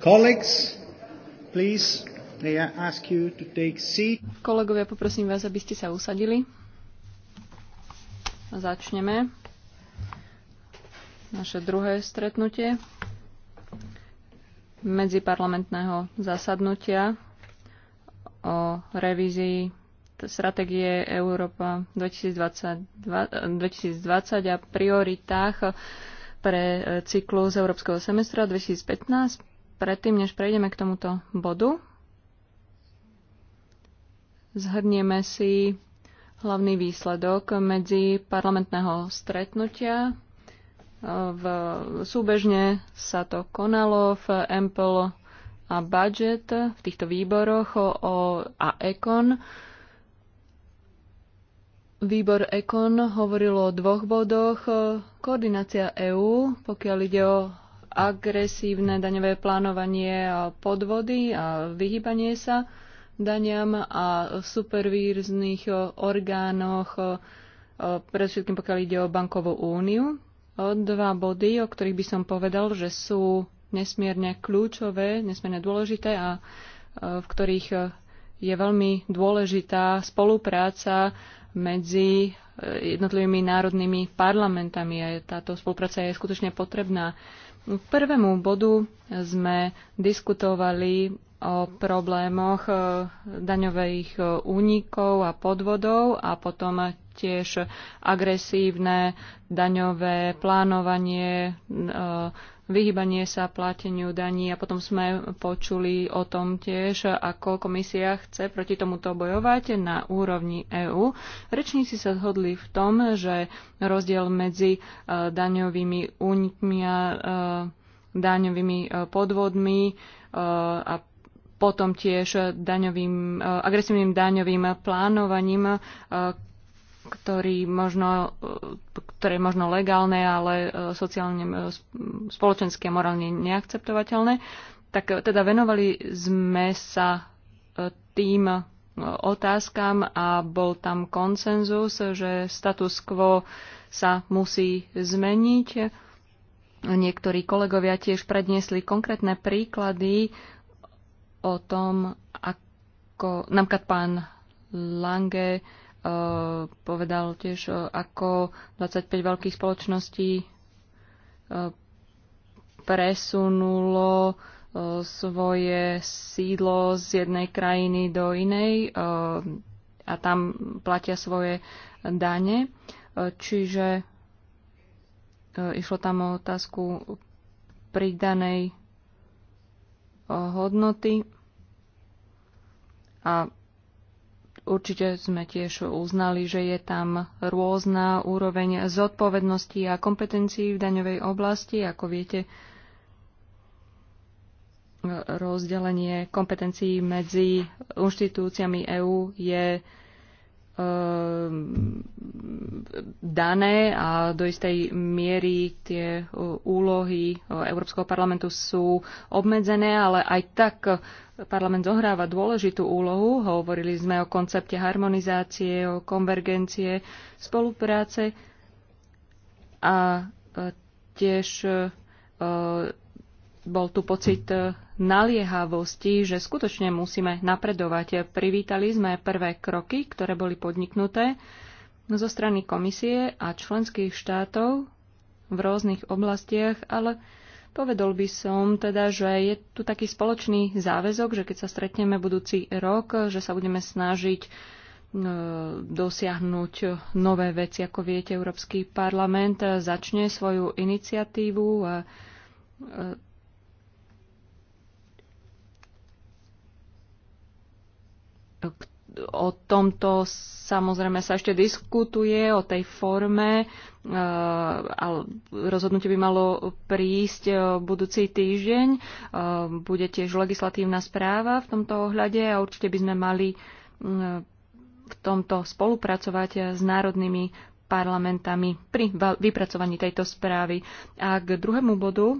Colleagues, please, may I ask you to take seat? Kolegovia, poprosím vás, aby ste sa usadili. Začneme naše druhé stretnutie medziparlamentného zasadnutia o revízii stratégie Európa 2020, 2020 a prioritách pre cyklus Európskeho semestra 2015 predtým, než prejdeme k tomuto bodu, zhrnieme si hlavný výsledok medzi parlamentného stretnutia. V, súbežne sa to konalo v Ample a Budget v týchto výboroch o, o, a Econ. Výbor Econ hovoril o dvoch bodoch. Koordinácia EÚ, pokiaľ ide o agresívne daňové plánovanie a podvody a vyhýbanie sa daniam a v supervírznych orgánoch, e, predovšetkým pokiaľ ide o bankovú úniu. E, dva body, o ktorých by som povedal, že sú nesmierne kľúčové, nesmierne dôležité a e, v ktorých je veľmi dôležitá spolupráca medzi jednotlivými národnými parlamentami a táto spolupráca je skutočne potrebná. V prvému bodu sme diskutovali o problémoch e, daňových e, únikov a podvodov a potom tiež agresívne daňové plánovanie, e, vyhybanie sa plateniu daní a potom sme počuli o tom tiež, ako komisia chce proti tomuto bojovať na úrovni EÚ. Rečníci sa zhodli v tom, že rozdiel medzi e, daňovými únikmi a e, daňovými e, podvodmi a potom tiež daňovým, agresívnym daňovým plánovaním ktorý možno, e, ktoré je možno legálne, ale e, sociálne, e, spoločensky a morálne neakceptovateľné, tak teda venovali sme sa tým otázkam a bol tam konsenzus, že status quo sa musí zmeniť. Niektorí kolegovia tiež predniesli konkrétne príklady o tom, ako napríklad pán Lange Eh, povedal tiež, eh, ako 25 veľkých spoločností eh, presunulo svoje sídlo z jednej krajiny do inej a tam platia svoje dane. Čiže išlo tam o otázku pridanej hodnoty a Určite sme tiež uznali, že je tam rôzna úroveň zodpovednosti a kompetencií v daňovej oblasti. Ako viete, rozdelenie kompetencií medzi inštitúciami EÚ je ehm, dané a do istej miery tie e, úlohy e, Európskeho parlamentu sú obmedzené, ale aj tak parlament zohráva dôležitú úlohu. Hovorili sme o koncepte harmonizácie, o konvergencie, spolupráce a e, tiež e, bol tu pocit e, naliehavosti, že skutočne musíme napredovať. Privítali sme prvé kroky, ktoré boli podniknuté zo strany komisie a členských štátov v rôznych oblastiach, ale Povedol by som teda, že je tu taký spoločný záväzok, že keď sa stretneme budúci rok, že sa budeme snažiť e, dosiahnuť nové veci. Ako viete, Európsky parlament začne svoju iniciatívu a e, o tomto samozrejme sa ešte diskutuje, o tej forme, e, ale rozhodnutie by malo prísť e, budúci týždeň. E, bude tiež legislatívna správa v tomto ohľade a určite by sme mali v tomto spolupracovať s národnými parlamentami pri vypracovaní tejto správy. A k druhému bodu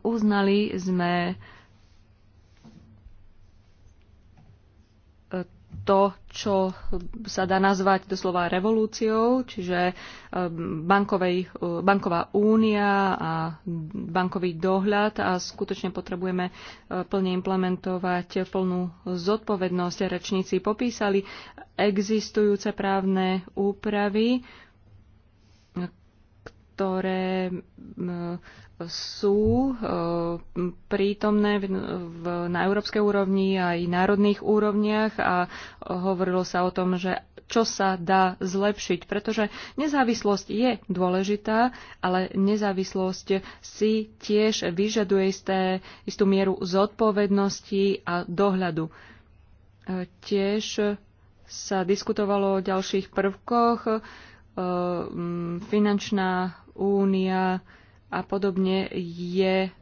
uznali sme to, čo sa dá nazvať doslova revolúciou, čiže ehm, bankovej, e, banková únia a bankový dohľad a skutočne potrebujeme e, plne implementovať plnú zodpovednosť. Rečníci popísali existujúce právne úpravy, ktoré sú e, prítomné na európskej úrovni a aj národných úrovniach a hovorilo sa o tom, že čo sa dá zlepšiť, pretože nezávislosť je dôležitá, ale nezávislosť si tiež vyžaduje isté, istú mieru zodpovednosti a dohľadu. E, tiež sa diskutovalo o ďalších prvkoch, e, finančná únia, a podobne je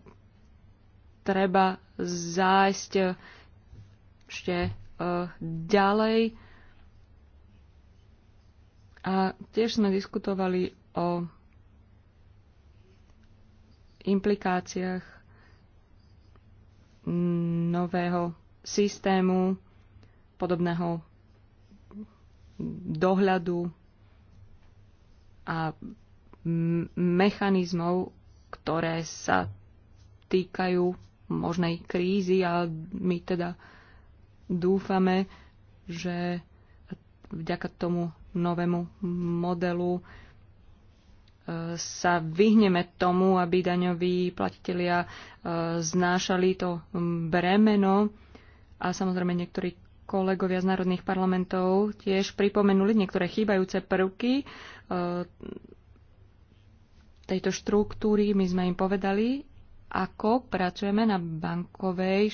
treba zájsť ešte e, ďalej. A tiež sme diskutovali o implikáciách nového systému, podobného dohľadu a mechanizmov ktoré sa týkajú možnej krízy a my teda dúfame, že vďaka tomu novému modelu e, sa vyhneme tomu, aby daňoví platitelia e, znášali to bremeno. A samozrejme niektorí kolegovia z národných parlamentov tiež pripomenuli niektoré chýbajúce prvky e, tejto štruktúry. My sme im povedali, ako pracujeme na bankovej,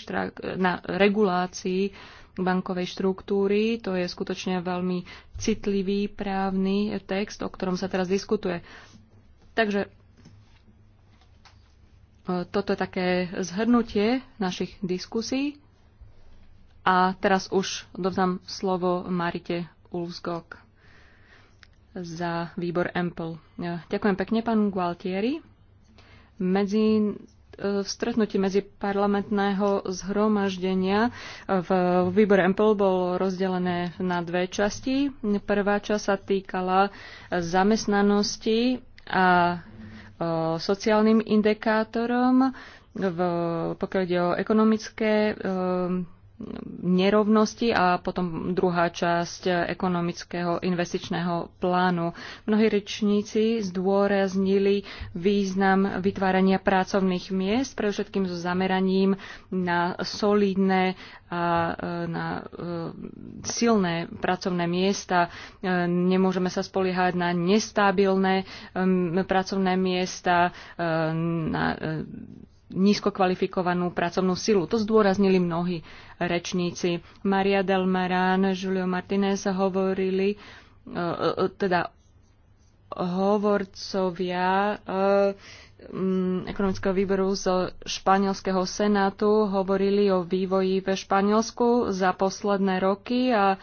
na regulácii bankovej štruktúry. To je skutočne veľmi citlivý právny text, o ktorom sa teraz diskutuje. Takže e, toto je také zhrnutie našich diskusí. A teraz už dovzdám slovo Marite Ulfsgok za výbor Ample. Ďakujem pekne, pán Gualtieri. Medzi e, v stretnutí parlamentného zhromaždenia e, v výbore MPL bol rozdelené na dve časti. Prvá časť sa týkala zamestnanosti a e, sociálnym indikátorom, v, pokiaľ ide o ekonomické nerovnosti a potom druhá časť eh, ekonomického investičného plánu. Mnohí rečníci zdôraznili význam vytvárania pracovných miest, pre všetkým so zameraním na solidné a eh, na eh, silné pracovné miesta. Nemôžeme sa spoliehať na nestabilné pracovné miesta, na nízko kvalifikovanú pracovnú silu. To zdôraznili mnohí rečníci. Maria Del Marán, Julio Martinez hovorili, e, e, teda hovorcovia e, ekonomického výboru z španielského senátu hovorili o vývoji ve Španielsku za posledné roky a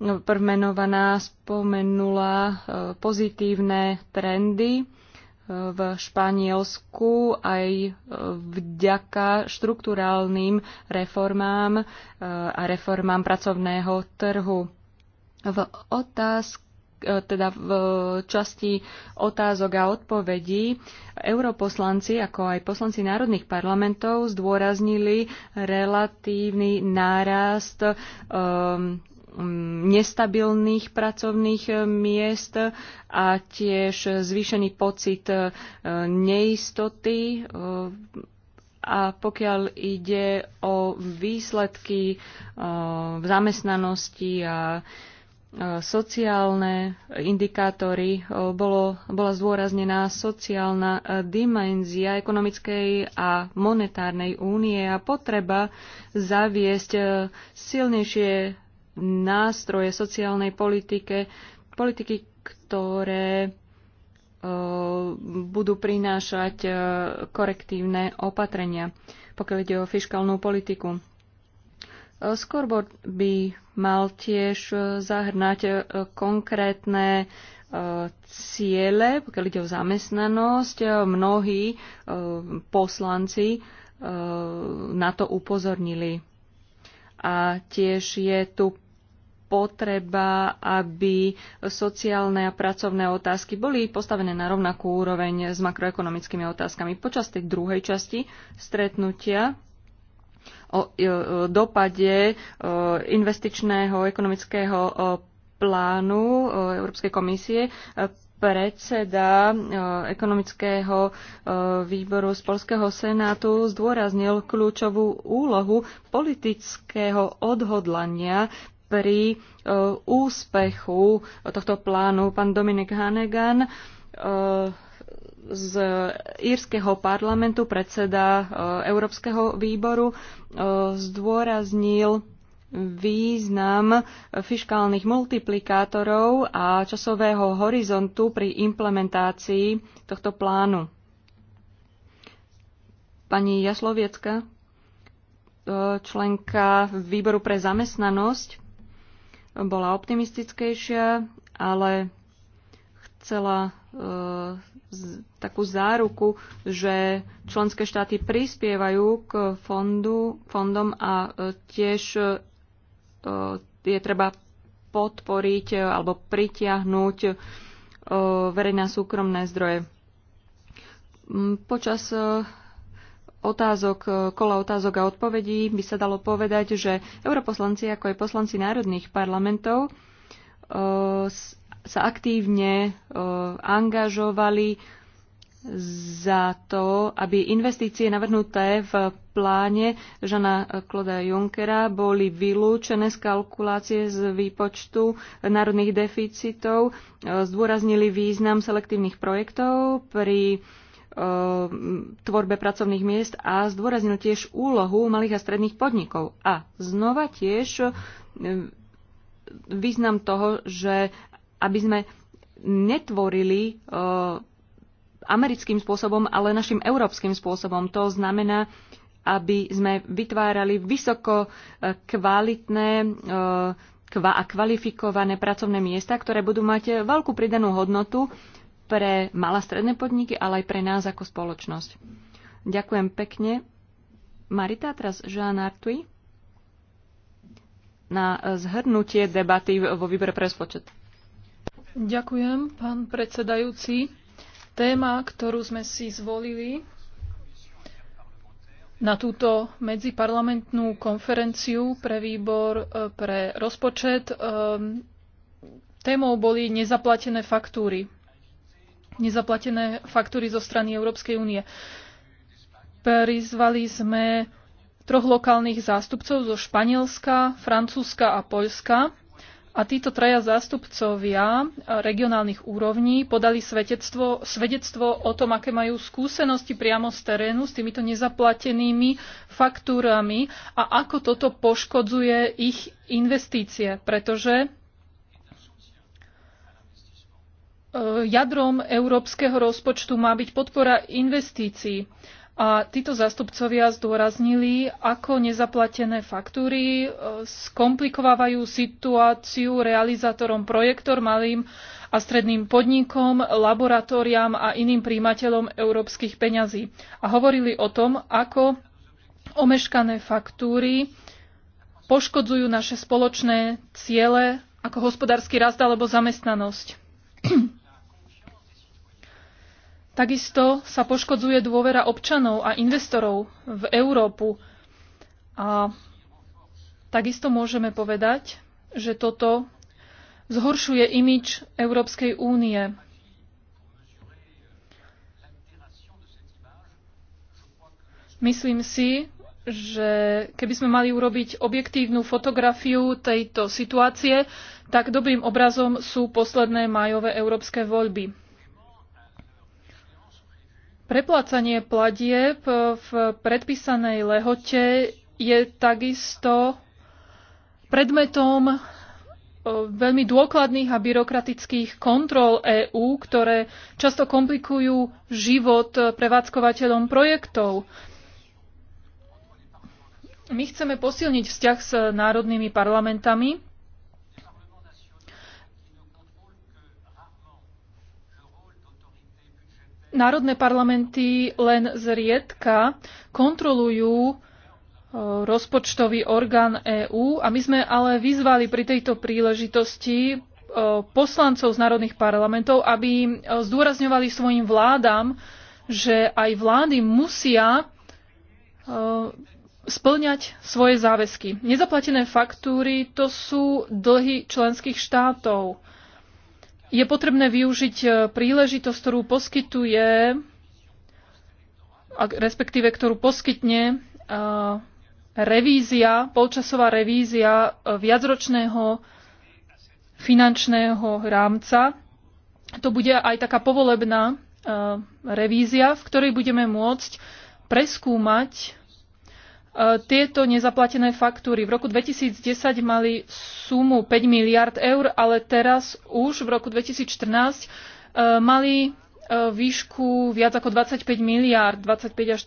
no, prvmenovaná spomenula pozitívne trendy v Španielsku aj vďaka štruktúrálnym reformám e, a reformám pracovného trhu. V otázke teda v časti otázok a odpovedí europoslanci, ako aj poslanci národných parlamentov, zdôraznili relatívny nárast um, nestabilných pracovných e, miest a tiež zvýšený pocit e, neistoty. E, a pokiaľ ide o výsledky v zamestnanosti a sociálne indikátory, bolo, bola zdôraznená sociálna dimenzia ekonomickej a monetárnej únie a potreba zaviesť silnejšie nástroje sociálnej politike, politiky, ktoré e, budú prinášať e, korektívne opatrenia, pokiaľ ide o fiskálnu politiku. E, scoreboard by mal tiež zahrnať konkrétne ciele, pokiaľ ide o zamestnanosť. Mnohí poslanci na to upozornili a tiež je tu potreba, aby sociálne a pracovné otázky boli postavené na rovnakú úroveň s makroekonomickými otázkami. Počas tej druhej časti stretnutia o e, dopade e, investičného ekonomického e, plánu Európskej komisie predseda e, ekonomického e, výboru z Polského senátu zdôraznil kľúčovú úlohu politického odhodlania pri e, úspechu tohto plánu. Pán Dominik Hanegan z írskeho parlamentu, predseda Európskeho výboru, zdôraznil význam fiškálnych multiplikátorov a časového horizontu pri implementácii tohto plánu. Pani Jasloviecka, e, členka výboru pre zamestnanosť, bola optimistickejšia, ale chcela e, takú záruku, že členské štáty prispievajú k fondu, fondom a e, tiež E, je treba podporiť e, alebo pritiahnuť e, verejné a súkromné zdroje. Počas otázok, kola otázok a odpovedí by sa dalo povedať, že europoslanci, ako aj poslanci národných parlamentov, sa aktívne angažovali za to, aby investície navrhnuté v pláne Žana Kloda Junckera boli vylúčené z kalkulácie z výpočtu národných deficitov, e, zdôraznili význam selektívnych projektov pri e, tvorbe pracovných miest a zdôraznil tiež úlohu malých a stredných podnikov. A znova tiež e, význam toho, že aby sme netvorili americkým spôsobom, ale našim európskym spôsobom. To znamená, aby sme vytvárali vysoko e, kvalitné e, a kvalifikované pracovné miesta, ktoré budú mať veľkú pridanú hodnotu pre malé stredné podniky, ale aj pre nás ako spoločnosť. Ďakujem pekne. Marita, teraz Jean Artui na e, zhrnutie debaty vo výbore pre spočet. Ďakujem, pán predsedajúci. Téma, ktorú sme si zvolili na túto medziparlamentnú konferenciu pre výbor e, pre rozpočet, e, témou boli nezaplatené faktúry. Nezaplatené faktúry zo strany Európskej únie. Prizvali sme troch lokálnych zástupcov zo Španielska, Francúzska a Poľska a títo traja zástupcovia e, regionálnych úrovní podali svedectvo, svedectvo o tom, aké majú skúsenosti priamo z terénu s týmito nezaplatenými faktúrami a ako toto poškodzuje ich investície, pretože e, jadrom európskeho rozpočtu má byť podpora investícií. A títo zástupcovia zdôraznili, ako nezaplatené faktúry e, skomplikovávajú situáciu realizátorom projektor malým a stredným podnikom, laboratóriám a iným príjimateľom európskych peňazí. A hovorili o tom, ako omeškané faktúry poškodzujú naše spoločné ciele ako hospodársky rast alebo zamestnanosť. Takisto sa poškodzuje dôvera občanov a investorov v Európu. A takisto môžeme povedať, že toto zhoršuje imič Európskej únie. Myslím si, že keby sme mali urobiť objektívnu fotografiu tejto situácie, tak dobrým obrazom sú posledné majové európske voľby. Preplácanie platieb e, v predpísanej lehote je takisto predmetom e, veľmi dôkladných a byrokratických kontrol EÚ, ktoré často komplikujú život e, prevádzkovateľom projektov. My chceme posilniť vzťah s národnými parlamentami národné parlamenty len zriedka kontrolujú e, rozpočtový orgán EÚ a my sme ale vyzvali pri tejto príležitosti e, poslancov z národných parlamentov, aby e, zdôrazňovali svojim vládam, že aj vlády musia splňať svoje záväzky. Nezaplatené faktúry to sú dlhy členských štátov je potrebné využiť e, príležitosť, ktorú poskytuje, respektíve ktorú poskytne e, revízia, polčasová revízia e, viacročného finančného rámca. To bude aj taká povolebná revízia, v ktorej budeme môcť preskúmať E, tieto nezaplatené faktúry. V roku 2010 mali sumu 5 miliard eur, ale teraz už v roku 2014 e, mali e, výšku viac ako 25 miliard, 25 až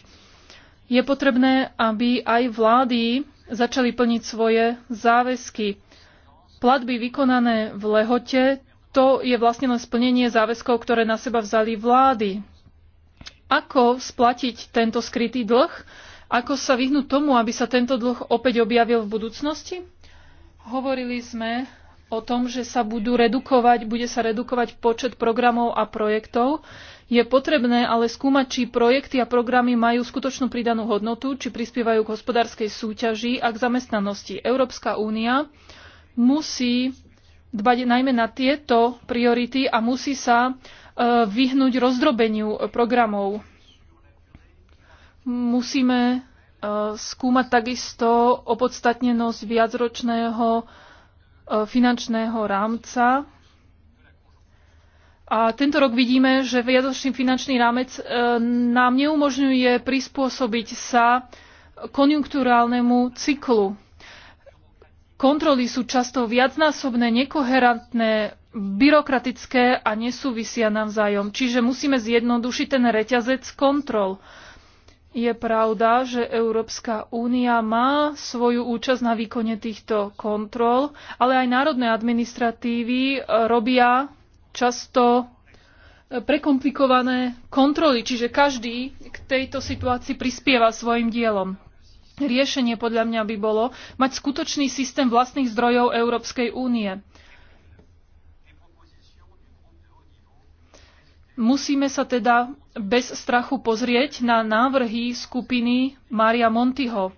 30. Je potrebné, aby aj vlády začali plniť svoje záväzky. Platby vykonané v lehote, to je vlastne len splnenie záväzkov, ktoré na seba vzali vlády. Ako splatiť tento skrytý dlh? Ako sa vyhnúť tomu, aby sa tento dlh opäť objavil v budúcnosti? Hovorili sme o tom, že sa budú redukovať, bude sa redukovať počet programov a projektov. Je potrebné ale skúmať, či projekty a programy majú skutočnú pridanú hodnotu, či prispievajú k hospodárskej súťaži a k zamestnanosti. Európska únia musí dbať najmä na tieto priority a musí sa e, vyhnúť rozdrobeniu programov. Musíme e, skúmať takisto opodstatnenosť viacročného e, finančného rámca. A tento rok vidíme, že viacročný finančný rámec e, nám neumožňuje prispôsobiť sa konjunkturálnemu cyklu. Kontroly sú často viacnásobné, nekoherentné, byrokratické a nesúvisia navzájom. Čiže musíme zjednodušiť ten reťazec kontrol. Uh, je pravda, že Európska únia má svoju účasť na výkone týchto kontrol, ale aj národné administratívy robia často prekomplikované kontroly, čiže každý k tejto situácii prispieva svojim dielom. Riešenie podľa mňa by bolo mať skutočný systém vlastných zdrojov Európskej únie. Musíme sa teda bez strachu pozrieť na návrhy skupiny Mária Montyho.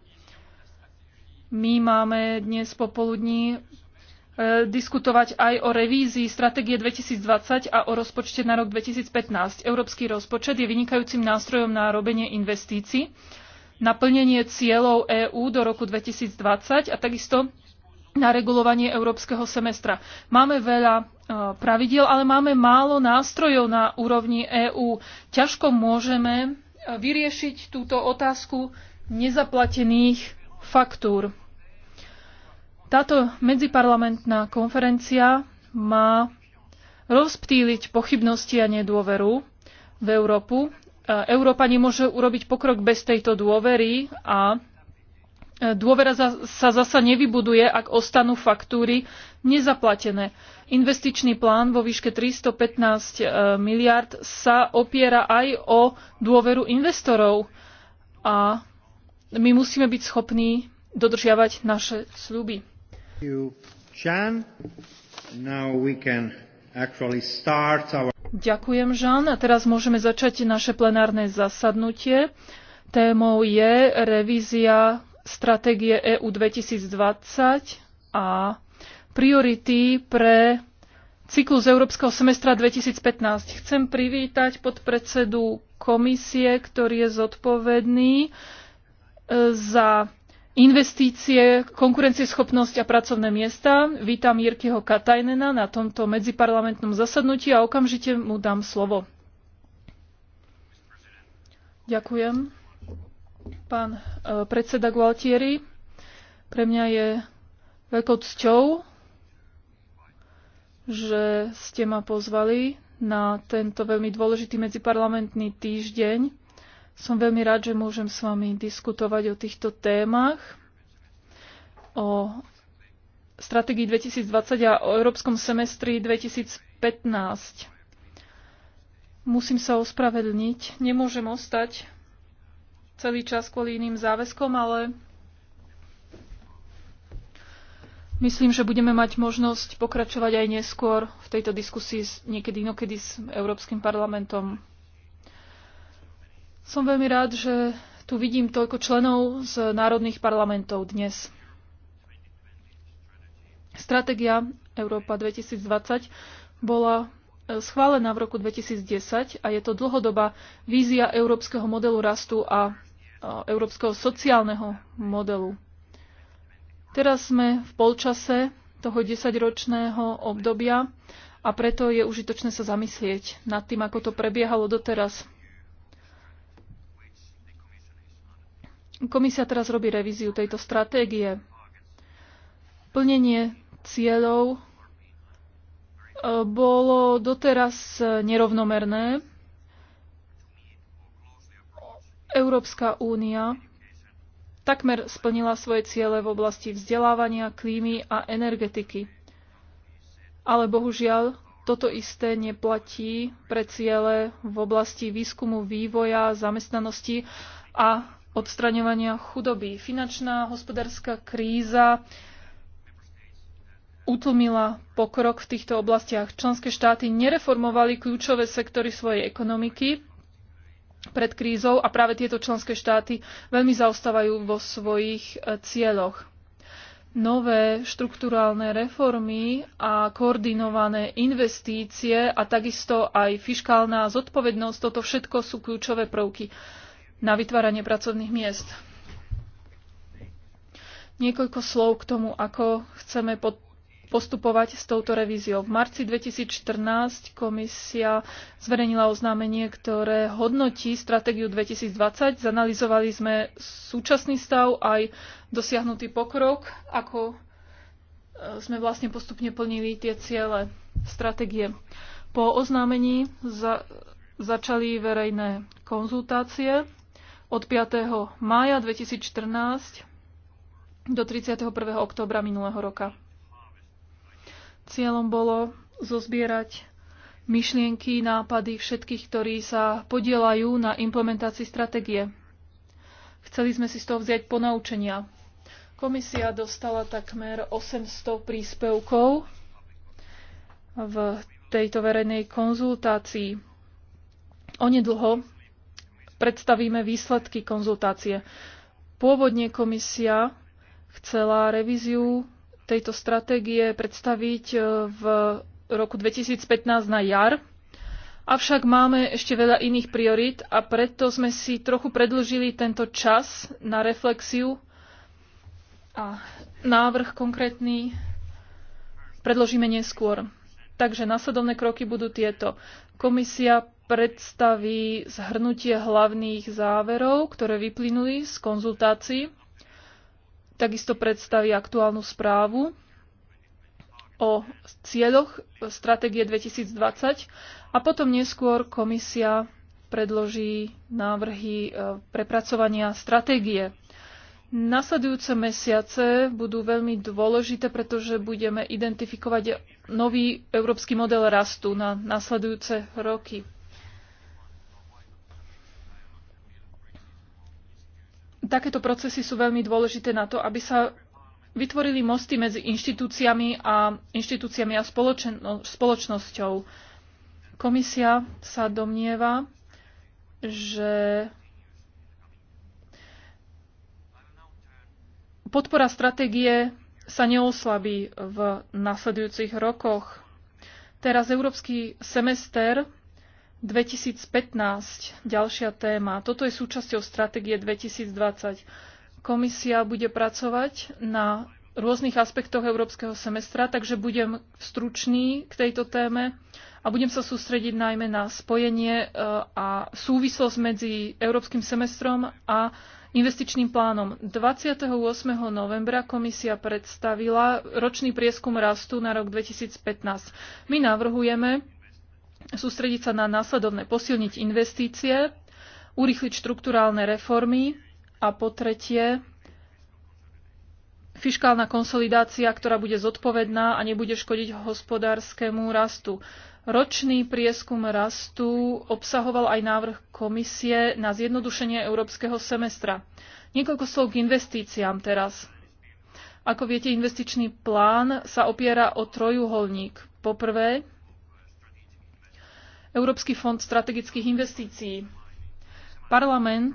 My máme dnes popoludní e, diskutovať aj o revízii stratégie 2020 a o rozpočte na rok 2015. Európsky rozpočet je vynikajúcim nástrojom na robenie investícií, naplnenie cieľov EÚ do roku 2020 a takisto na regulovanie európskeho semestra. Máme veľa e, pravidiel, ale máme málo nástrojov na úrovni EÚ. Ťažko môžeme e, vyriešiť túto otázku nezaplatených faktúr. Táto medziparlamentná konferencia má rozptýliť pochybnosti a nedôveru v Európu. E, Európa nemôže urobiť pokrok bez tejto dôvery a Dôvera sa zasa nevybuduje, ak ostanú faktúry nezaplatené. Investičný plán vo výške 315 e, miliard sa opiera aj o dôveru investorov a my musíme byť schopní dodržiavať naše sľuby. Ďakujem, Žan. A teraz môžeme začať naše plenárne zasadnutie. Témou je revízia stratégie EU 2020 a priority pre cyklus Európskeho semestra 2015. Chcem privítať podpredsedu komisie, ktorý je zodpovedný e, za investície, konkurencieschopnosť a pracovné miesta. Vítam Jirkyho Katajnena na tomto medziparlamentnom zasadnutí a okamžite mu dám slovo. Ďakujem. Pán e, predseda Gualtieri, pre mňa je veľkou cťou, že ste ma pozvali na tento veľmi dôležitý medziparlamentný týždeň. Som veľmi rád, že môžem s vami diskutovať o týchto témach, o stratégii 2020 a o európskom semestri 2015. Musím sa ospravedlniť, nemôžem ostať celý čas kvôli iným záväzkom, ale myslím, že budeme mať možnosť pokračovať aj neskôr v tejto diskusii niekedy inokedy s Európskym parlamentom. Som veľmi rád, že tu vidím toľko členov z národných parlamentov dnes. Stratégia Európa 2020 bola e, schválená v roku 2010 a je to dlhodobá vízia európskeho modelu rastu a európskeho sociálneho modelu. Teraz sme v polčase toho desaťročného obdobia a preto je užitočné sa zamyslieť nad tým, ako to prebiehalo doteraz. Komisia teraz robí revíziu tejto stratégie. Plnenie cieľov e, bolo doteraz nerovnomerné Európska únia takmer splnila svoje ciele v oblasti vzdelávania, klímy a energetiky. Ale bohužiaľ, toto isté neplatí pre ciele v oblasti výskumu, vývoja, zamestnanosti a odstraňovania chudoby. Finančná hospodárska kríza utlmila pokrok v týchto oblastiach. Členské štáty nereformovali kľúčové sektory svojej ekonomiky pred krízou a práve tieto členské štáty veľmi zaostávajú vo svojich e, cieľoch. Nové štruktúrálne reformy a koordinované investície a takisto aj fiškálna zodpovednosť, toto všetko sú kľúčové prvky na vytváranie pracovných miest. Niekoľko slov k tomu, ako chceme pod postupovať s touto revíziou. V marci 2014 komisia zverejnila oznámenie, ktoré hodnotí stratégiu 2020. Zanalizovali sme súčasný stav aj dosiahnutý pokrok, ako e, sme vlastne postupne plnili tie ciele stratégie. Po oznámení za, začali verejné konzultácie od 5. mája 2014 do 31. oktobra minulého roka. Cieľom bolo zozbierať myšlienky, nápady všetkých, ktorí sa podielajú na implementácii stratégie. Chceli sme si z toho vziať ponaučenia. Komisia dostala takmer 800 príspevkov v tejto verejnej konzultácii. Onedlho predstavíme výsledky konzultácie. Pôvodne komisia chcela revíziu tejto stratégie predstaviť e, v roku 2015 na jar. Avšak máme ešte veľa iných priorít a preto sme si trochu predlžili tento čas na reflexiu a návrh konkrétny predložíme neskôr. Takže následovné kroky budú tieto. Komisia predstaví zhrnutie hlavných záverov, ktoré vyplynuli z konzultácií Takisto predstaví aktuálnu správu o cieľoch stratégie 2020 a potom neskôr komisia predloží návrhy e, prepracovania stratégie. Nasledujúce mesiace budú veľmi dôležité, pretože budeme identifikovať nový európsky model rastu na nasledujúce roky. takéto procesy sú veľmi dôležité na to, aby sa vytvorili mosty medzi inštitúciami a inštitúciami a spoločno, spoločnosťou. Komisia sa domnieva, že podpora stratégie sa neoslabí v nasledujúcich rokoch. Teraz európsky semester 2015, ďalšia téma. Toto je súčasťou stratégie 2020. Komisia bude pracovať na rôznych aspektoch európskeho semestra, takže budem stručný k tejto téme a budem sa sústrediť najmä na spojenie e, a súvislosť medzi európskym semestrom a investičným plánom. 28. novembra komisia predstavila ročný prieskum rastu na rok 2015. My navrhujeme sústrediť sa na následovné posilniť investície, urýchliť štruktúrálne reformy a po tretie fiškálna konsolidácia, ktorá bude zodpovedná a nebude škodiť hospodárskému rastu. Ročný prieskum rastu obsahoval aj návrh komisie na zjednodušenie európskeho semestra. Niekoľko slov k investíciám teraz. Ako viete, investičný plán sa opiera o trojuholník. Poprvé, Európsky fond strategických investícií. Parlament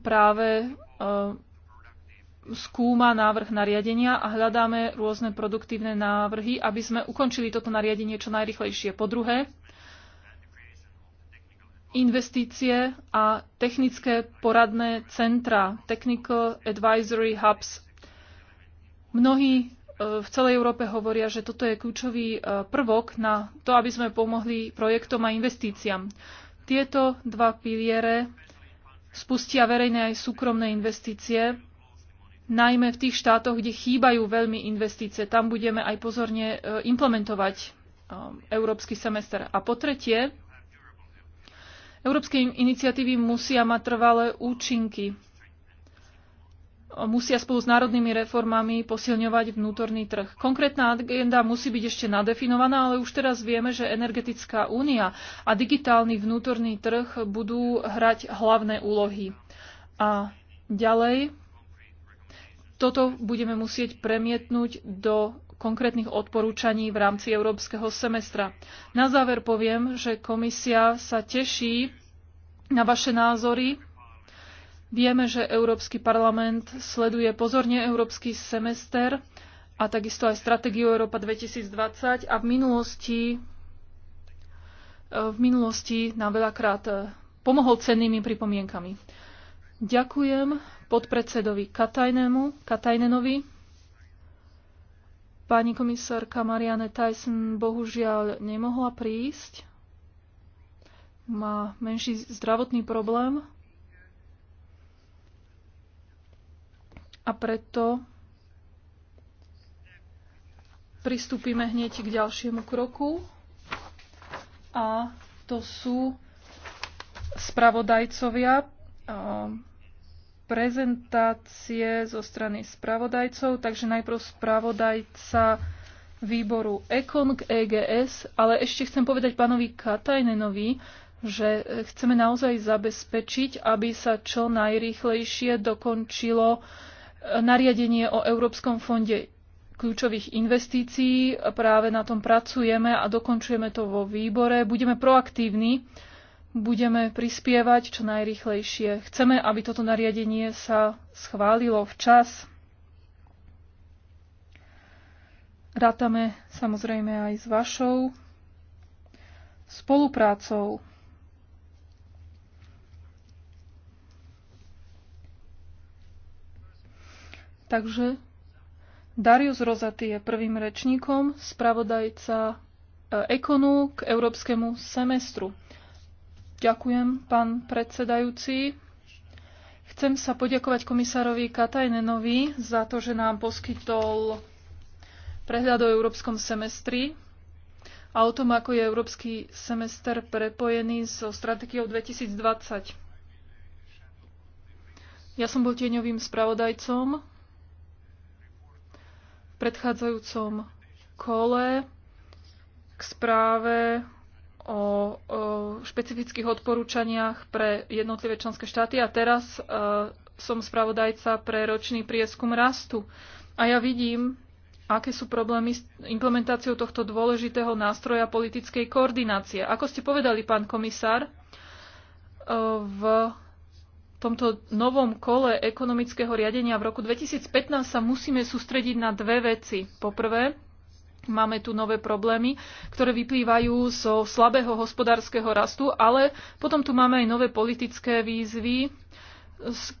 práve e, skúma návrh nariadenia a hľadáme rôzne produktívne návrhy, aby sme ukončili toto nariadenie čo najrychlejšie. Po druhé, investície a technické poradné centra, Technical Advisory Hubs. Mnohí v celej Európe hovoria, že toto je kľúčový e, prvok na to, aby sme pomohli projektom a investíciám. Tieto dva piliere spustia verejné aj súkromné investície, najmä v tých štátoch, kde chýbajú veľmi investície. Tam budeme aj pozorne e, implementovať e, európsky semester. A po tretie, európske iniciatívy musia mať trvalé účinky musia spolu s národnými reformami posilňovať vnútorný trh. Konkrétna agenda musí byť ešte nadefinovaná, ale už teraz vieme, že energetická únia a digitálny vnútorný trh budú hrať hlavné úlohy. A ďalej toto budeme musieť premietnúť do konkrétnych odporúčaní v rámci európskeho semestra. Na záver poviem, že komisia sa teší na vaše názory Vieme, že Európsky parlament sleduje pozorne európsky semester a takisto aj stratégiu Európa 2020 a v minulosti eh, v minulosti nám veľakrát eh, pomohol cennými pripomienkami. Ďakujem podpredsedovi Katajnému, Katajnenovi. Pani komisárka Marianne Tyson bohužiaľ nemohla prísť. Má menší zdravotný problém. A preto pristúpime hneď k ďalšiemu kroku. A to sú spravodajcovia, prezentácie zo strany spravodajcov, takže najprv spravodajca výboru ECON, k EGS, ale ešte chcem povedať pánovi Katajnenovi, že e, chceme naozaj zabezpečiť, aby sa čo najrýchlejšie dokončilo nariadenie o Európskom fonde kľúčových investícií. Práve na tom pracujeme a dokončujeme to vo výbore. Budeme proaktívni, budeme prispievať čo najrychlejšie. Chceme, aby toto nariadenie sa schválilo včas. Rátame samozrejme aj s vašou spoluprácou. Takže Darius Rozaty je prvým rečníkom, spravodajca e, ekonu k európskemu semestru. Ďakujem, pán predsedajúci. Chcem sa poďakovať komisárovi Katajnenovi za to, že nám poskytol prehľad o európskom semestri a o tom, ako je európsky semester prepojený so stratégiou 2020. Ja som bol tieňovým spravodajcom predchádzajúcom kole k správe o, o špecifických odporúčaniach pre jednotlivé členské štáty a teraz e, som spravodajca pre ročný prieskum rastu. A ja vidím, aké sú problémy s implementáciou tohto dôležitého nástroja politickej koordinácie. Ako ste povedali, pán komisár, e, v tomto novom kole ekonomického riadenia v roku 2015 sa musíme sústrediť na dve veci. Poprvé, máme tu nové problémy, ktoré vyplývajú zo slabého hospodárskeho rastu, ale potom tu máme aj nové politické výzvy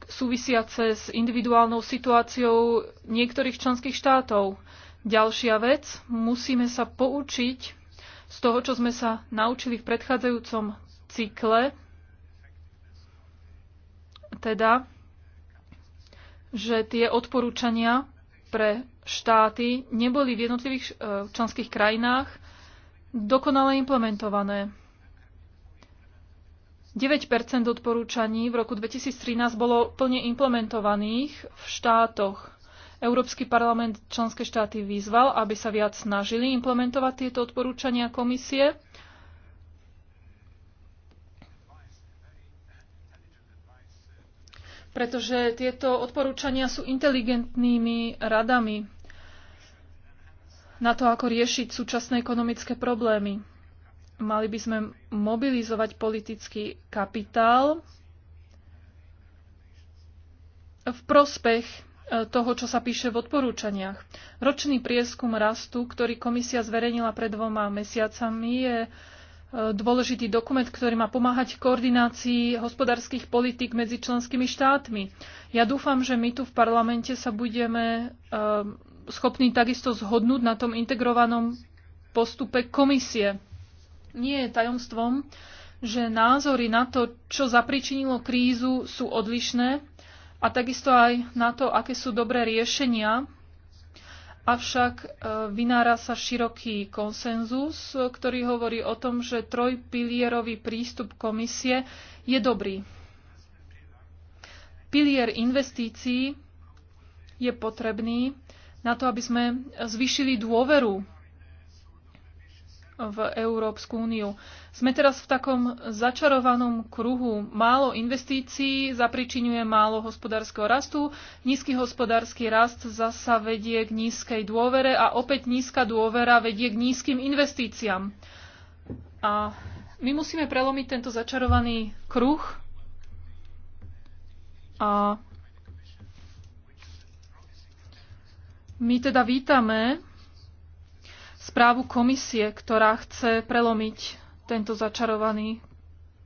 súvisiace s individuálnou situáciou niektorých členských štátov. Ďalšia vec, musíme sa poučiť z toho, čo sme sa naučili v predchádzajúcom cykle teda, že tie odporúčania pre štáty neboli v jednotlivých e, členských krajinách dokonale implementované. 9 odporúčaní v roku 2013 bolo plne implementovaných v štátoch. Európsky parlament členské štáty vyzval, aby sa viac snažili implementovať tieto odporúčania komisie pretože tieto odporúčania sú inteligentnými radami na to, ako riešiť súčasné ekonomické problémy. Mali by sme mobilizovať politický kapitál v prospech e, toho, čo sa píše v odporúčaniach. Ročný prieskum rastu, ktorý komisia zverejnila pred dvoma mesiacami, je dôležitý dokument, ktorý má pomáhať koordinácii hospodárskych politík medzi členskými štátmi. Ja dúfam, že my tu v parlamente sa budeme eh, schopní takisto zhodnúť na tom integrovanom postupe komisie. Nie je tajomstvom, že názory na to, čo zapričinilo krízu, sú odlišné a takisto aj na to, aké sú dobré riešenia Avšak e, vynára sa široký konsenzus, ktorý hovorí o tom, že trojpilierový prístup komisie je dobrý. Pilier investícií je potrebný na to, aby sme zvýšili dôveru v Európsku úniu. Sme teraz v takom začarovanom kruhu. Málo investícií zapričinuje málo hospodárskeho rastu, nízky hospodársky rast zasa vedie k nízkej dôvere a opäť nízka dôvera vedie k nízkym investíciám. A my musíme prelomiť tento začarovaný kruh a my teda vítame správu komisie, ktorá chce prelomiť tento začarovaný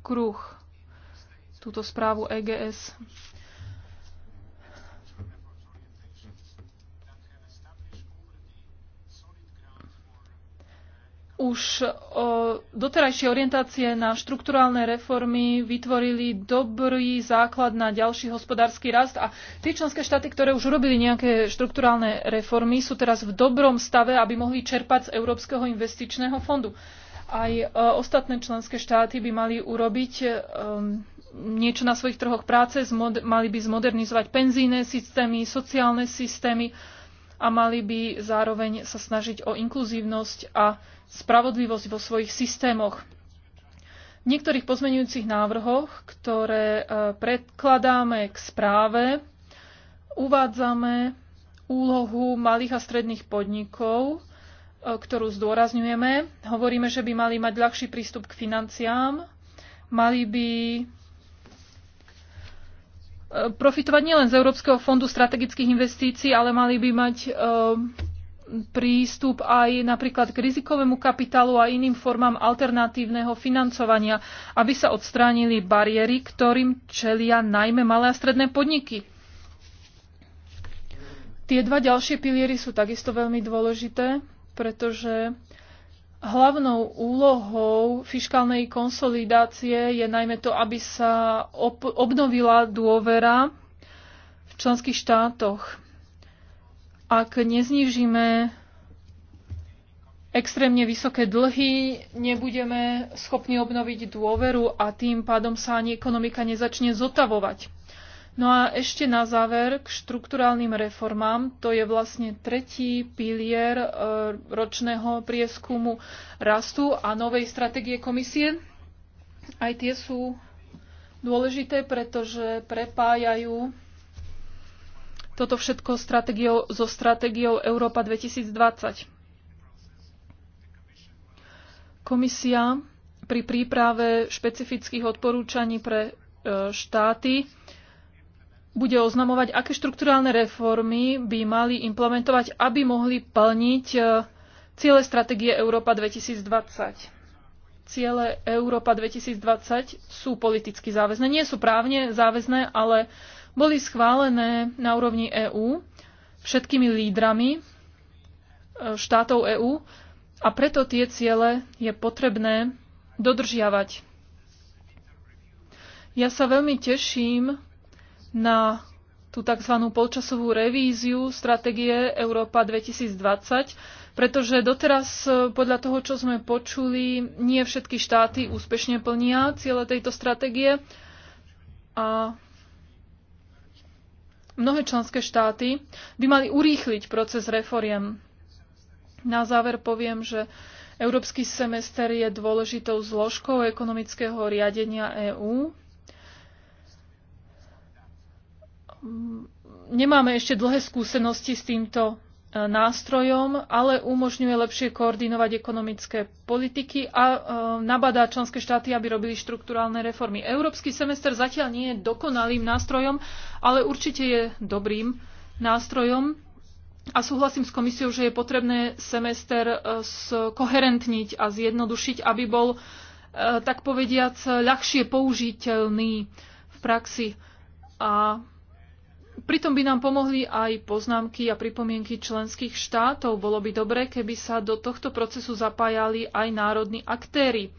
kruh, túto správu EGS. už o e, doterajšie orientácie na štrukturálne reformy vytvorili dobrý základ na ďalší hospodársky rast a tie členské štáty, ktoré už urobili nejaké štrukturálne reformy, sú teraz v dobrom stave, aby mohli čerpať z Európskeho investičného fondu. Aj e, ostatné členské štáty by mali urobiť e, niečo na svojich trhoch práce, mali by zmodernizovať penzíne systémy, sociálne systémy a mali by zároveň sa snažiť o inkluzívnosť a spravodlivosť vo svojich systémoch. V niektorých pozmenujúcich návrhoch, ktoré e, predkladáme k správe, uvádzame úlohu malých a stredných podnikov, e, ktorú zdôrazňujeme. Hovoríme, že by mali mať ľahší prístup k financiám, mali by e, profitovať nielen z Európskeho fondu strategických investícií, ale mali by mať prístup aj napríklad k rizikovému kapitálu a iným formám alternatívneho financovania, aby sa odstránili bariéry, ktorým čelia najmä malé a stredné podniky. Tie dva ďalšie piliery sú takisto veľmi dôležité, pretože hlavnou úlohou fiškálnej konsolidácie je najmä to, aby sa obnovila dôvera v členských štátoch ak neznižíme extrémne vysoké dlhy, nebudeme schopní obnoviť dôveru a tým pádom sa ani ekonomika nezačne zotavovať. No a ešte na záver k štrukturálnym reformám. To je vlastne tretí pilier e, ročného prieskumu rastu a novej stratégie komisie. Aj tie sú dôležité, pretože prepájajú toto všetko stratégiou, so stratégiou Európa 2020. Komisia pri príprave špecifických odporúčaní pre e, štáty bude oznamovať, aké štrukturálne reformy by mali implementovať, aby mohli plniť e, ciele stratégie Európa 2020. Ciele Európa 2020 sú politicky záväzné. Nie sú právne záväzné, ale boli schválené na úrovni EÚ všetkými lídrami e, štátov EÚ a preto tie ciele je potrebné dodržiavať. Ja sa veľmi teším na tú tzv. polčasovú revíziu stratégie Európa 2020, pretože doteraz e, podľa toho, čo sme počuli, nie všetky štáty úspešne plnia ciele tejto stratégie a Mnohé členské štáty by mali urýchliť proces reforiem. Na záver poviem, že Európsky semester je dôležitou zložkou ekonomického riadenia EÚ. Nemáme ešte dlhé skúsenosti s týmto nástrojom, ale umožňuje lepšie koordinovať ekonomické politiky a e, nabadá členské štáty, aby robili štruktúrálne reformy. Európsky semester zatiaľ nie je dokonalým nástrojom, ale určite je dobrým nástrojom. A súhlasím s komisiou, že je potrebné semester e, koherentniť a zjednodušiť, aby bol, e, tak povediac, ľahšie použiteľný v praxi. A Pritom by nám pomohli aj poznámky a pripomienky členských štátov. Bolo by dobré, keby sa do tohto procesu zapájali aj národní aktéry.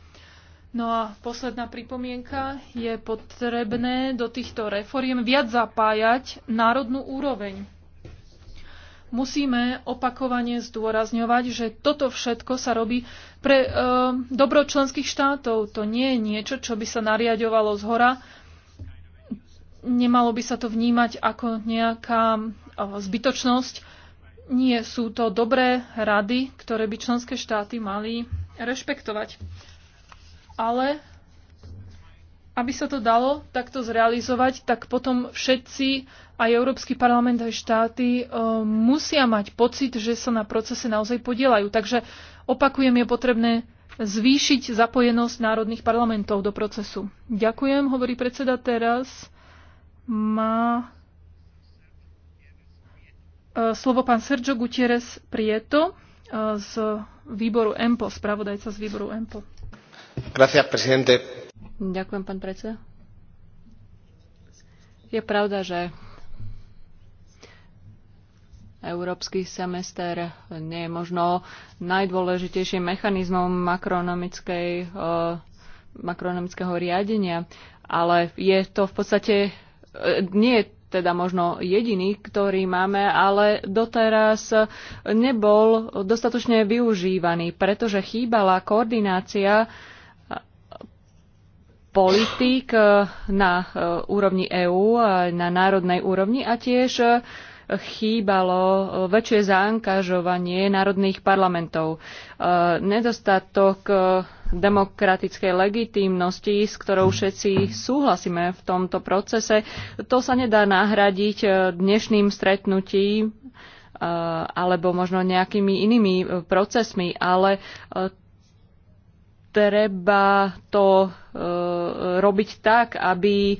No a posledná pripomienka je potrebné do týchto reforiem viac zapájať národnú úroveň. Musíme opakovane zdôrazňovať, že toto všetko sa robí pre e, dobro členských štátov. To nie je niečo, čo by sa nariadovalo z hora, nemalo by sa to vnímať ako nejaká e, zbytočnosť. Nie sú to dobré rady, ktoré by členské štáty mali rešpektovať. Ale aby sa to dalo takto zrealizovať, tak potom všetci, aj Európsky parlament, aj štáty, e, musia mať pocit, že sa na procese naozaj podielajú. Takže opakujem, je potrebné zvýšiť zapojenosť národných parlamentov do procesu. Ďakujem, hovorí predseda teraz má e, slovo pán Sergio Gutierrez Prieto e, z výboru EMPO, spravodajca z výboru EMPO. Gracias, presidente. Ďakujem, pán predseda. Je pravda, že Európsky semester nie je možno najdôležitejším mechanizmom e, makronomického riadenia, ale je to v podstate nie je teda možno jediný, ktorý máme, ale doteraz nebol dostatočne využívaný, pretože chýbala koordinácia politík na eh, úrovni EÚ, na národnej úrovni a tiež chýbalo väčšie zaangažovanie národných parlamentov. Eh, nedostatok eh, demokratickej legitímnosti, s ktorou všetci súhlasíme v tomto procese. To sa nedá nahradiť e, dnešným stretnutím e, alebo možno nejakými inými e, procesmi, ale treba to robiť tak, aby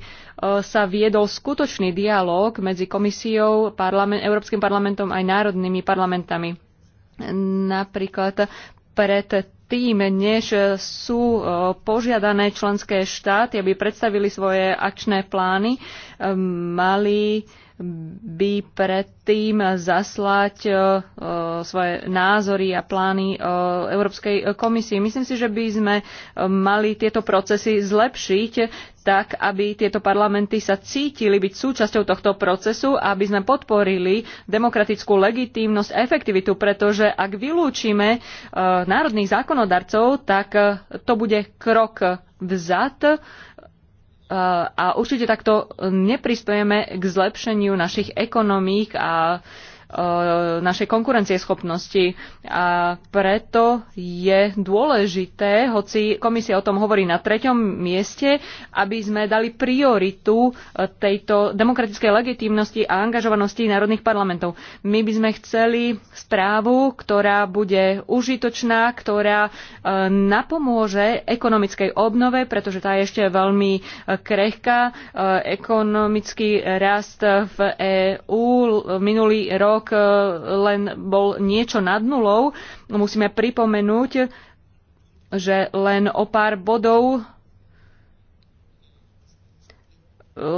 sa viedol skutočný dialog medzi komisiou, parlament, Európskym parlamentom aj národnými parlamentami. Napríklad pred tým, než sú e, požiadané členské štáty, aby predstavili svoje akčné plány, e, mali by predtým zaslať e, e, svoje názory a plány e, Európskej komisii. Myslím si, že by sme mali tieto procesy zlepšiť tak, aby tieto parlamenty sa cítili byť súčasťou tohto procesu a aby sme podporili demokratickú legitímnosť a efektivitu, pretože ak vylúčime národných zákonodarcov, tak to bude krok vzad a určite takto neprispojeme k zlepšeniu našich ekonomík a Eh, našej konkurencieschopnosti. A preto je dôležité, hoci komisia o tom hovorí na treťom mieste, aby sme dali prioritu eh, tejto demokratickej legitimnosti a angažovanosti národných parlamentov. My by sme chceli správu, ktorá bude užitočná, ktorá eh, napomôže ekonomickej obnove, pretože tá je ešte veľmi krehká. Ekonomický rast v EÚ minulý rok výsledok e, len bol niečo nad nulou. Musíme pripomenúť, že len o pár bodov e,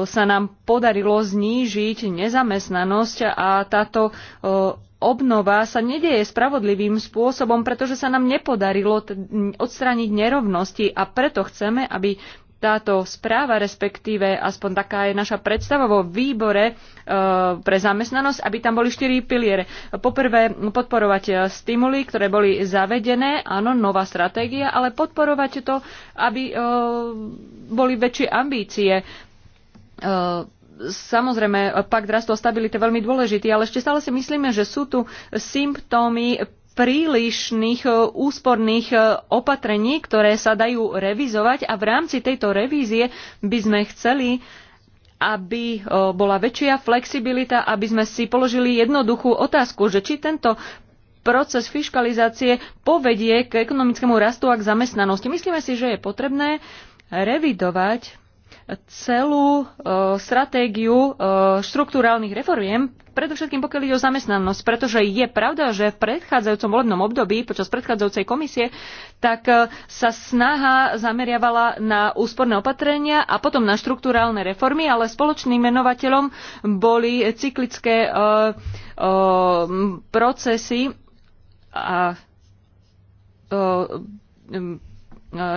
sa nám podarilo znížiť nezamestnanosť a táto e, obnova sa nedieje spravodlivým spôsobom, pretože sa nám nepodarilo odstrániť nerovnosti a preto chceme, aby táto správa, respektíve aspoň taká je naša predstava vo výbore e, pre zamestnanosť, aby tam boli štyri piliere. Poprvé podporovať stimuly, ktoré boli zavedené, áno, nová stratégia, ale podporovať to, aby e, boli väčšie ambície. E, samozrejme, pak rastu stabilite stability je veľmi dôležitý, ale ešte stále si myslíme, že sú tu symptómy prílišných eh, úsporných eh, opatrení, ktoré sa dajú revizovať a v rámci tejto revízie by sme chceli aby eh, bola väčšia flexibilita, aby sme si položili jednoduchú otázku, že či tento proces fiskalizácie povedie k ekonomickému rastu a k zamestnanosti. Myslíme si, že je potrebné revidovať celú e, stratégiu e, štruktúrálnych reforiem, predovšetkým pokiaľ ide o zamestnanosť, pretože je pravda, že v predchádzajúcom volebnom období, počas predchádzajúcej komisie, tak e, sa snaha zameriavala na úsporné opatrenia a potom na štruktúrálne reformy, ale spoločným menovateľom boli cyklické procesy a uh,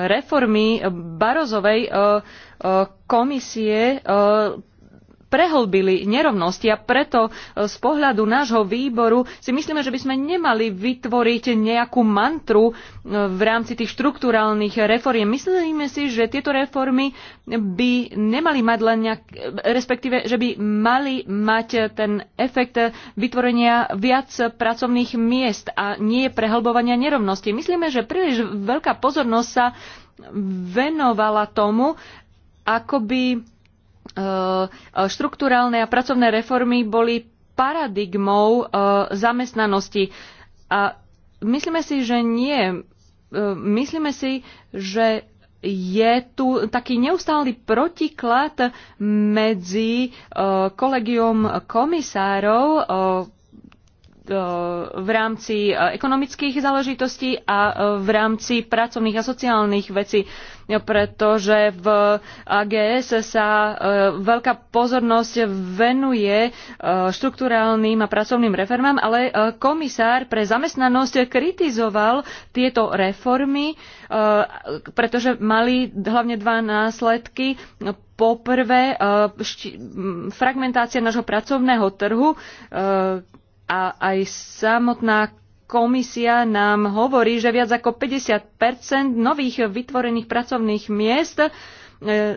reformy Barozovej e, e, komisie e, prehlbili nerovnosti a preto e, z pohľadu nášho výboru si myslíme, že by sme nemali vytvoriť nejakú mantru e, v rámci tých štruktúrálnych reforiem. Myslíme si, že tieto reformy by nemali mať len nejak, e, respektíve, že by mali mať ten efekt vytvorenia viac pracovných miest a nie prehlbovania nerovnosti. Myslíme, že príliš veľká pozornosť sa venovala tomu, ako by E, e, Štrukturálne a pracovné reformy boli paradigmou e, zamestnanosti. A myslíme si, že nie. Myslíme si, že je tu taký neustály protiklad medzi kolegium komisárov v rámci ekonomických záležitostí a v rámci pracovných a sociálnych vecí pretože v AGS sa e, veľká pozornosť venuje e, štruktúrálnym a pracovným reformám, ale e, komisár pre zamestnanosť kritizoval tieto reformy, pretože mali hlavne dva následky poprvé fragmentácia nášho pracovného trhu a aj samotná komisia nám hovorí, že viac ako 50 nových vytvorených pracovných miest e,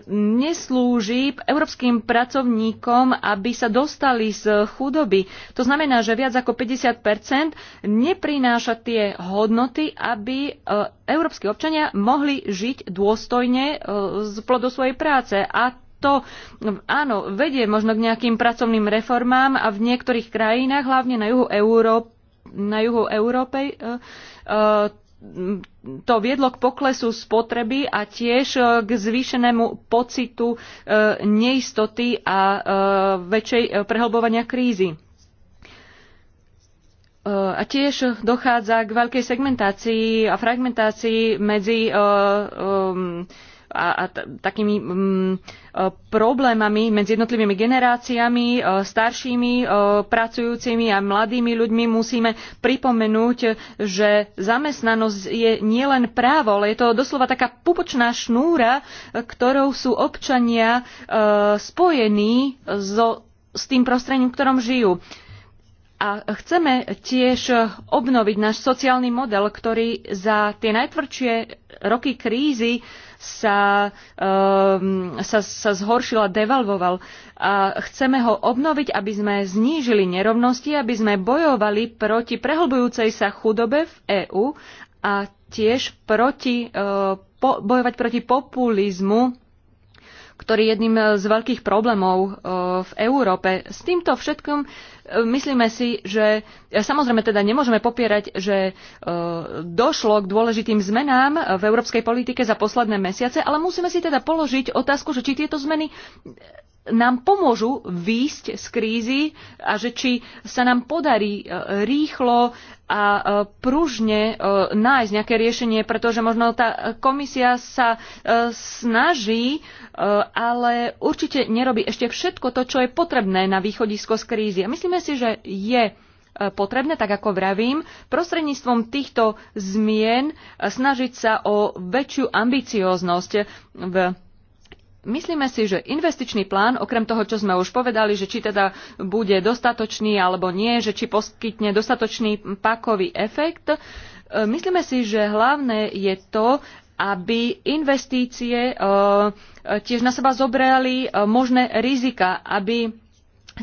neslúži európskym pracovníkom, aby sa dostali z chudoby. To znamená, že viac ako 50 neprináša tie hodnoty, aby e, európsky občania mohli žiť dôstojne e, z plodu svojej práce. A to áno, vedie možno k nejakým pracovným reformám a v niektorých krajinách, hlavne na juhu Európy, na juhu Európy e, e, to viedlo k poklesu spotreby a tiež e, k zvýšenému pocitu neistoty a väčšej prehlbovania krízy. A tiež dochádza k veľkej segmentácii a fragmentácii medzi a, a takými m, mm, e, problémami medzi jednotlivými generáciami, e, staršími e, pracujúcimi a mladými ľuďmi musíme pripomenúť, že zamestnanosť je nielen právo, ale je to doslova taká pupočná šnúra, ktorou sú občania spojení so, s tým prostredím, v ktorom žijú. A chceme tiež obnoviť náš sociálny model, ktorý za tie najtvrdšie roky krízy sa, um, sa, sa zhoršil a devalvoval. A chceme ho obnoviť, aby sme znížili nerovnosti, aby sme bojovali proti prehlbujúcej sa chudobe v EÚ a tiež proti, uh, po, bojovať proti populizmu ktorý je jedným eh, z veľkých problémov eh, v Európe. S týmto všetkom myslíme si, že e, samozrejme teda nemôžeme popierať, že e, došlo k dôležitým zmenám e, v európskej politike za posledné mesiace, ale musíme si teda položiť otázku, že či tieto zmeny nám pomôžu výjsť z krízy a že či sa nám podarí e, rýchlo a e, pružne e, nájsť nejaké riešenie, pretože možno tá komisia sa snaží, ale určite nerobí ešte všetko to, čo je potrebné na východisko z krízy. A myslíme si, že je potrebné, tak ako vravím, prostredníctvom týchto zmien snažiť sa o väčšiu ambicióznosť v Myslíme si, že investičný plán, okrem toho, čo sme už povedali, že či teda bude dostatočný alebo nie, že či poskytne dostatočný pakový efekt, e, myslíme si, že hlavné je to, aby investície e, e, tiež na seba zobrali možné rizika, aby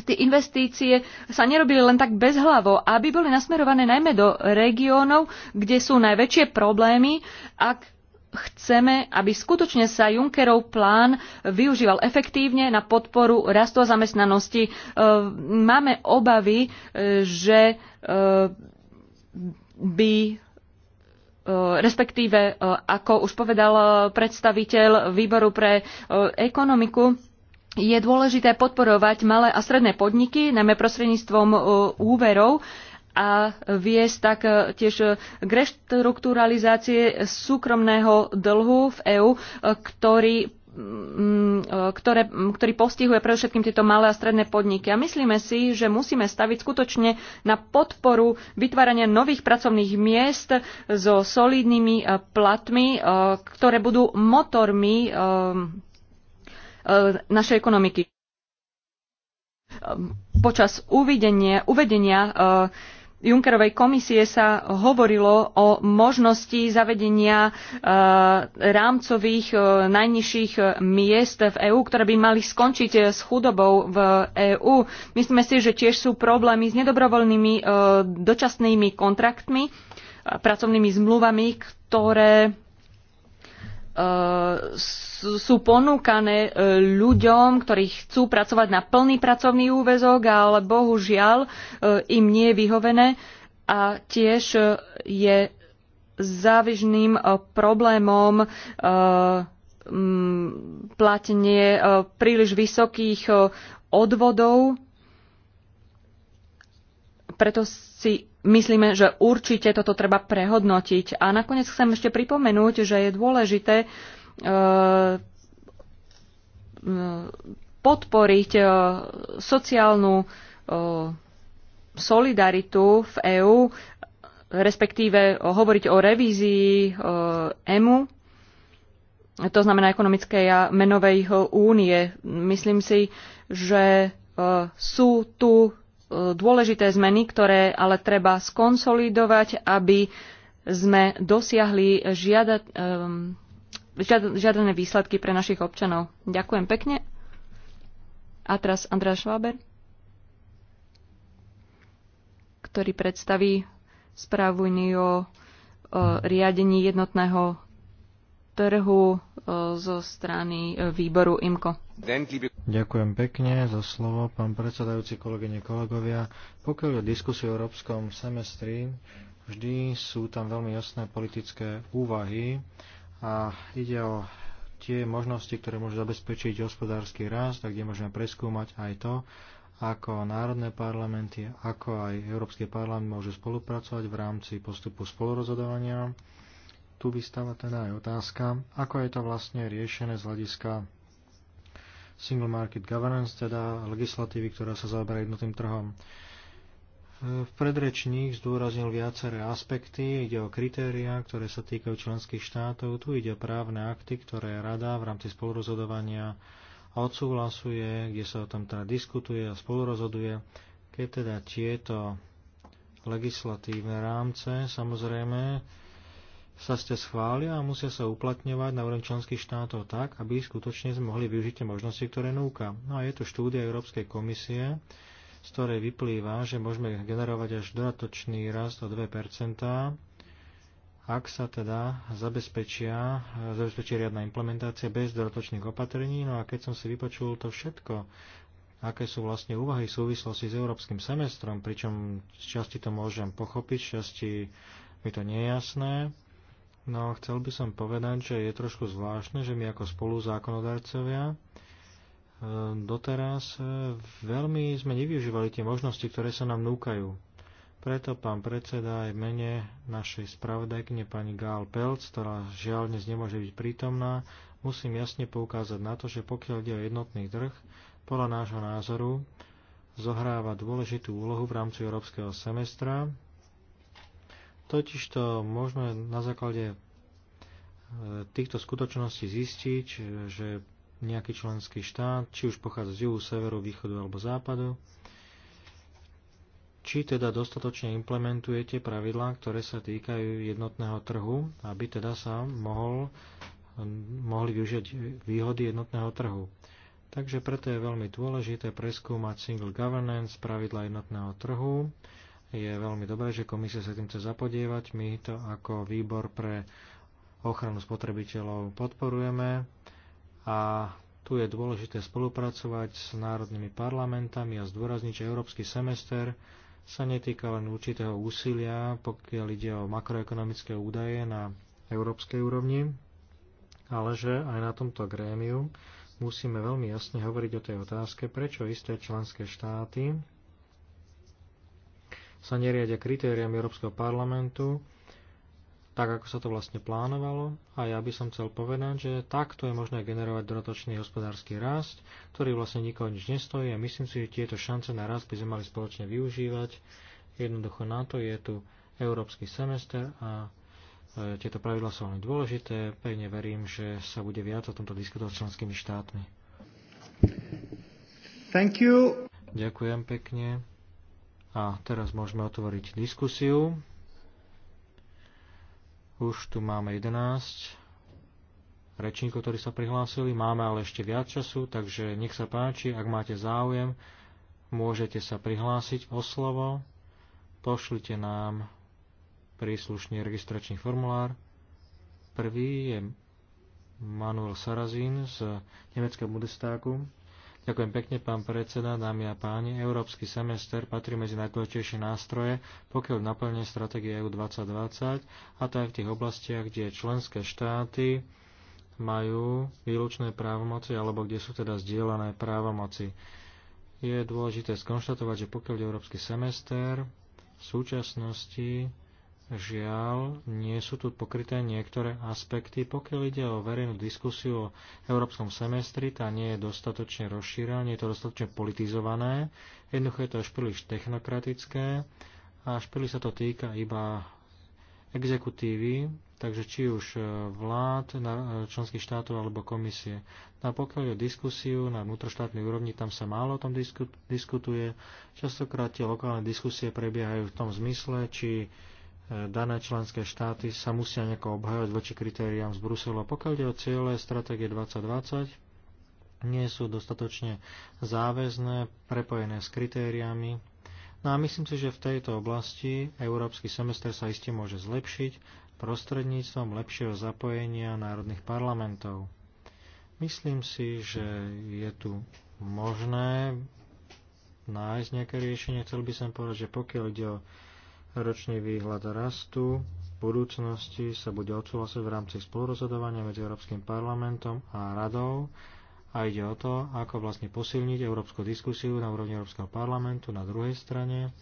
tie investície sa nerobili len tak bezhlavo, aby boli nasmerované najmä do regiónov, kde sú najväčšie problémy, ak chceme, aby skutočne sa Junckerov plán využíval efektívne na podporu rastu a zamestnanosti. E, máme obavy, e, že e, by respektíve, ako už povedal predstaviteľ výboru pre ekonomiku, je dôležité podporovať malé a stredné podniky, najmä prostredníctvom úverov, a viesť tak e, tiež e, k reštrukturalizácie súkromného dlhu v EÚ, e, ktorý mm, ktoré, ktorý postihuje predovšetkým tieto malé a stredné podniky. A myslíme si, že musíme staviť skutočne na podporu vytvárania nových pracovných miest so solidnými platmi, ktoré budú motormi našej ekonomiky. Počas uvedenia, uvedenia Junckerovej komisie sa hovorilo o možnosti zavedenia e, rámcových e, najnižších e, miest v EÚ, ktoré by mali skončiť s chudobou v EÚ. Myslíme si, že tiež sú problémy s nedobrovoľnými dočasnými kontraktmi, pracovnými zmluvami, ktoré sú ponúkané e, ľuďom, ktorí chcú pracovať na plný pracovný úvezok, ale bohužiaľ e, im nie je vyhovené a tiež e, je závižným problémom platenie príliš vysokých odvodov. Preto si myslíme, že určite toto treba prehodnotiť. A nakoniec chcem ešte pripomenúť, že je dôležité e, e, podporiť e, sociálnu solidaritu v EÚ, respektíve hovoriť o revízii EMU, to znamená ekonomickej a menovej únie. Myslím si, že sú tu dôležité zmeny, ktoré ale treba skonsolidovať, aby sme dosiahli žiadané ehm, výsledky pre našich občanov. Ďakujem pekne. A teraz Andrea Schwaber, ktorý predstaví správu o e, riadení jednotného trhu e, zo strany e, výboru IMCO. Ďakujem pekne za slovo, pán predsedajúci, kolegyne, kolegovia. Pokiaľ je diskusie o európskom semestri, vždy sú tam veľmi jasné politické úvahy a ide o tie možnosti, ktoré môžu zabezpečiť hospodársky rast, a kde môžeme preskúmať aj to, ako národné parlamenty, ako aj Európsky parlament môžu spolupracovať v rámci postupu spolurozhodovania. Tu vystáva teda aj otázka, ako je to vlastne riešené z hľadiska Single Market Governance, teda legislatívy, ktorá sa zaoberá jednotným trhom. E, v Predrečník zdôraznil viaceré aspekty, ide o kritériá, ktoré sa týkajú členských štátov, tu ide o právne akty, ktoré rada v rámci spolurozhodovania odsúhlasuje, kde sa o tom teda diskutuje a spolurozhoduje. Keď teda tieto legislatívne rámce samozrejme sa ste schvália a musia sa uplatňovať na úrovni členských štátov tak, aby skutočne sme mohli využiť tie možnosti, ktoré núka. No a je tu štúdia Európskej komisie, z ktorej vyplýva, že môžeme generovať až dodatočný rast o 2%, ak sa teda zabezpečia, zabezpečí riadna implementácia bez dodatočných opatrení. No a keď som si vypočul to všetko, aké sú vlastne úvahy v súvislosti s európskym semestrom, pričom z časti to môžem pochopiť, z časti mi to nie je jasné, No, chcel by som povedať, že je trošku zvláštne, že my ako spoluzákonodarcovia e, doteraz e, veľmi sme nevyužívali tie možnosti, ktoré sa nám núkajú. Preto pán predseda aj mene našej spravodajkyne pani Gál Pelc, ktorá žiaľ dnes nemôže byť prítomná, musím jasne poukázať na to, že pokiaľ ide o jednotný trh, podľa nášho názoru zohráva dôležitú úlohu v rámci európskeho semestra Totižto môžeme na základe e, týchto skutočností zistiť, že nejaký členský štát, či už pochádza z juhu, severu, východu alebo západu, či teda dostatočne implementujete pravidlá, ktoré sa týkajú jednotného trhu, aby teda sa mohol, mohli využiť výhody jednotného trhu. Takže preto je veľmi dôležité preskúmať single governance, pravidla jednotného trhu, je veľmi dobré, že komisia sa tým chce zapodievať. My to ako výbor pre ochranu spotrebiteľov podporujeme a tu je dôležité spolupracovať s národnými parlamentami a zdôrazniť, že európsky semester sa netýka len určitého úsilia, pokiaľ ide o makroekonomické údaje na európskej úrovni, ale že aj na tomto grémiu musíme veľmi jasne hovoriť o tej otázke, prečo isté členské štáty sa neriadia kritériami Európskeho parlamentu, tak ako sa to vlastne plánovalo. A ja by som chcel povedať, že takto je možné generovať dodatočný hospodársky rast, ktorý vlastne nikoho nič nestojí a myslím si, že tieto šance na rast by sme mali spoločne využívať. Jednoducho na to je tu európsky semester a e, tieto pravidla sú veľmi dôležité. Pevne verím, že sa bude viac o tomto diskutovať s členskými štátmi. Thank you. Ďakujem pekne. A teraz môžeme otvoriť diskusiu. Už tu máme 11 rečníkov, ktorí sa prihlásili. Máme ale ešte viac času, takže nech sa páči, ak máte záujem, môžete sa prihlásiť o slovo. Pošlite nám príslušný registračný formulár. Prvý je Manuel Sarazín z nemeckého budestáku. Ďakujem pekne, pán predseda, dámy a páni. Európsky semester patrí medzi najdôležitejšie nástroje, pokiaľ naplne stratégie EU 2020, a to aj v tých oblastiach, kde členské štáty majú výlučné právomoci alebo kde sú teda zdieľané právomoci. Je dôležité skonštatovať, že pokiaľ je európsky semester, v súčasnosti Žiaľ, nie sú tu pokryté niektoré aspekty. Pokiaľ ide o verejnú diskusiu o európskom semestri, tá nie je dostatočne rozšírená, nie je to dostatočne politizované. Jednoducho je to až príliš technokratické a až príliš sa to týka iba exekutívy, takže či už e, vlád e, členských štátov alebo komisie. No a pokiaľ je diskusiu na vnútroštátnej úrovni, tam sa málo o tom diskutuje. Častokrát tie lokálne diskusie prebiehajú v tom zmysle, či E, dané členské štáty sa musia nejako obhajovať voči kritériám z Bruselu. Pokiaľ ide o cieľe stratégie 2020, nie sú dostatočne záväzné, prepojené s kritériami. No a myslím si, že v tejto oblasti európsky semester sa iste môže zlepšiť prostredníctvom lepšieho zapojenia národných parlamentov. Myslím si, že je tu možné nájsť nejaké riešenie. Chcel by som povedať, že pokiaľ ide o Ročný výhľad rastu v budúcnosti sa bude odsúhlasiť v rámci spolurozhodovania medzi Európskym parlamentom a radou a ide o to, ako vlastne posilniť európsku diskusiu na úrovni Európskeho parlamentu. Na druhej strane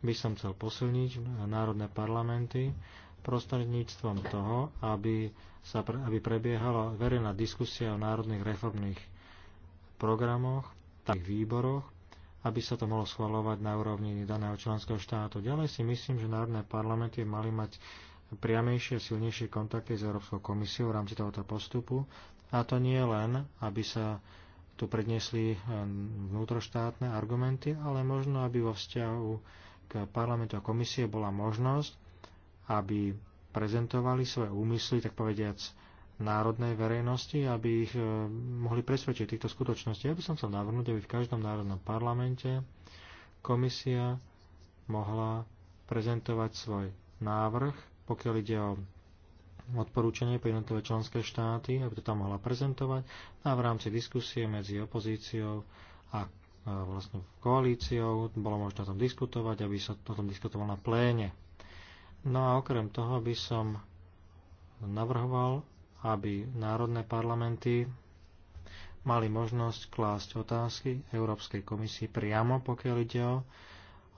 by som chcel posilniť národné parlamenty prostredníctvom toho, aby, sa pre, aby prebiehala verejná diskusia o národných reformných programoch, tak výboroch, aby sa to mohlo schvalovať na úrovni daného členského štátu. Ďalej si myslím, že národné parlamenty mali mať priamejšie, silnejšie kontakty s Európskou komisiou v rámci tohoto postupu. A to nie len, aby sa tu predniesli eh, vnútroštátne argumenty, ale možno, aby vo vzťahu k parlamentu a komisie bola možnosť, aby prezentovali svoje úmysly, tak povediac, národnej verejnosti, aby ich e, mohli presvedčiť týchto skutočností. Ja by som chcel navrhnúť, aby v každom národnom parlamente komisia mohla prezentovať svoj návrh, pokiaľ ide o odporúčanie pre jednotlivé členské štáty, aby to tam mohla prezentovať no a v rámci diskusie medzi opozíciou a e, vlastne koalíciou bolo možné o tom diskutovať, aby sa o tom diskutovalo na pléne. No a okrem toho by som navrhoval, aby národné parlamenty mali možnosť klásť otázky Európskej komisii priamo, pokiaľ ide o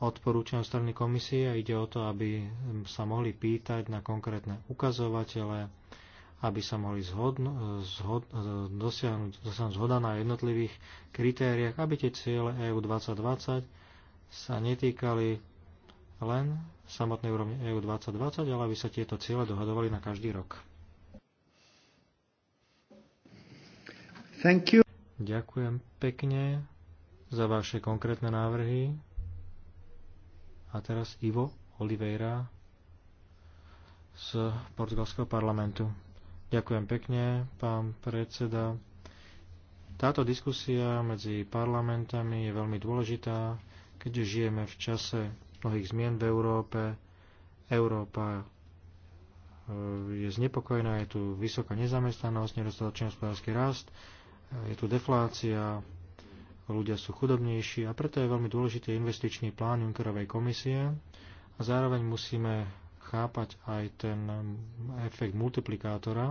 odporúčania strany komisie a ide o to, aby sa mohli pýtať na konkrétne ukazovatele, aby sa mohli zhod, dosiahnuť, zhoda na jednotlivých kritériách, aby tie ciele EU 2020 sa netýkali len samotnej úrovne EU 2020, ale aby sa tieto ciele dohadovali na každý rok. Thank you. Ďakujem pekne za vaše konkrétne návrhy. A teraz Ivo Oliveira z portugalského parlamentu. Ďakujem pekne, pán predseda. Táto diskusia medzi parlamentami je veľmi dôležitá, keďže žijeme v čase mnohých zmien v Európe. Európa e, je znepokojená, je tu vysoká nezamestnanosť, nedostatočný hospodársky rast, je tu deflácia, ľudia sú chudobnejší a preto je veľmi dôležitý investičný plán Junckerovej komisie a zároveň musíme chápať aj ten efekt multiplikátora.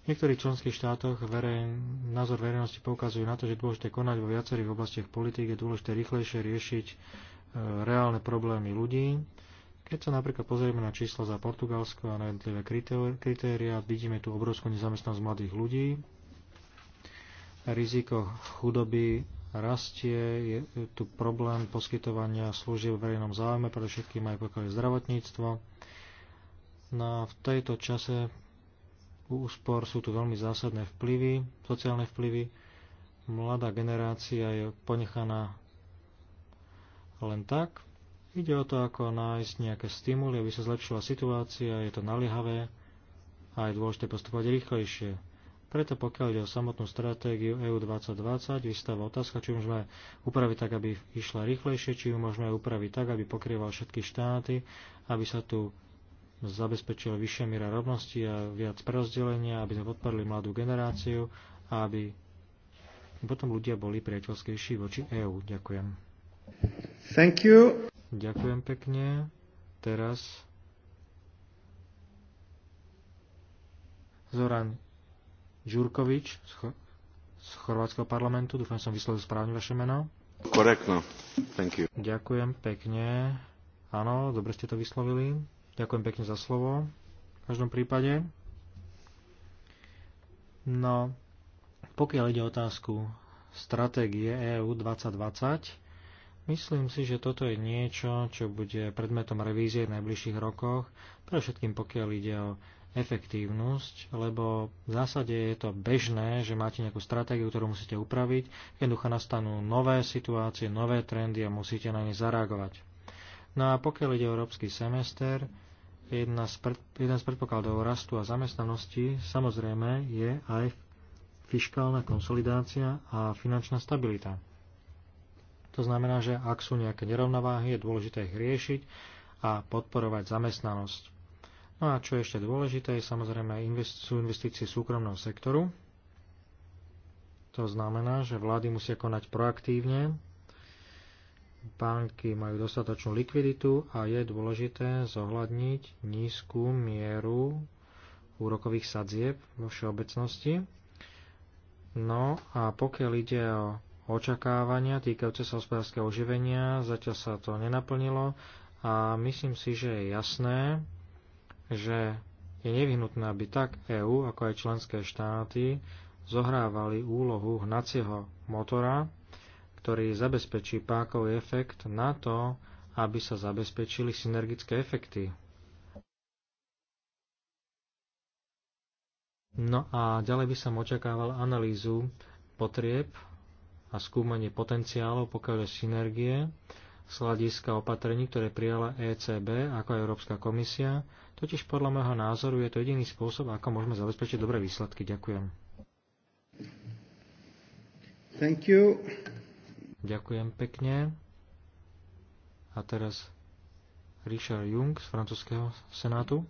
V niektorých členských štátoch verej, názor verejnosti poukazuje na to, že je dôležité konať vo viacerých oblastiach politik, je dôležité rýchlejšie riešiť e, reálne problémy ľudí. Keď sa napríklad pozrieme na čísla za Portugalsko a na jednotlivé kritéria, vidíme tu obrovskú nezamestnanosť mladých ľudí, riziko chudoby rastie, je tu problém poskytovania služieb v verejnom záujme, všetkým aj pokiaľ je zdravotníctvo. No a v tejto čase u úspor sú tu veľmi zásadné vplyvy, sociálne vplyvy. Mladá generácia je ponechaná len tak. Ide o to, ako nájsť nejaké stimuly, aby sa zlepšila situácia, je to naliehavé a je dôležité postupovať rýchlejšie. Preto pokiaľ ide o samotnú stratégiu EU 2020, vystáva otázka, či môžeme upraviť tak, aby išla rýchlejšie, či ju môžeme upraviť tak, aby pokrýval všetky štáty, aby sa tu zabezpečila vyššia miera rovnosti a viac prerozdelenia, aby sme podporili mladú generáciu a aby potom ľudia boli priateľskejší voči EÚ. Ďakujem. Thank you. Ďakujem pekne. Teraz Zoran Žurkovič z, Ch- z Chorvátskeho parlamentu. Dúfam, som vyslovil správne vaše meno. Korektno. Thank you. Ďakujem pekne. Áno, dobre ste to vyslovili. Ďakujem pekne za slovo. V každom prípade. No, pokiaľ ide o otázku stratégie EU 2020, myslím si, že toto je niečo, čo bude predmetom revízie v najbližších rokoch, pre všetkým pokiaľ ide o efektívnosť, lebo v zásade je to bežné, že máte nejakú stratégiu, ktorú musíte upraviť, jednoducho nastanú nové situácie, nové trendy a musíte na ne zareagovať. No a pokiaľ ide o európsky semester, jedna z pred, jeden z predpokladov rastu a zamestnanosti samozrejme je aj fiškálna konsolidácia a finančná stabilita. To znamená, že ak sú nejaké nerovnováhy, je dôležité ich riešiť a podporovať zamestnanosť. No a čo je ešte dôležité, je samozrejme sú investície súkromného sektoru. To znamená, že vlády musia konať proaktívne, banky majú dostatočnú likviditu a je dôležité zohľadniť nízku mieru úrokových sadzieb vo všeobecnosti. No a pokiaľ ide o očakávania týkajúce sa hospodárskeho oživenia, zatiaľ sa to nenaplnilo a myslím si, že je jasné, že je nevyhnutné, aby tak EÚ, ako aj členské štáty zohrávali úlohu hnacieho motora, ktorý zabezpečí pákový efekt na to, aby sa zabezpečili synergické efekty. No a ďalej by som očakával analýzu potrieb a skúmanie potenciálov, pokiaľ je synergie, z hľadiska opatrení, ktoré prijala ECB ako Európska komisia, Totiž podľa môjho názoru je to jediný spôsob, ako môžeme zabezpečiť dobré výsledky. Ďakujem. Thank you. Ďakujem pekne. A teraz Richard Jung z francúzského senátu.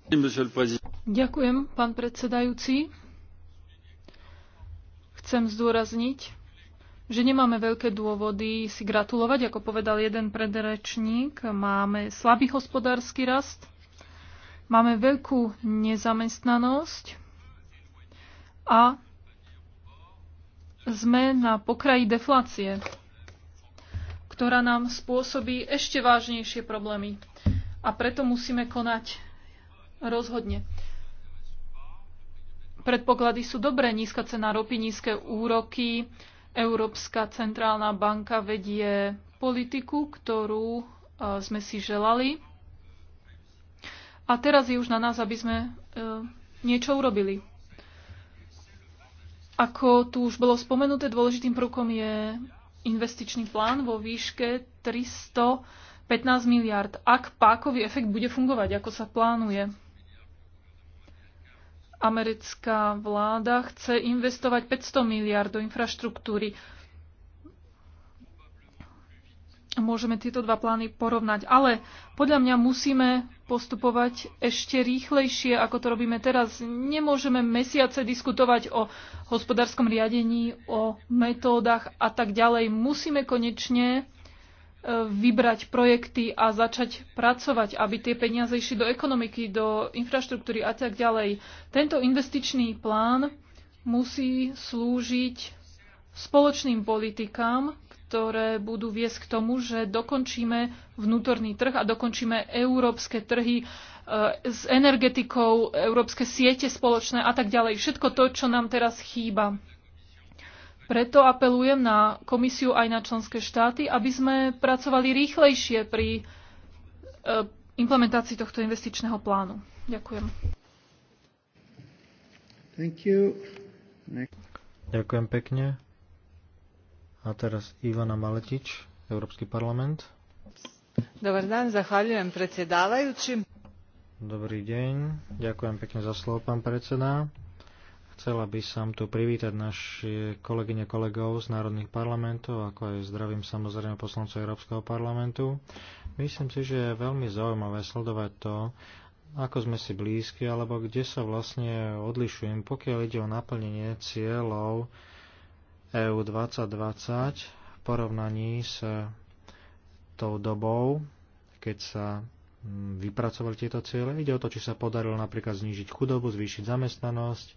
Ďakujem, pán predsedajúci. Chcem zdôrazniť, že nemáme veľké dôvody si gratulovať, ako povedal jeden predrečník. Máme slabý hospodársky rast, Máme veľkú nezamestnanosť a sme na pokraji deflácie, ktorá nám spôsobí ešte vážnejšie problémy. A preto musíme konať rozhodne. Predpoklady sú dobré, nízka cena ropy, nízke úroky. Európska centrálna banka vedie politiku, ktorú e, sme si želali. A teraz je už na nás, aby sme e, niečo urobili. Ako tu už bolo spomenuté, dôležitým prvkom je investičný plán vo výške 315 miliard, ak pákový efekt bude fungovať, ako sa plánuje. Americká vláda chce investovať 500 miliard do infraštruktúry môžeme tieto dva plány porovnať. Ale podľa mňa musíme postupovať ešte rýchlejšie, ako to robíme teraz. Nemôžeme mesiace diskutovať o hospodárskom riadení, o metódach a tak ďalej. Musíme konečne e, vybrať projekty a začať pracovať, aby tie peniaze išli do ekonomiky, do infraštruktúry a tak ďalej. Tento investičný plán musí slúžiť spoločným politikám, ktoré budú viesť k tomu, že dokončíme vnútorný trh a dokončíme európske trhy e, s energetikou, európske siete spoločné a tak ďalej. Všetko to, čo nám teraz chýba. Preto apelujem na komisiu aj na členské štáty, aby sme pracovali rýchlejšie pri e, implementácii tohto investičného plánu. Ďakujem. Thank you. Ďakujem pekne. A teraz Ivana Maletič, Európsky parlament. Dobrý deň, zahvaľujem predsedávajúci. Dobrý deň, ďakujem pekne za slovo, pán predseda. Chcela by som tu privítať naše kolegyne kolegov z národných parlamentov, ako aj zdravím samozrejme poslancov Európskeho parlamentu. Myslím si, že je veľmi zaujímavé sledovať to, ako sme si blízki, alebo kde sa vlastne odlišujem, pokiaľ ide o naplnenie cieľov EU 2020 v porovnaní s e, tou dobou, keď sa mm, vypracovali tieto ciele. Ide o to, či sa podarilo napríklad znížiť chudobu, zvýšiť zamestnanosť,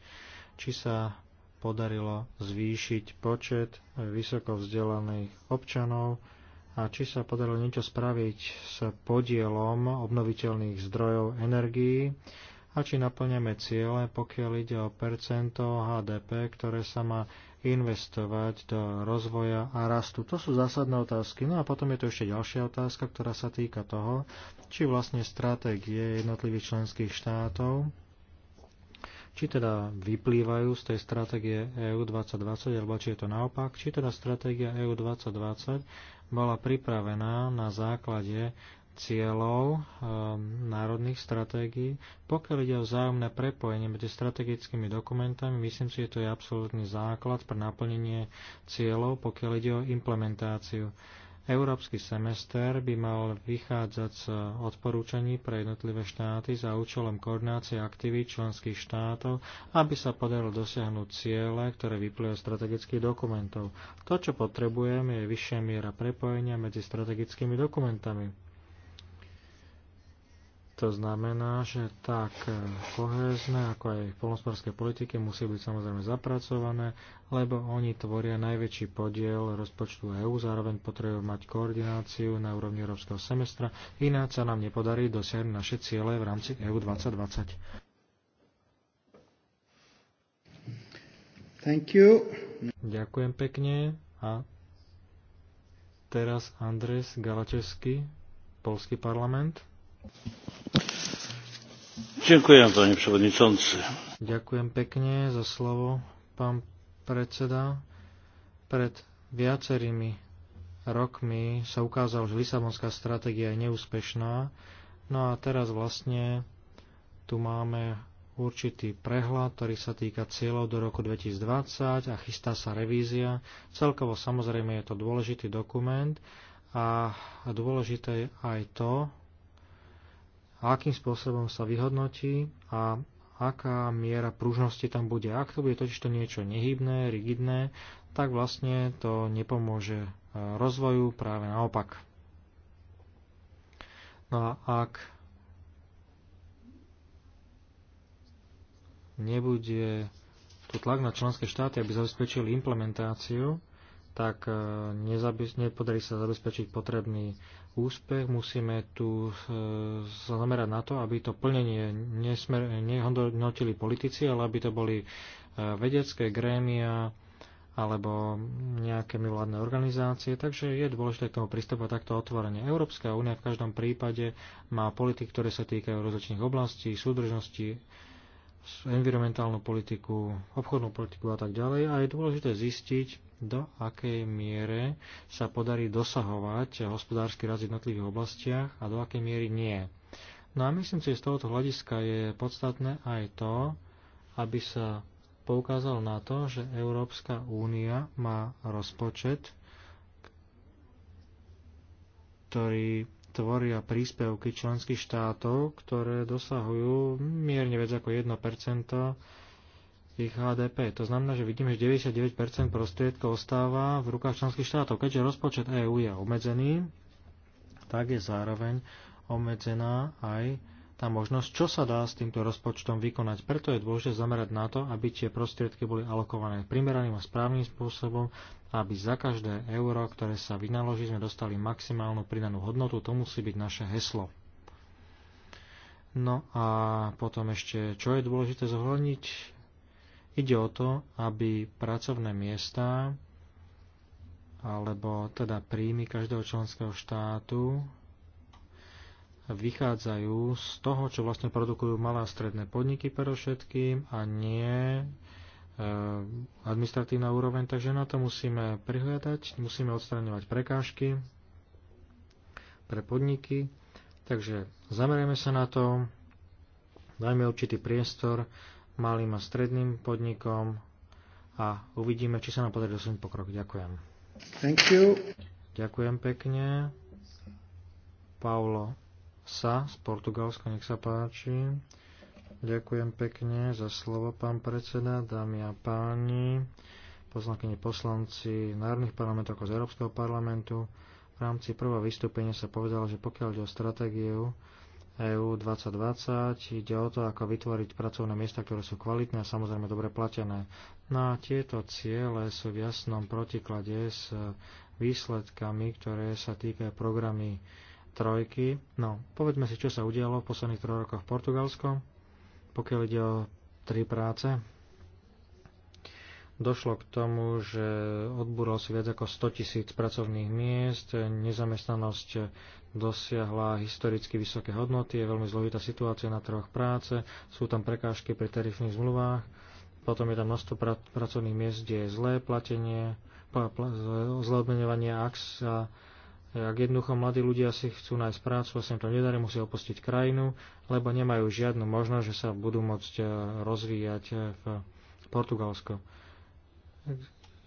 či sa podarilo zvýšiť počet e, vysoko vzdelaných občanov a či sa podarilo niečo spraviť s podielom obnoviteľných zdrojov energií a či naplňame ciele, pokiaľ ide o percento HDP, ktoré sa má investovať do rozvoja a rastu. To sú zásadné otázky. No a potom je to ešte ďalšia otázka, ktorá sa týka toho, či vlastne stratégie jednotlivých členských štátov, či teda vyplývajú z tej stratégie EU 2020, alebo či je to naopak, či teda stratégia EU 2020 bola pripravená na základe cieľov um, národných stratégií. Pokiaľ ide o vzájomné prepojenie medzi strategickými dokumentami, myslím si, že to je absolútny základ pre naplnenie cieľov, pokiaľ ide o implementáciu. Európsky semester by mal vychádzať z odporúčaní pre jednotlivé štáty za účelom koordinácie aktivít členských štátov, aby sa podarilo dosiahnuť ciele, ktoré vyplývajú strategických dokumentov. To, čo potrebujeme, je vyššia miera prepojenia medzi strategickými dokumentami. To znamená, že tak e, kohézne, ako aj v polnospodárskej politike musí byť samozrejme zapracované, lebo oni tvoria najväčší podiel rozpočtu EÚ, zároveň potrebujú mať koordináciu na úrovni európskeho semestra, ináč sa nám nepodarí dosiahnuť naše ciele v rámci EÚ 2020. Thank you. Ďakujem pekne a teraz Andres Galačevský, Polský parlament. Ďakujem, pani przewodniczący. Ďakujem pekne za slovo, pán predseda. Pred viacerými rokmi sa ukázalo, že Lisabonská stratégia je neúspešná. No a teraz vlastne tu máme určitý prehľad, ktorý sa týka cieľov do roku 2020 a chystá sa revízia. Celkovo samozrejme je to dôležitý dokument a dôležité je aj to, akým spôsobom sa vyhodnotí a aká miera pružnosti tam bude. Ak to bude totiž to niečo nehybné, rigidné, tak vlastne to nepomôže e, rozvoju, práve naopak. No a ak nebude tu tlak na členské štáty, aby zabezpečili implementáciu, tak e, nepodarí sa zabezpečiť potrebný úspech, musíme tu e, zamerať na to, aby to plnenie nesmer, nehodnotili politici, ale aby to boli e, vedecké grémia alebo nejaké mimovládne organizácie. Takže je dôležité k tomu pristupovať takto otvorene. Európska únia v každom prípade má politik, ktoré sa týkajú rozličných oblastí, súdržnosti, environmentálnu politiku, obchodnú politiku a tak ďalej. A je dôležité zistiť, do akej miere sa podarí dosahovať hospodársky rast v jednotlivých oblastiach a do akej miery nie. No a myslím si, že z tohoto hľadiska je podstatné aj to, aby sa poukázal na to, že Európska únia má rozpočet, ktorý tvoria príspevky členských štátov, ktoré dosahujú mierne viac ako 1 ich HDP. To znamená, že vidíme, že 99% prostriedkov ostáva v rukách členských štátov. Keďže rozpočet EÚ je obmedzený, tak je zároveň obmedzená aj tá možnosť, čo sa dá s týmto rozpočtom vykonať. Preto je dôležité zamerať na to, aby tie prostriedky boli alokované primeraným a správnym spôsobom, aby za každé euro, ktoré sa vynaloží, sme dostali maximálnu pridanú hodnotu. To musí byť naše heslo. No a potom ešte, čo je dôležité zohľadniť? Ide o to, aby pracovné miesta alebo teda príjmy každého členského štátu vychádzajú z toho, čo vlastne produkujú malé a stredné podniky predovšetkým a nie e, administratívna úroveň, takže na to musíme prihľadať, musíme odstraňovať prekážky pre podniky, takže zamerieme sa na to, dajme určitý priestor malým a stredným podnikom a uvidíme, či sa nám podarí dosiahnuť pokrok. Ďakujem. Thank you. Ďakujem pekne. Paulo sa z Portugalska, nech sa páči. Ďakujem pekne za slovo, pán predseda, dámy a páni, poslankyni poslanci národných parlamentov ako z Európskeho parlamentu. V rámci prvého vystúpenia sa povedalo, že pokiaľ ide o stratégiu EU 2020, ide o to, ako vytvoriť pracovné miesta, ktoré sú kvalitné a samozrejme dobre platené. No a tieto ciele sú v jasnom protiklade s výsledkami, ktoré sa týkajú programy trojky. No, povedzme si, čo sa udialo v posledných troch rokoch v Portugalsku, pokiaľ ide o tri práce. Došlo k tomu, že odbúral si viac ako 100 tisíc pracovných miest, nezamestnanosť dosiahla historicky vysoké hodnoty, je veľmi zložitá situácia na trhoch práce, sú tam prekážky pri tarifných zmluvách, potom je tam množstvo pra- pracovných miest, kde je zlé platenie, pl- pl- zlé odmenovanie, ak sa ak jednoducho mladí ľudia si chcú nájsť prácu a sa im to nedarí, musia opustiť krajinu, lebo nemajú žiadnu možnosť, že sa budú môcť e, rozvíjať e, v Portugalsku.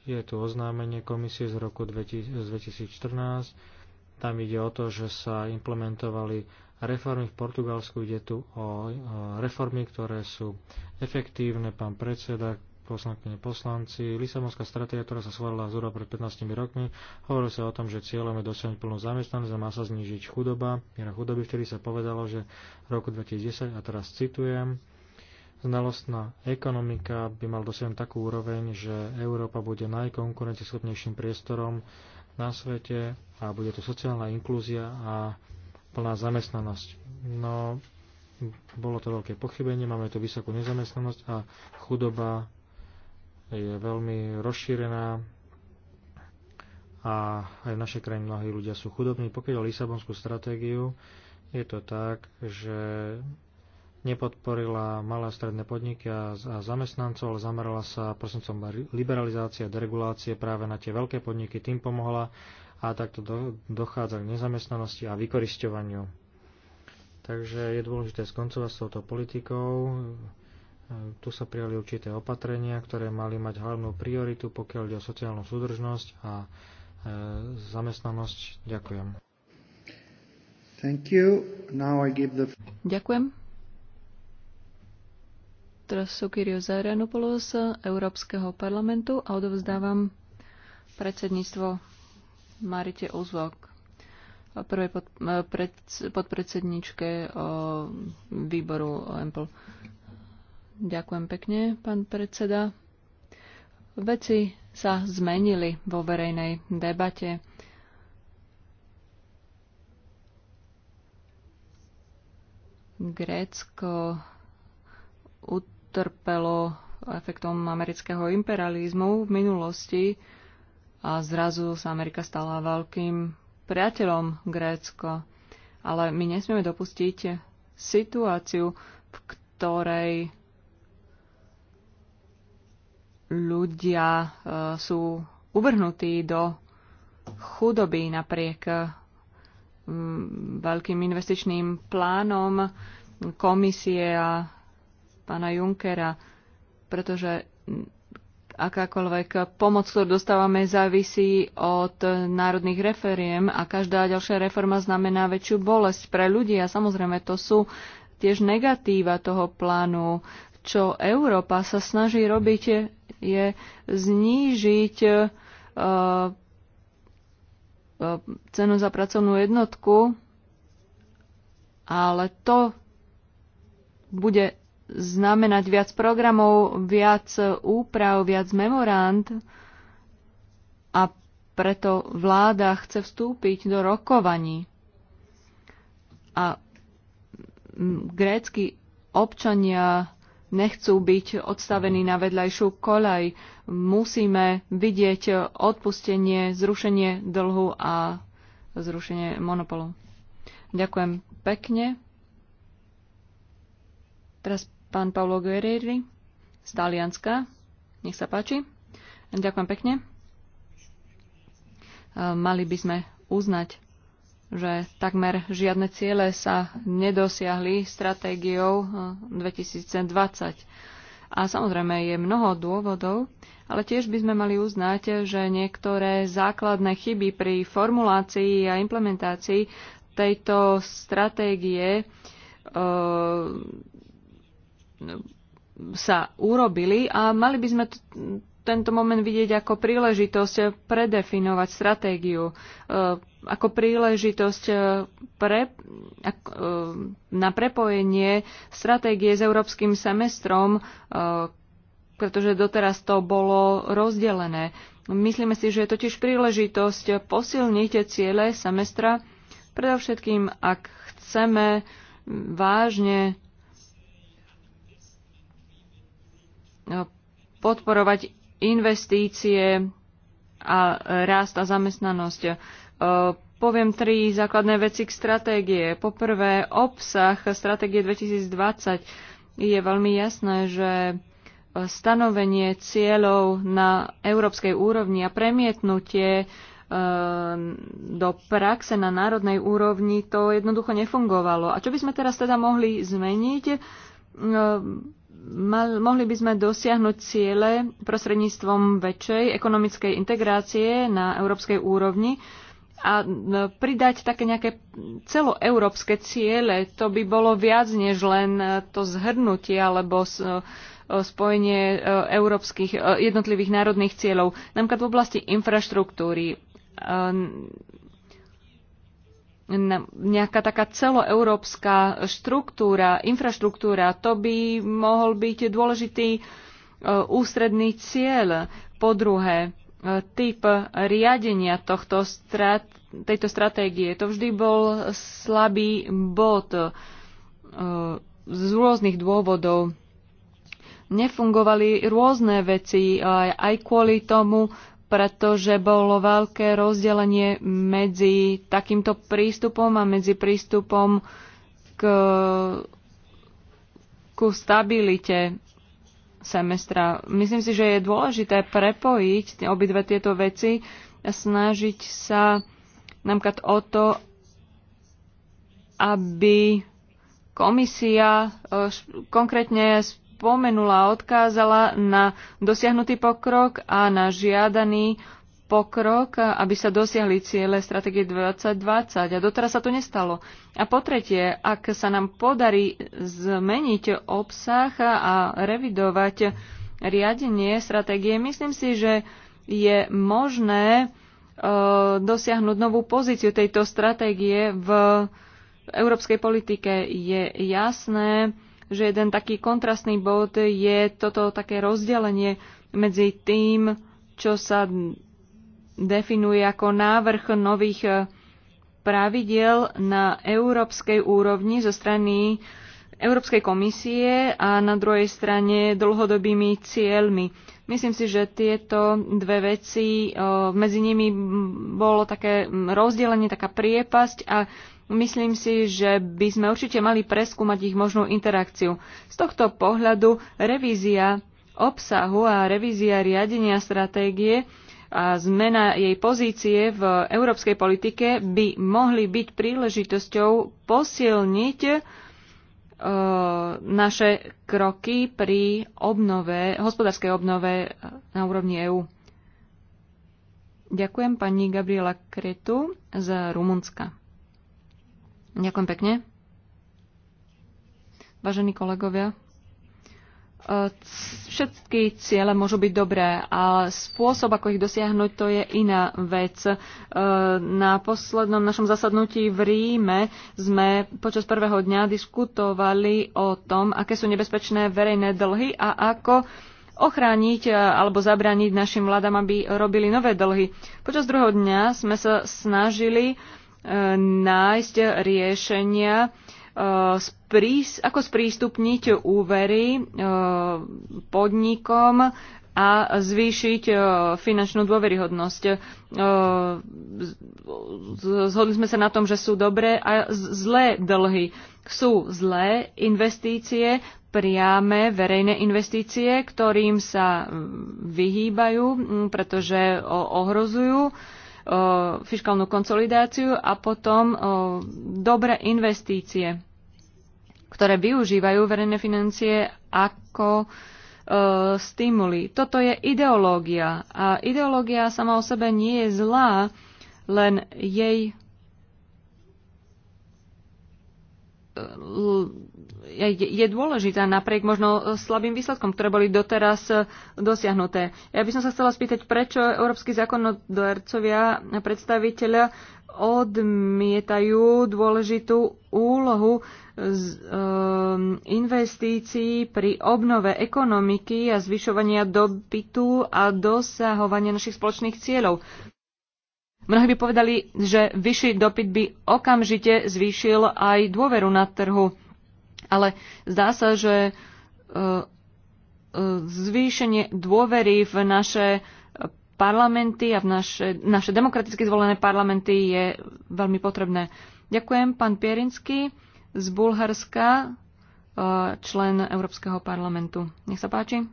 Je tu oznámenie komisie z roku 2014. Tam ide o to, že sa implementovali reformy v Portugalsku. Ide tu o e, reformy, ktoré sú efektívne. Pán predseda poslankyne poslanci. Lisabonská stratégia, ktorá sa schválila zhruba pred 15 rokmi, hovorilo sa o tom, že cieľom je dosiahnuť plnú zamestnanosť a má sa znížiť chudoba. Miera chudoby vtedy sa povedalo, že v roku 2010, a teraz citujem, znalostná ekonomika by mal dosiahnuť takú úroveň, že Európa bude najkonkurenceschopnejším priestorom na svete a bude to sociálna inklúzia a plná zamestnanosť. No, bolo to veľké pochybenie, máme tu vysokú nezamestnanosť a chudoba je veľmi rozšírená a aj v našej krajine mnohí ľudia sú chudobní. Pokiaľ o Lisabonskú stratégiu, je to tak, že nepodporila malé a stredné podniky a, zamestnancov, ale zamerala sa prosencom liberalizácie a deregulácie práve na tie veľké podniky, tým pomohla a takto do, dochádza k nezamestnanosti a vykorisťovaniu. Takže je dôležité skoncovať s touto politikou, tu sa prijali určité opatrenia, ktoré mali mať hlavnú prioritu, pokiaľ ide o sociálnu súdržnosť a e, zamestnanosť. Ďakujem. Thank you. Now I give the... Ďakujem. Teraz sú Kyrio Zarianopoulos Európskeho parlamentu a odovzdávam predsedníctvo Marite Ozvok prvej pod, e, pred, podpredsedničke výboru EMPL. Ďakujem pekne, pán predseda. Veci sa zmenili vo verejnej debate. Grécko utrpelo efektom amerického imperializmu v minulosti a zrazu sa Amerika stala veľkým priateľom Grécko. Ale my nesmieme dopustiť situáciu, v ktorej ľudia e, sú uvrhnutí do chudoby napriek e, veľkým investičným plánom komisie a pána Junkera, pretože akákoľvek pomoc, ktorú dostávame, závisí od národných referiem a každá ďalšia reforma znamená väčšiu bolesť pre ľudí a samozrejme to sú tiež negatíva toho plánu, čo Európa sa snaží robiť je znížiť e, e, cenu za pracovnú jednotku, ale to bude znamenať viac programov, viac úprav, viac memorand a preto vláda chce vstúpiť do rokovaní. A grécky občania nechcú byť odstavení na vedľajšiu kolaj. Musíme vidieť odpustenie, zrušenie dlhu a zrušenie monopolu. Ďakujem pekne. Teraz pán Paolo Guerrieri z Talianska. Nech sa páči. Ďakujem pekne. Mali by sme uznať že takmer žiadne ciele sa nedosiahli stratégiou 2020. Eh, a samozrejme je mnoho dôvodov, ale tiež by sme mali uznať, že niektoré základné chyby pri formulácii a implementácii tejto stratégie e, sa urobili a mali by sme tento moment vidieť ako príležitosť predefinovať stratégiu. E, ako príležitosť e, pre, e, na prepojenie stratégie s európskym semestrom, e, pretože doteraz to bolo rozdelené. Myslíme si, že je totiž príležitosť posilniť ciele semestra, predovšetkým ak chceme vážne podporovať investície a rast a zamestnanosť. Eh, poviem tri základné veci k stratégie. Poprvé, obsah stratégie 2020 je veľmi jasné, že eh, stanovenie cieľov na európskej úrovni a premietnutie eh, do praxe na národnej úrovni to jednoducho nefungovalo. A čo by sme teraz teda mohli zmeniť? Mal, mohli by sme dosiahnuť ciele prostredníctvom väčšej ekonomickej integrácie na európskej úrovni, a pridať také nejaké celoeurópske ciele, to by bolo viac než len e, to zhrnutie alebo e, spojenie e, európskych jednotlivých národných cieľov, napríklad v oblasti infraštruktúry, nejaká taká celoeurópska štruktúra, infraštruktúra, to by mohol byť dôležitý ústredný cieľ. Po druhé, typ riadenia tohto strat, tejto stratégie. To vždy bol slabý bod e, z rôznych dôvodov. Nefungovali rôzne veci aj kvôli tomu, pretože bolo veľké rozdelenie medzi takýmto prístupom a medzi prístupom k, ku stabilite semestra. Myslím si, že je dôležité prepojiť obidve tieto veci a snažiť sa napríklad o to, aby komisia e, konkrétne spomenula a odkázala na dosiahnutý pokrok a na žiadaný pokrok, aby sa dosiahli ciele stratégie 2020 a doteraz sa to nestalo. A po tretie, ak sa nám podarí zmeniť obsah a revidovať riadenie stratégie, myslím si, že je možné e, dosiahnuť novú pozíciu tejto stratégie v európskej politike. Je jasné, že jeden taký kontrastný bod je toto také rozdelenie medzi tým, čo sa definuje ako návrh nových e, pravidiel na európskej úrovni zo strany Európskej komisie a na druhej strane dlhodobými cieľmi. Myslím si, že tieto dve veci, e, medzi nimi bolo také rozdelenie, taká priepasť a Myslím si, že by sme určite mali preskúmať ich možnú interakciu. Z tohto pohľadu revízia obsahu a revízia riadenia stratégie a zmena jej pozície v európskej politike by mohli byť príležitosťou posilniť e, naše kroky pri obnove, hospodárskej obnove na úrovni EÚ. Ďakujem pani Gabriela Kretu z Rumunska. Ďakujem pekne. Vážení kolegovia, Eh, všetky ciele môžu byť dobré ale spôsob, ako ich dosiahnuť, to je iná vec. Eh, na poslednom našom zasadnutí v Ríme sme počas prvého dňa diskutovali o tom, aké sú nebezpečné verejné dlhy a ako ochrániť eh, alebo zabrániť našim vládam, aby robili nové dlhy. Počas druhého dňa sme sa snažili nájsť riešenia, Eh, sprís, ako sprístupniť úvery eh, podnikom a zvýšiť eh, finančnú dôveryhodnosť. Zhodli sme sa na tom, že sú dobré a zlé dlhy. Sú zlé investície, priame verejné investície, ktorým sa mm, vyhýbajú, mm, pretože ohrozujú fiskálnu konsolidáciu a potom dobré investície ktoré využívajú verejné financie ako e, stimuli. Toto je ideológia a ideológia sama o sebe nie je zlá, len jej e, je dôležitá napriek možno slabým výsledkom, ktoré boli doteraz e, dosiahnuté. Ja by som sa chcela spýtať, prečo európsky zákonodarcovia a predstaviteľia odmietajú dôležitú úlohu z, e, investícií pri obnove ekonomiky a zvyšovania dobytu a dosahovania našich spoločných cieľov. Mnohí by povedali, že vyšší dopyt by okamžite zvýšil aj dôveru na trhu. Ale zdá sa, že uh, uh, zvýšenie dôvery v naše parlamenty a v naše, naše demokraticky zvolené parlamenty je veľmi potrebné. Ďakujem, pán Pierinsky z Bulharska, eh, člen Európskeho parlamentu. Nech sa páči.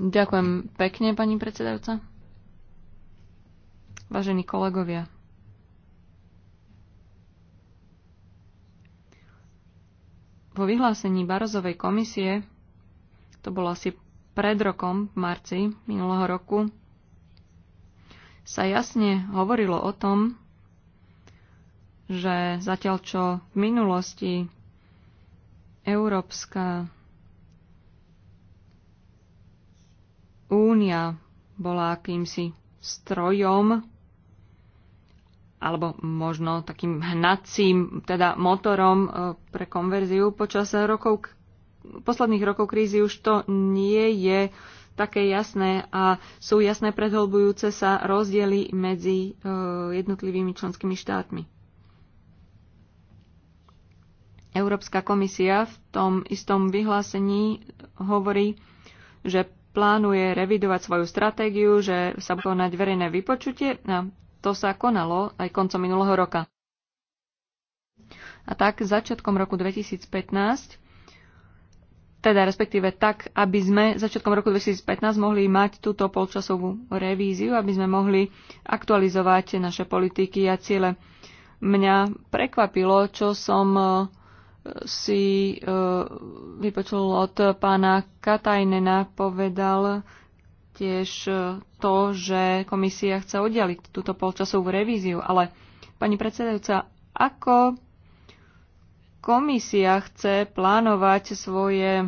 Ďakujem pekne, pani predsedajúca. Vážení kolegovia. Po vyhlásení Barozovej komisie, to bolo asi pred rokom, v marci minulého roku, sa jasne hovorilo o tom, že zatiaľ čo v minulosti Európska únia bola akýmsi strojom, alebo možno takým hnacím, teda motorom e, pre konverziu počas rokov posledných rokov krízy už to nie je také jasné a sú jasné predhlbujúce sa rozdiely medzi e, jednotlivými členskými štátmi. Európska komisia v tom istom vyhlásení hovorí, že plánuje revidovať svoju stratégiu, že sa bude konať verejné vypočutie a to sa konalo aj koncom minulého roka. A tak začiatkom roku 2015 teda respektíve tak, aby sme začiatkom roku 2015 mohli mať túto polčasovú revíziu, aby sme mohli aktualizovať naše politiky a ciele. Mňa prekvapilo, čo som e, si e, vypočul od pána Katajnena, povedal tiež e, to, že komisia chce oddialiť túto polčasovú revíziu. Ale, pani predsedajúca, ako komisia chce plánovať svoje e,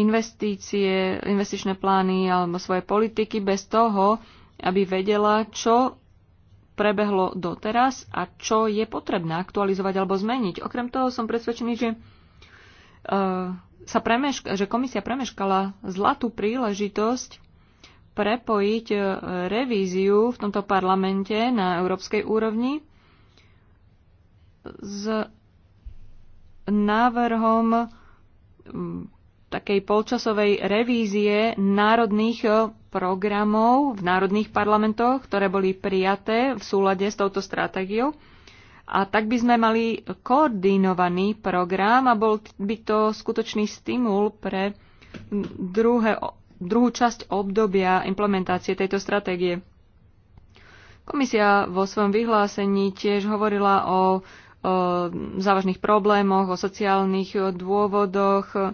investície, investičné plány alebo svoje politiky bez toho, aby vedela, čo prebehlo doteraz a čo je potrebné aktualizovať alebo zmeniť. Okrem toho som presvedčený, že, e, sa premeška, že komisia premeškala zlatú príležitosť prepojiť e, revíziu v tomto parlamente na európskej úrovni s návrhom takej polčasovej revízie národných e, programov v národných parlamentoch, ktoré boli prijaté v súlade s touto stratégiou. A tak by sme mali koordinovaný program a bol by to skutočný stimul pre druhé, druhú časť obdobia implementácie tejto stratégie. Komisia vo svojom vyhlásení tiež hovorila o o závažných problémoch, o sociálnych dôvodoch,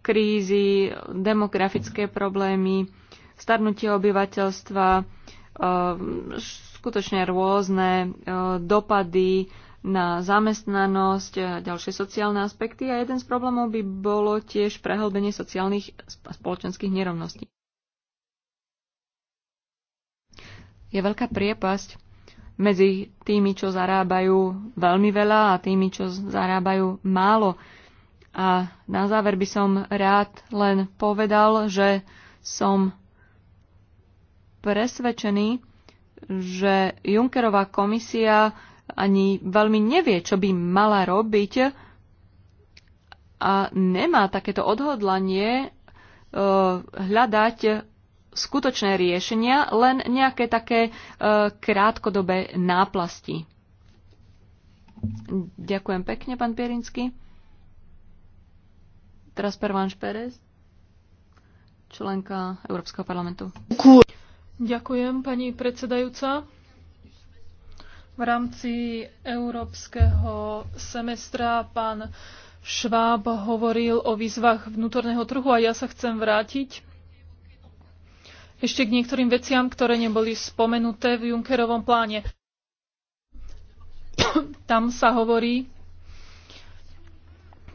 krízy, demografické problémy, starnutie obyvateľstva, skutočne rôzne dopady na zamestnanosť a ďalšie sociálne aspekty. A jeden z problémov by bolo tiež prehlbenie sociálnych a spoločenských nerovností. Je veľká priepasť medzi tými, čo zarábajú veľmi veľa a tými, čo zarábajú málo. A na záver by som rád len povedal, že som presvedčený, že Junckerová komisia ani veľmi nevie, čo by mala robiť a nemá takéto odhodlanie eh, hľadať skutočné riešenia, len nejaké také e, krátkodobé náplasti. Ďakujem pekne, pán Pierinsky. Teraz Pervanš Pérez, členka Európskeho parlamentu. Ďakujem, pani predsedajúca. V rámci európskeho semestra pán Šváb hovoril o výzvach vnútorného trhu a ja sa chcem vrátiť ešte k niektorým veciam, ktoré neboli spomenuté v Junckerovom pláne. Tam sa hovorí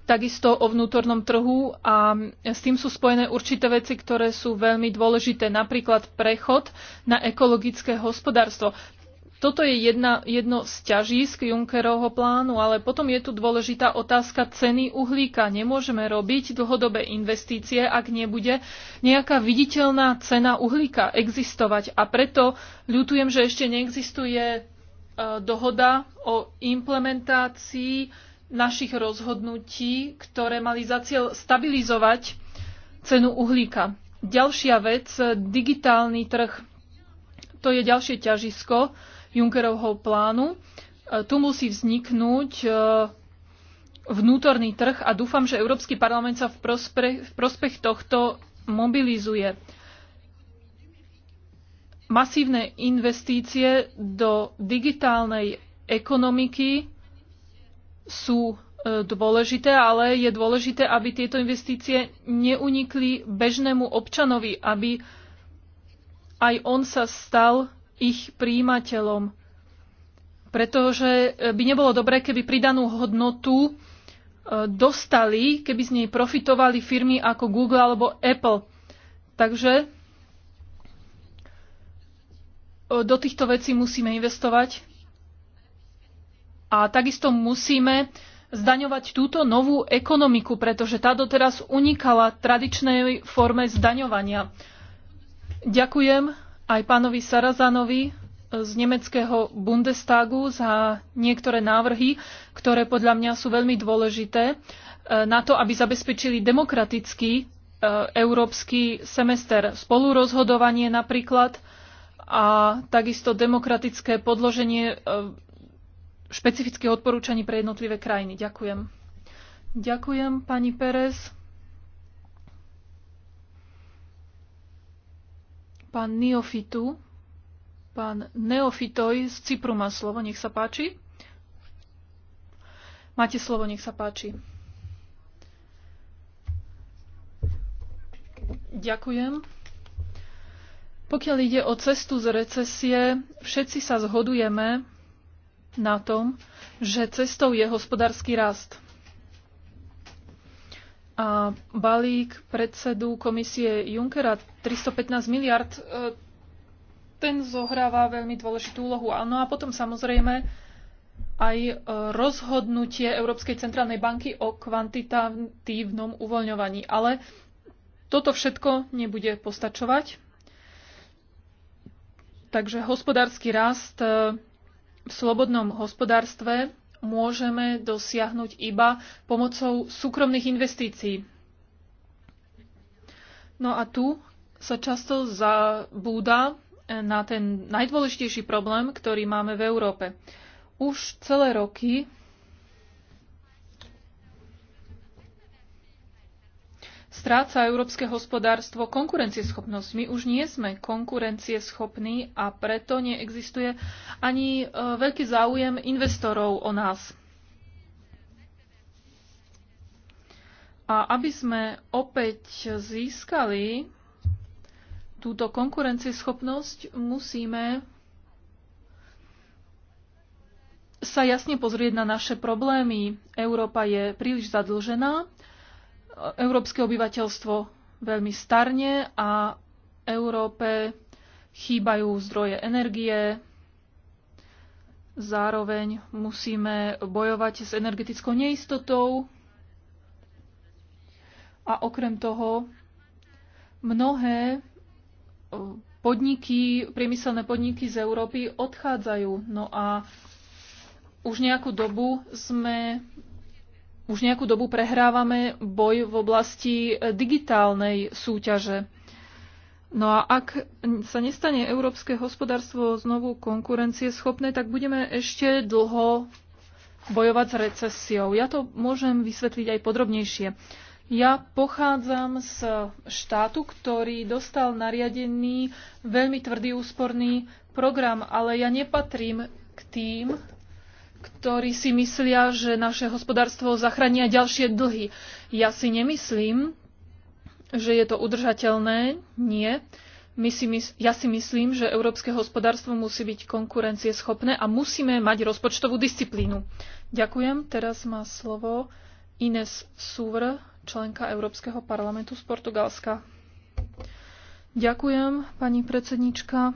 takisto o vnútornom trhu a s tým sú spojené určité veci, ktoré sú veľmi dôležité, napríklad prechod na ekologické hospodárstvo. Toto je jedna, jedno z ťažísk Junckerovho plánu, ale potom je tu dôležitá otázka ceny uhlíka. Nemôžeme robiť dlhodobé investície, ak nebude nejaká viditeľná cena uhlíka existovať. A preto ľutujem, že ešte neexistuje e, dohoda o implementácii našich rozhodnutí, ktoré mali za cieľ stabilizovať cenu uhlíka. Ďalšia vec, e, digitálny trh, to je ďalšie ťažisko, Junckerovho plánu. E, tu musí vzniknúť e, vnútorný trh a dúfam, že Európsky parlament sa v, prospre, v prospech tohto mobilizuje. Masívne investície do digitálnej ekonomiky sú e, dôležité, ale je dôležité, aby tieto investície neunikli bežnému občanovi, aby aj on sa stal ich príjimateľom. Pretože e, by nebolo dobré, keby pridanú hodnotu e, dostali, keby z nej profitovali firmy ako Google alebo Apple. Takže e, do týchto vecí musíme investovať a takisto musíme zdaňovať túto novú ekonomiku, pretože tá doteraz unikala tradičnej forme zdaňovania. Ďakujem aj pánovi Sarazanovi e, z nemeckého Bundestagu za niektoré návrhy, ktoré podľa mňa sú veľmi dôležité e, na to, aby zabezpečili demokratický e, európsky semester. Spolurozhodovanie napríklad a takisto demokratické podloženie špecifických odporúčaní pre jednotlivé krajiny. Ďakujem. Ďakujem, pani Pérez. Pán Neofitu, pán Neofitoj z Cypru má slovo, nech sa páči. Máte slovo, nech sa páči. Ďakujem. Pokiaľ ide o cestu z recesie, všetci sa zhodujeme na tom, že cestou je hospodársky rast a balík predsedu komisie Junckera 315 miliard, e, ten zohráva veľmi dôležitú úlohu. No a potom samozrejme aj e, rozhodnutie Európskej centrálnej banky o kvantitatívnom uvoľňovaní. Ale toto všetko nebude postačovať. Takže hospodársky rast e, v slobodnom hospodárstve môžeme dosiahnuť iba pomocou súkromných investícií. No a tu sa často zabúda na ten najdôležitejší problém, ktorý máme v Európe. Už celé roky stráca európske hospodárstvo konkurencieschopnosť. My už nie sme konkurencieschopní a preto neexistuje ani e, veľký záujem investorov o nás. A aby sme opäť získali túto konkurencieschopnosť, musíme sa jasne pozrieť na naše problémy. Európa je príliš zadlžená, európske obyvateľstvo veľmi starne a Európe chýbajú zdroje energie. Zároveň musíme bojovať s energetickou neistotou. A okrem toho mnohé eh, podniky, priemyselné podniky z Európy odchádzajú. No a už nejakú dobu sme už nejakú dobu prehrávame boj v oblasti e, digitálnej súťaže. No a ak sa nestane európske hospodárstvo znovu konkurencieschopné, tak budeme ešte dlho bojovať s recesiou. Ja to môžem vysvetliť aj podrobnejšie. Ja pochádzam z štátu, ktorý dostal nariadený veľmi tvrdý úsporný program, ale ja nepatrím k tým, ktorí si myslia, že naše hospodárstvo zachránia ďalšie dlhy. Ja si nemyslím, že je to udržateľné. Nie. My si mys- ja si myslím, že európske hospodárstvo musí byť konkurencieschopné a musíme mať rozpočtovú disciplínu. Ďakujem. Teraz má slovo Ines Súvr, členka Európskeho parlamentu z Portugalska. Ďakujem, pani predsednička.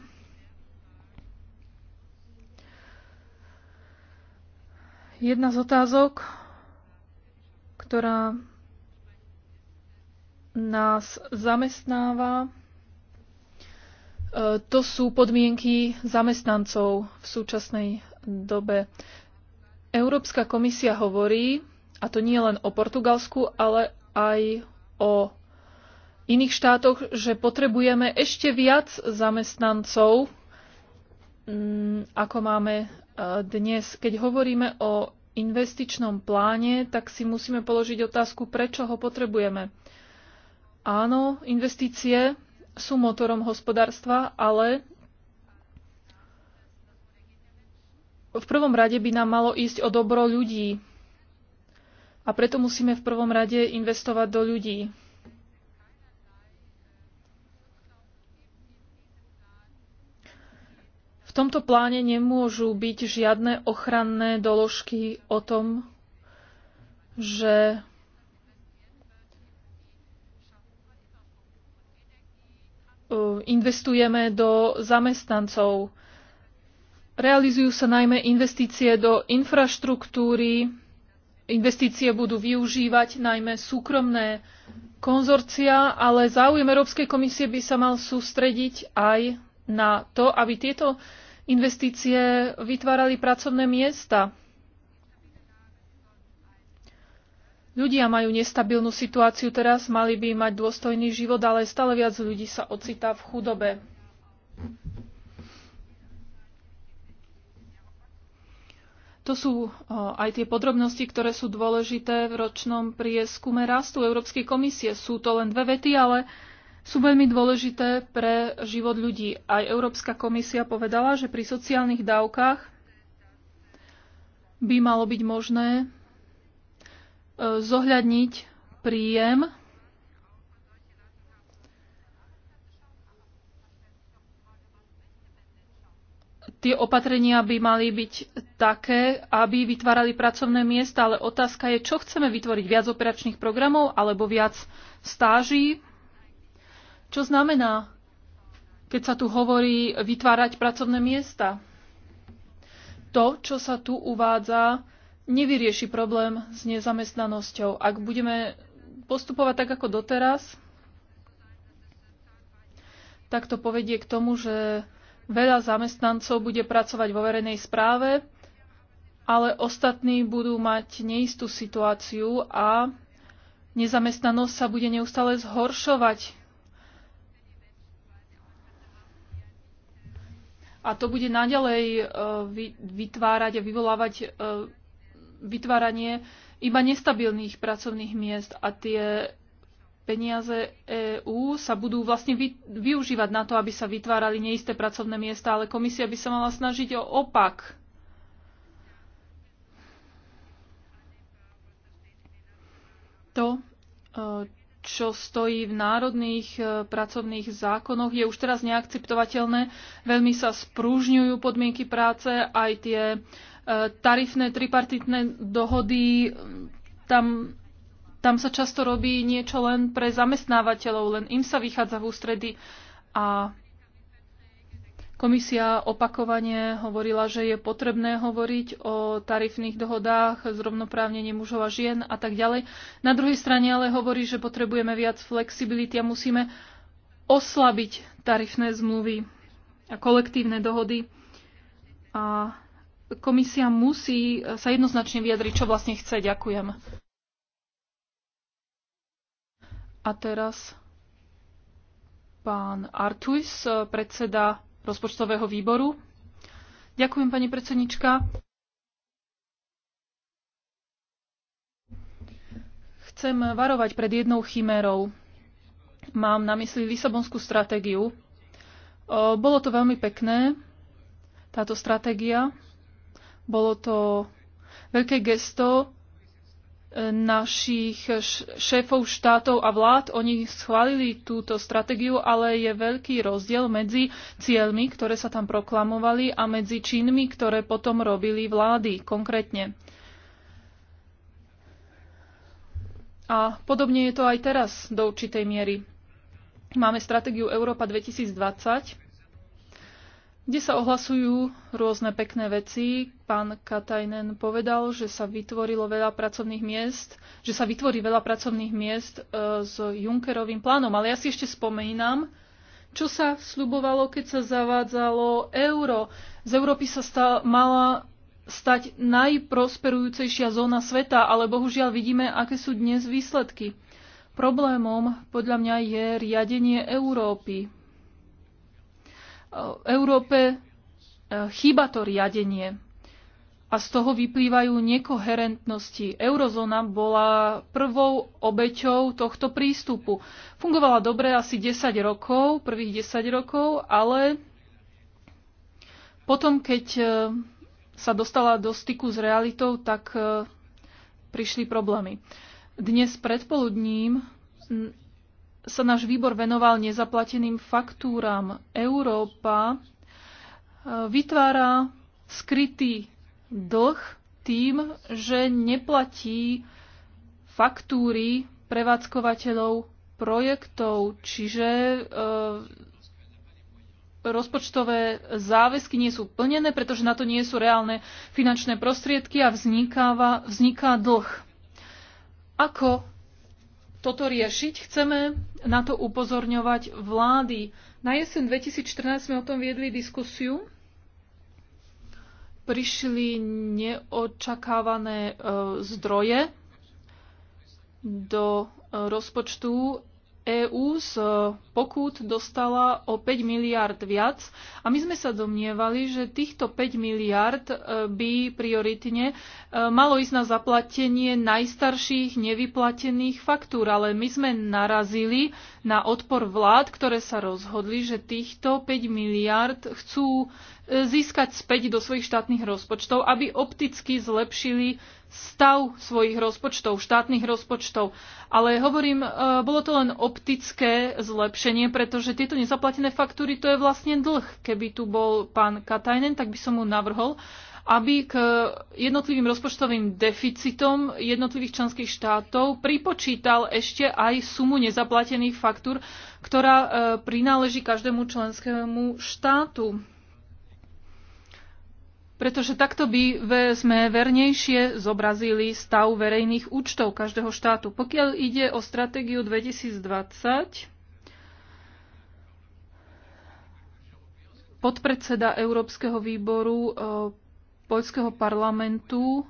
Jedna z otázok, ktorá nás zamestnáva, e, to sú podmienky zamestnancov v súčasnej dobe. Európska komisia hovorí, a to nie len o Portugalsku, ale aj o iných štátoch, že potrebujeme ešte viac zamestnancov, ako máme dnes. Keď hovoríme o investičnom pláne, tak si musíme položiť otázku, prečo ho potrebujeme. Áno, investície sú motorom hospodárstva, ale v prvom rade by nám malo ísť o dobro ľudí. A preto musíme v prvom rade investovať do ľudí. tomto pláne nemôžu byť žiadne ochranné doložky o tom, že e, investujeme do zamestnancov. Realizujú sa najmä investície do infraštruktúry, investície budú využívať najmä súkromné konzorcia, ale záujem Európskej komisie by sa mal sústrediť aj na to, aby tieto Investície vytvárali pracovné miesta. Ľudia majú nestabilnú situáciu teraz, mali by mať dôstojný život, ale stále viac ľudí sa ocitá v chudobe. To sú aj tie podrobnosti, ktoré sú dôležité v ročnom prieskume rastu Európskej komisie. Sú to len dve vety, ale sú veľmi dôležité pre život ľudí. Aj Európska komisia povedala, že pri sociálnych dávkach by malo byť možné e, zohľadniť príjem Tie opatrenia by mali byť také, aby vytvárali pracovné miesta, ale otázka je, čo chceme vytvoriť, viac operačných programov alebo viac stáží čo znamená, keď sa tu hovorí vytvárať pracovné miesta? To, čo sa tu uvádza, nevyrieši problém s nezamestnanosťou. Ak budeme postupovať tak ako doteraz, tak to povedie k tomu, že veľa zamestnancov bude pracovať vo verejnej správe, ale ostatní budú mať neistú situáciu a nezamestnanosť sa bude neustále zhoršovať. a to bude naďalej e, vytvárať a vyvolávať e, vytváranie iba nestabilných pracovných miest a tie peniaze EÚ sa budú vlastne využívať na to, aby sa vytvárali neisté pracovné miesta, ale komisia by sa mala snažiť o opak. To, e, čo stojí v národných e, pracovných zákonoch, je už teraz neakceptovateľné. Veľmi sa sprúžňujú podmienky práce, aj tie e, tarifné tripartitné dohody, e, tam, tam sa často robí niečo len pre zamestnávateľov, len im sa vychádza v ústredy a Komisia opakovane hovorila, že je potrebné hovoriť o tarifných dohodách, zrovnoprávnenie mužov a žien a tak ďalej. Na druhej strane ale hovorí, že potrebujeme viac flexibility a musíme oslabiť tarifné zmluvy a kolektívne dohody. A komisia musí sa jednoznačne vyjadriť, čo vlastne chce. Ďakujem. A teraz pán Artuis, predseda rozpočtového výboru. Ďakujem, pani predsednička. Chcem varovať pred jednou chimérou. Mám na mysli Lisabonskú stratégiu. E, bolo to veľmi pekné, táto stratégia. Bolo to veľké gesto našich šéfov štátov a vlád. Oni schválili túto stratégiu, ale je veľký rozdiel medzi cieľmi, ktoré sa tam proklamovali a medzi činmi, ktoré potom robili vlády konkrétne. A podobne je to aj teraz do určitej miery. Máme stratégiu Európa 2020 kde sa ohlasujú rôzne pekné veci. Pán Katajnen povedal, že sa vytvorilo veľa pracovných miest, že sa vytvorí veľa pracovných miest e, s Junckerovým plánom. Ale ja si ešte spomínam, čo sa slubovalo, keď sa zavádzalo euro. Z Európy sa stal, mala stať najprosperujúcejšia zóna sveta, ale bohužiaľ vidíme, aké sú dnes výsledky. Problémom podľa mňa je riadenie Európy. V e, Európe e, chýba to riadenie a z toho vyplývajú nekoherentnosti. Eurozóna bola prvou obeťou tohto prístupu. Fungovala dobre asi 10 rokov, prvých 10 rokov, ale potom, keď e, sa dostala do styku s realitou, tak prišli problémy. Dnes predpoludním sa náš výbor venoval nezaplateným faktúram. Európa e, vytvára skrytý dlh tým, že neplatí faktúry prevádzkovateľov projektov, čiže e, rozpočtové záväzky nie sú plnené, pretože na to nie sú reálne finančné prostriedky a vzniká dlh. Ako toto riešiť, chceme na to upozorňovať vlády. Na jeseň 2014 sme o tom viedli diskusiu. Prišli neočakávané e, zdroje do e, rozpočtu EÚ z e, pokút dostala o 5 miliard viac a my sme sa domnievali, že týchto 5 miliard e, by prioritne e, malo ísť na zaplatenie najstarších nevyplatených faktúr, ale my sme narazili na odpor vlád, ktoré sa rozhodli, že týchto 5 miliard chcú získať späť do svojich štátnych rozpočtov, aby opticky zlepšili stav svojich rozpočtov, štátnych rozpočtov. Ale hovorím, e, bolo to len optické zlepšenie, pretože tieto nezaplatené faktúry to je vlastne dlh. Keby tu bol pán Katajnen, tak by som mu navrhol, aby k jednotlivým rozpočtovým deficitom jednotlivých členských štátov pripočítal ešte aj sumu nezaplatených faktúr, ktorá e, prináleží každému členskému štátu pretože takto by sme vernejšie zobrazili stav verejných účtov každého štátu. Pokiaľ ide o stratégiu 2020, podpredseda Európskeho výboru e, Poľského parlamentu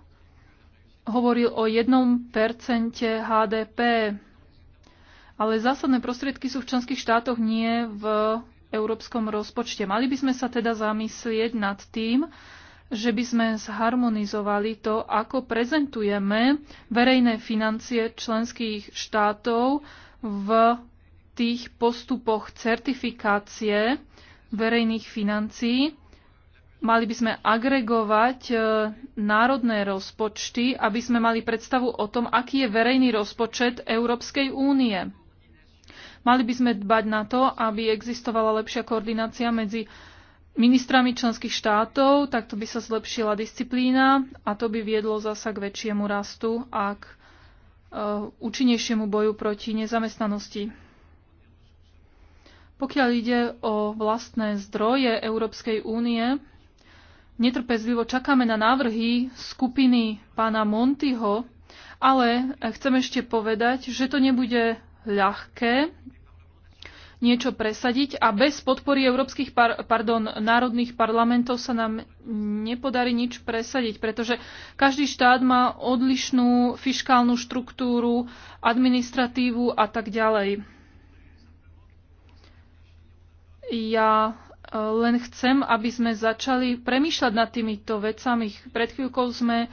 hovoril o 1% HDP, ale zásadné prostriedky sú v členských štátoch, nie v európskom rozpočte. Mali by sme sa teda zamyslieť nad tým, že by sme zharmonizovali to, ako prezentujeme verejné financie členských štátov v tých postupoch certifikácie verejných financií. Mali by sme agregovať e, národné rozpočty, aby sme mali predstavu o tom, aký je verejný rozpočet Európskej únie. Mali by sme dbať na to, aby existovala lepšia koordinácia medzi ministrami členských štátov, takto by sa zlepšila disciplína a to by viedlo zasa k väčšiemu rastu a k e, účinnejšiemu boju proti nezamestnanosti. Pokiaľ ide o vlastné zdroje Európskej únie, netrpezlivo čakáme na návrhy skupiny pána Montyho, ale chcem ešte povedať, že to nebude ľahké niečo presadiť a bez podpory európskych par- pardon, národných parlamentov sa nám nepodarí nič presadiť, pretože každý štát má odlišnú fiskálnu štruktúru, administratívu a tak ďalej. Ja e, len chcem, aby sme začali premýšľať nad týmito vecami. Pred chvíľkou sme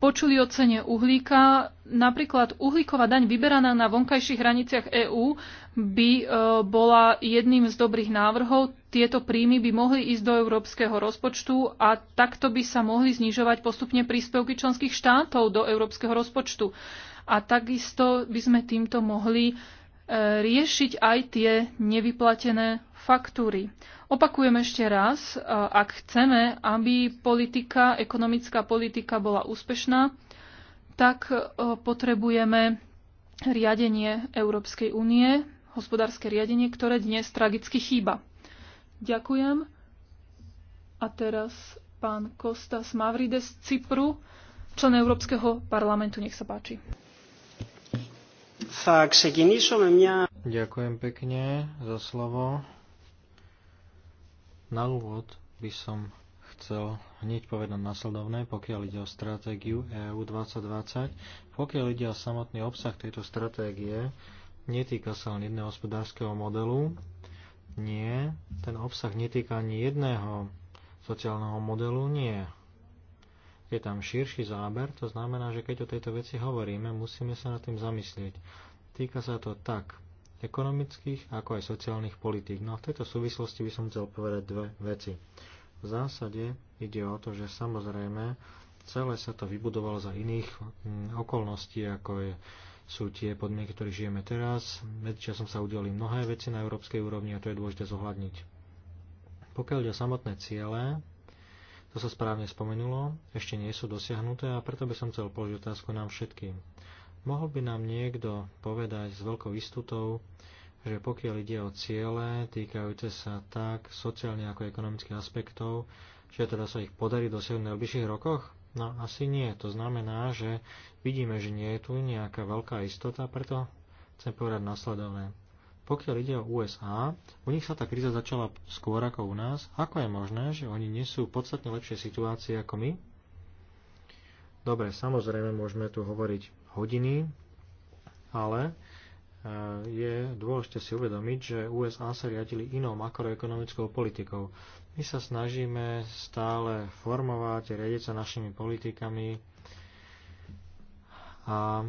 počuli o cene uhlíka. Napríklad uhlíková daň vyberaná na vonkajších hraniciach EÚ by e, bola jedným z dobrých návrhov. Tieto príjmy by mohli ísť do európskeho rozpočtu a takto by sa mohli znižovať postupne príspevky členských štátov do európskeho rozpočtu. A takisto by sme týmto mohli riešiť aj tie nevyplatené faktúry. Opakujem ešte raz, ak chceme, aby politika, ekonomická politika bola úspešná, tak e, potrebujeme riadenie Európskej únie, hospodárske riadenie, ktoré dnes tragicky chýba. Ďakujem. A teraz pán Kostas Mavrides z Cypru, člen Európskeho parlamentu. Nech sa páči. Ďakujem pekne za slovo. Na úvod by som chcel hneď povedať nasledovné, pokiaľ ide o stratégiu EU 2020. Pokiaľ ide o samotný obsah tejto stratégie, netýka sa len jedného hospodárskeho modelu. Nie, ten obsah netýka ani jedného sociálneho modelu, nie. Je tam širší záber, to znamená, že keď o tejto veci hovoríme, musíme sa nad tým zamyslieť. Týka sa to tak ekonomických, ako aj sociálnych politík. No a v tejto súvislosti by som chcel povedať dve veci. V zásade ide o to, že samozrejme celé sa to vybudovalo za iných mm, okolností, ako je, sú tie podmienky, ktoré žijeme teraz. Medzičasom sa udiali mnohé veci na európskej úrovni a to je dôležité zohľadniť. Pokiaľ ide o samotné ciele, to sa správne spomenulo, ešte nie sú dosiahnuté a preto by som chcel položiť otázku nám všetkým Mohol by nám niekto povedať s veľkou istotou, že pokiaľ ide o ciele týkajúce sa tak sociálne ako ekonomických aspektov, že teda sa ich podarí dosiahnuť v najbližších rokoch? No asi nie. To znamená, že vidíme, že nie je tu nejaká veľká istota, preto chcem povedať nasledovné. Pokiaľ ide o USA, u nich sa tá kríza začala skôr ako u nás. Ako je možné, že oni nie sú v podstatne lepšej situácii ako my? Dobre, samozrejme môžeme tu hovoriť hodiny, ale e, je dôležité si uvedomiť, že USA sa riadili inou makroekonomickou politikou. My sa snažíme stále formovať, riadiť sa našimi politikami a e,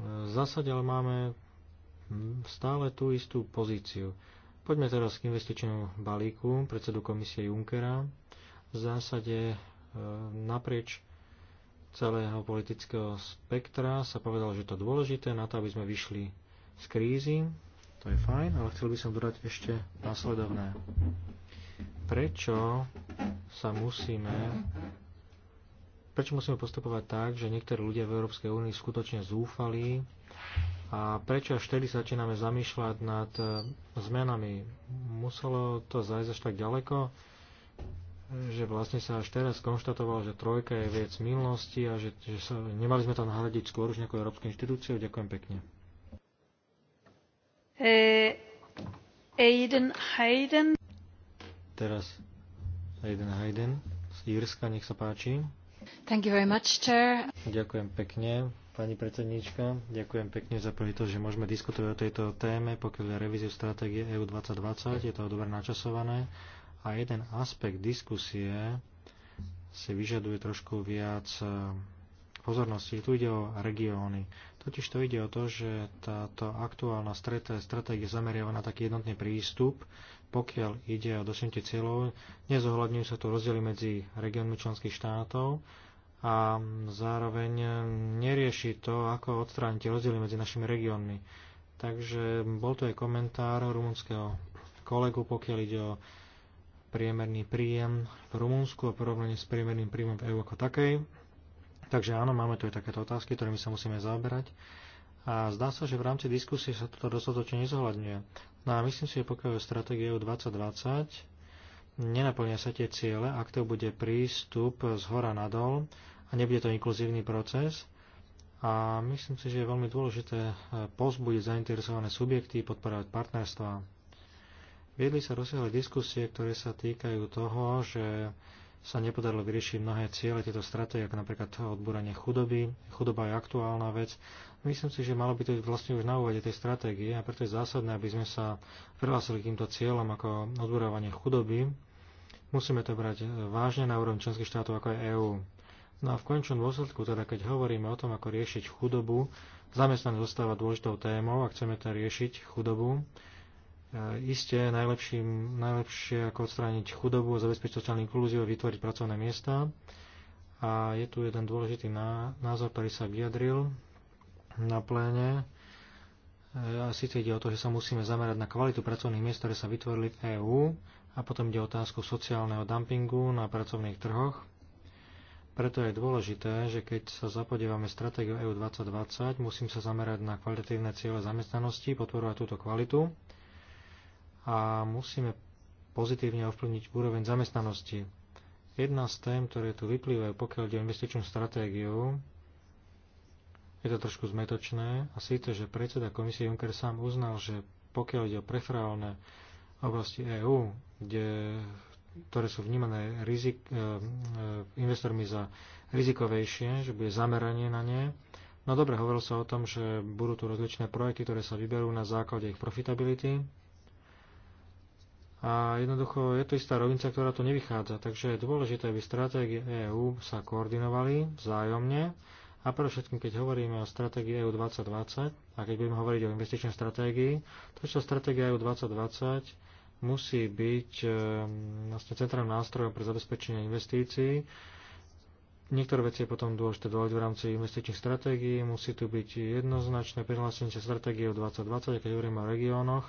v zásade ale máme stále tú istú pozíciu. Poďme teraz k investičnému balíku predsedu komisie Junckera. V zásade e, naprieč celého politického spektra sa povedal, že to je dôležité na to, aby sme vyšli z krízy. To je fajn, ale chcel by som dodať ešte následovné. Prečo sa musíme prečo musíme postupovať tak, že niektorí ľudia v Európskej únii skutočne zúfali a prečo až vtedy začíname zamýšľať nad zmenami? Muselo to zajsť až tak ďaleko? že vlastne sa až teraz konštatovalo, že trojka je vec minulosti a že, že sa, nemali sme to nahľadiť skôr už nejakú európsku inštitúciu. Ďakujem pekne. E, Aiden Hayden. Teraz Aiden Hayden z Írska, nech sa páči. Thank you very much, chair. Ďakujem pekne, pani predsedníčka. Ďakujem pekne za to, že môžeme diskutovať o tejto téme, pokiaľ je revíziu stratégie EU 2020. Je to dobre načasované a jeden aspekt diskusie si vyžaduje trošku viac eh, pozornosti. Tu ide o regióny. Totiž to ide o to, že táto aktuálna stratégia zameriava na taký jednotný prístup, pokiaľ ide o dosiahnutie cieľov. Nezohľadňujú sa tu rozdiely medzi regiónmi členských štátov a zároveň eh, nerieši to, ako odstrániť rozdiely medzi našimi regiónmi. Takže bol to aj komentár rumunského kolegu, pokiaľ ide o priemerný príjem v Rumunsku a porovnaní s priemerným príjmom v EU ako takej. Takže áno, máme tu aj takéto otázky, ktorými sa musíme zaoberať. A zdá sa, že v rámci diskusie sa toto dostatočne nezohľadňuje. No a myslím si, že pokiaľ je stratégia 2020, e nenaplnia sa tie ciele, ak to bude prístup z hora nadol a nebude to inkluzívny proces. A myslím si, že je veľmi dôležité eh, pozbudiť zainteresované subjekty, podporovať partnerstva, Viedli sa rozsiahle diskusie, ktoré sa týkajú toho, že sa nepodarilo vyriešiť mnohé ciele tieto stratégie, ako napríklad odbúranie chudoby. Chudoba je aktuálna vec. Myslím si, že malo by to byť vlastne už na úvode tej stratégie a preto je zásadné, aby sme sa prihlásili k týmto cieľom ako odbúravanie chudoby. Musíme to brať e, vážne na úrovni členských štátov ako aj EÚ. No a v končnom dôsledku, teda keď hovoríme o tom, ako riešiť chudobu, zamestnanosť zostáva dôležitou témou a chceme to riešiť chudobu, E, Isté najlepšie ako odstrániť chudobu a zabezpečiť sociálnu inklúziu a vytvoriť pracovné miesta. A je tu jeden dôležitý názor, ktorý sa vyjadril na pléne. E, a síce ide o to, že sa musíme zamerať na kvalitu pracovných miest, ktoré sa vytvorili v EÚ a potom ide o otázku sociálneho dumpingu na pracovných trhoch. Preto je dôležité, že keď sa zapodievame stratégiu EU 2020, musím sa zamerať na kvalitatívne ciele zamestnanosti, podporovať túto kvalitu a musíme pozitívne ovplyvniť úroveň zamestnanosti. Jedna z tém, ktoré tu vyplývajú, pokiaľ ide o investičnú stratégiu, je to trošku zmetočné a síce, že predseda komisie Juncker sám uznal, že pokiaľ ide o preferálne oblasti EÚ, kde, ktoré sú vnímané rizik, eh, investormi za rizikovejšie, že bude zameranie na ne. No dobre, hovoril sa o tom, že budú tu rozličné projekty, ktoré sa vyberú na základe ich profitability, a jednoducho je to istá rovnica, ktorá tu nevychádza. Takže je dôležité, aby stratégie EÚ sa koordinovali vzájomne. A pre všetkým, keď hovoríme o stratégii EU 2020 a keď budeme hovoriť o investičnej stratégii, to, čo stratégia EU 2020 musí byť e, vlastne centrálnym nástrojom pre zabezpečenie investícií. Niektoré veci je potom dôležité dovoliť v rámci investičných stratégií. Musí tu byť jednoznačné prihlásenie stratégie EU 2020, a keď hovoríme o regiónoch,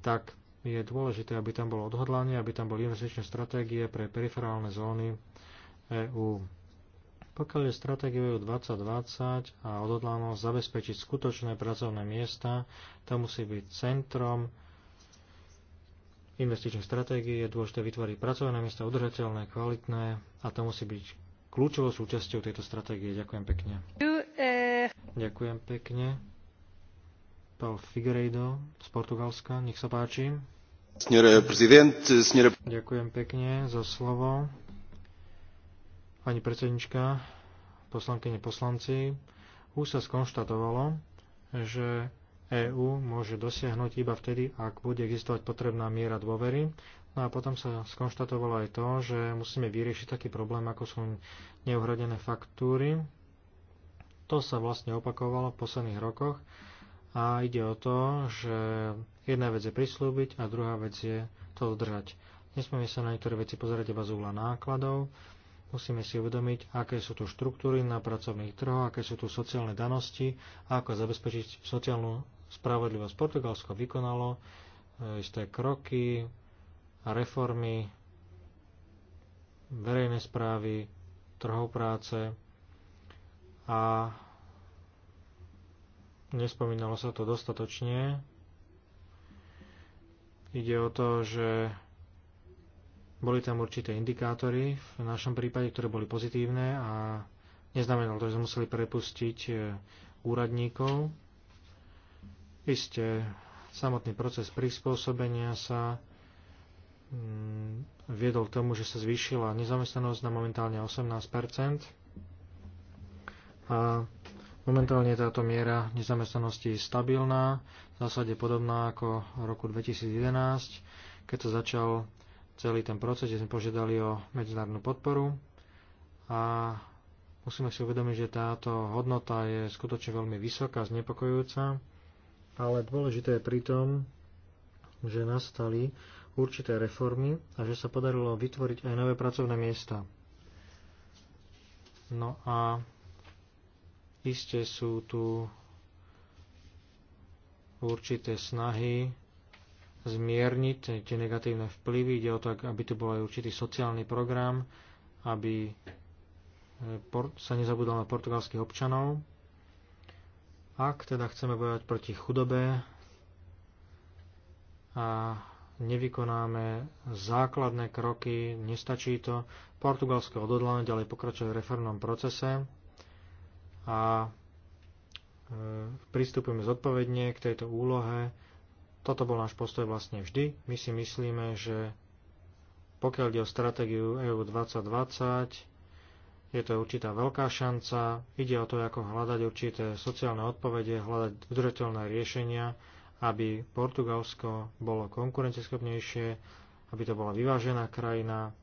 tak je dôležité, aby tam bolo odhodlanie, aby tam boli investičné stratégie pre periferálne zóny EÚ. Pokiaľ je stratégiou e 2020 a odhodlanosť zabezpečiť skutočné pracovné miesta, to musí byť centrom investičných stratégií. Je dôležité vytvoriť pracovné miesta udržateľné, kvalitné a to musí byť kľúčovou súčasťou tejto stratégie. Ďakujem pekne. E, Ďakujem pekne. Paul Figueiredo z Portugalska, nech sa páči. Eh, Ďakujem pekne za slovo. Pani predsednička, poslankyne poslanci, už sa skonštatovalo, že EÚ môže dosiahnuť iba vtedy, ak bude existovať potrebná miera dôvery. No a potom sa skonštatovalo aj to, že musíme vyriešiť taký problém, ako sú neuhradené faktúry. To sa vlastne opakovalo v posledných rokoch a ide o to, že jedna vec je prislúbiť a druhá vec je to udržať. Nesmieme sa na niektoré veci pozerať iba z uhla nákladov, musíme si uvedomiť, aké sú tu štruktúry na pracovných trhoch, aké sú tu sociálne danosti, a ako zabezpečiť sociálnu spravodlivosť. Portugalsko vykonalo e, isté kroky a reformy verejnej správy, trhov práce a Nespomínalo sa to dostatočne. Ide o to, že boli tam určité indikátory v našom prípade, ktoré boli pozitívne a neznamenalo to, že sme museli prepustiť e, úradníkov. Isté, samotný proces prispôsobenia sa mm, viedol k tomu, že sa zvýšila nezamestnanosť na momentálne 18 a Momentálne je táto miera nezamestnanosti stabilná, v zásade podobná ako v roku 2011, keď sa začal celý ten proces, kde sme požiadali o medzinárodnú podporu a musíme si uvedomiť, že táto hodnota je skutočne veľmi vysoká, znepokojujúca, ale dôležité je pritom, že nastali určité reformy a že sa podarilo vytvoriť aj nové pracovné miesta. No a Isté sú tu určité snahy zmierniť tie negatívne vplyvy. Ide o to, aby tu bol aj určitý sociálny program, aby e, sa nezabudol na portugalských občanov. Ak teda chceme bojovať proti chudobe a nevykonáme základné kroky, nestačí to. Portugalsko odhodlanie ďalej pokračuje v reformnom procese a e, pristupujeme zodpovedne k tejto úlohe. Toto bol náš postoj vlastne vždy. My si myslíme, že pokiaľ ide o stratégiu EU 2020, je to určitá veľká šanca. Ide o to, ako hľadať určité sociálne odpovede, hľadať udržateľné riešenia, aby Portugalsko bolo konkurenceschopnejšie, aby to bola vyvážená krajina,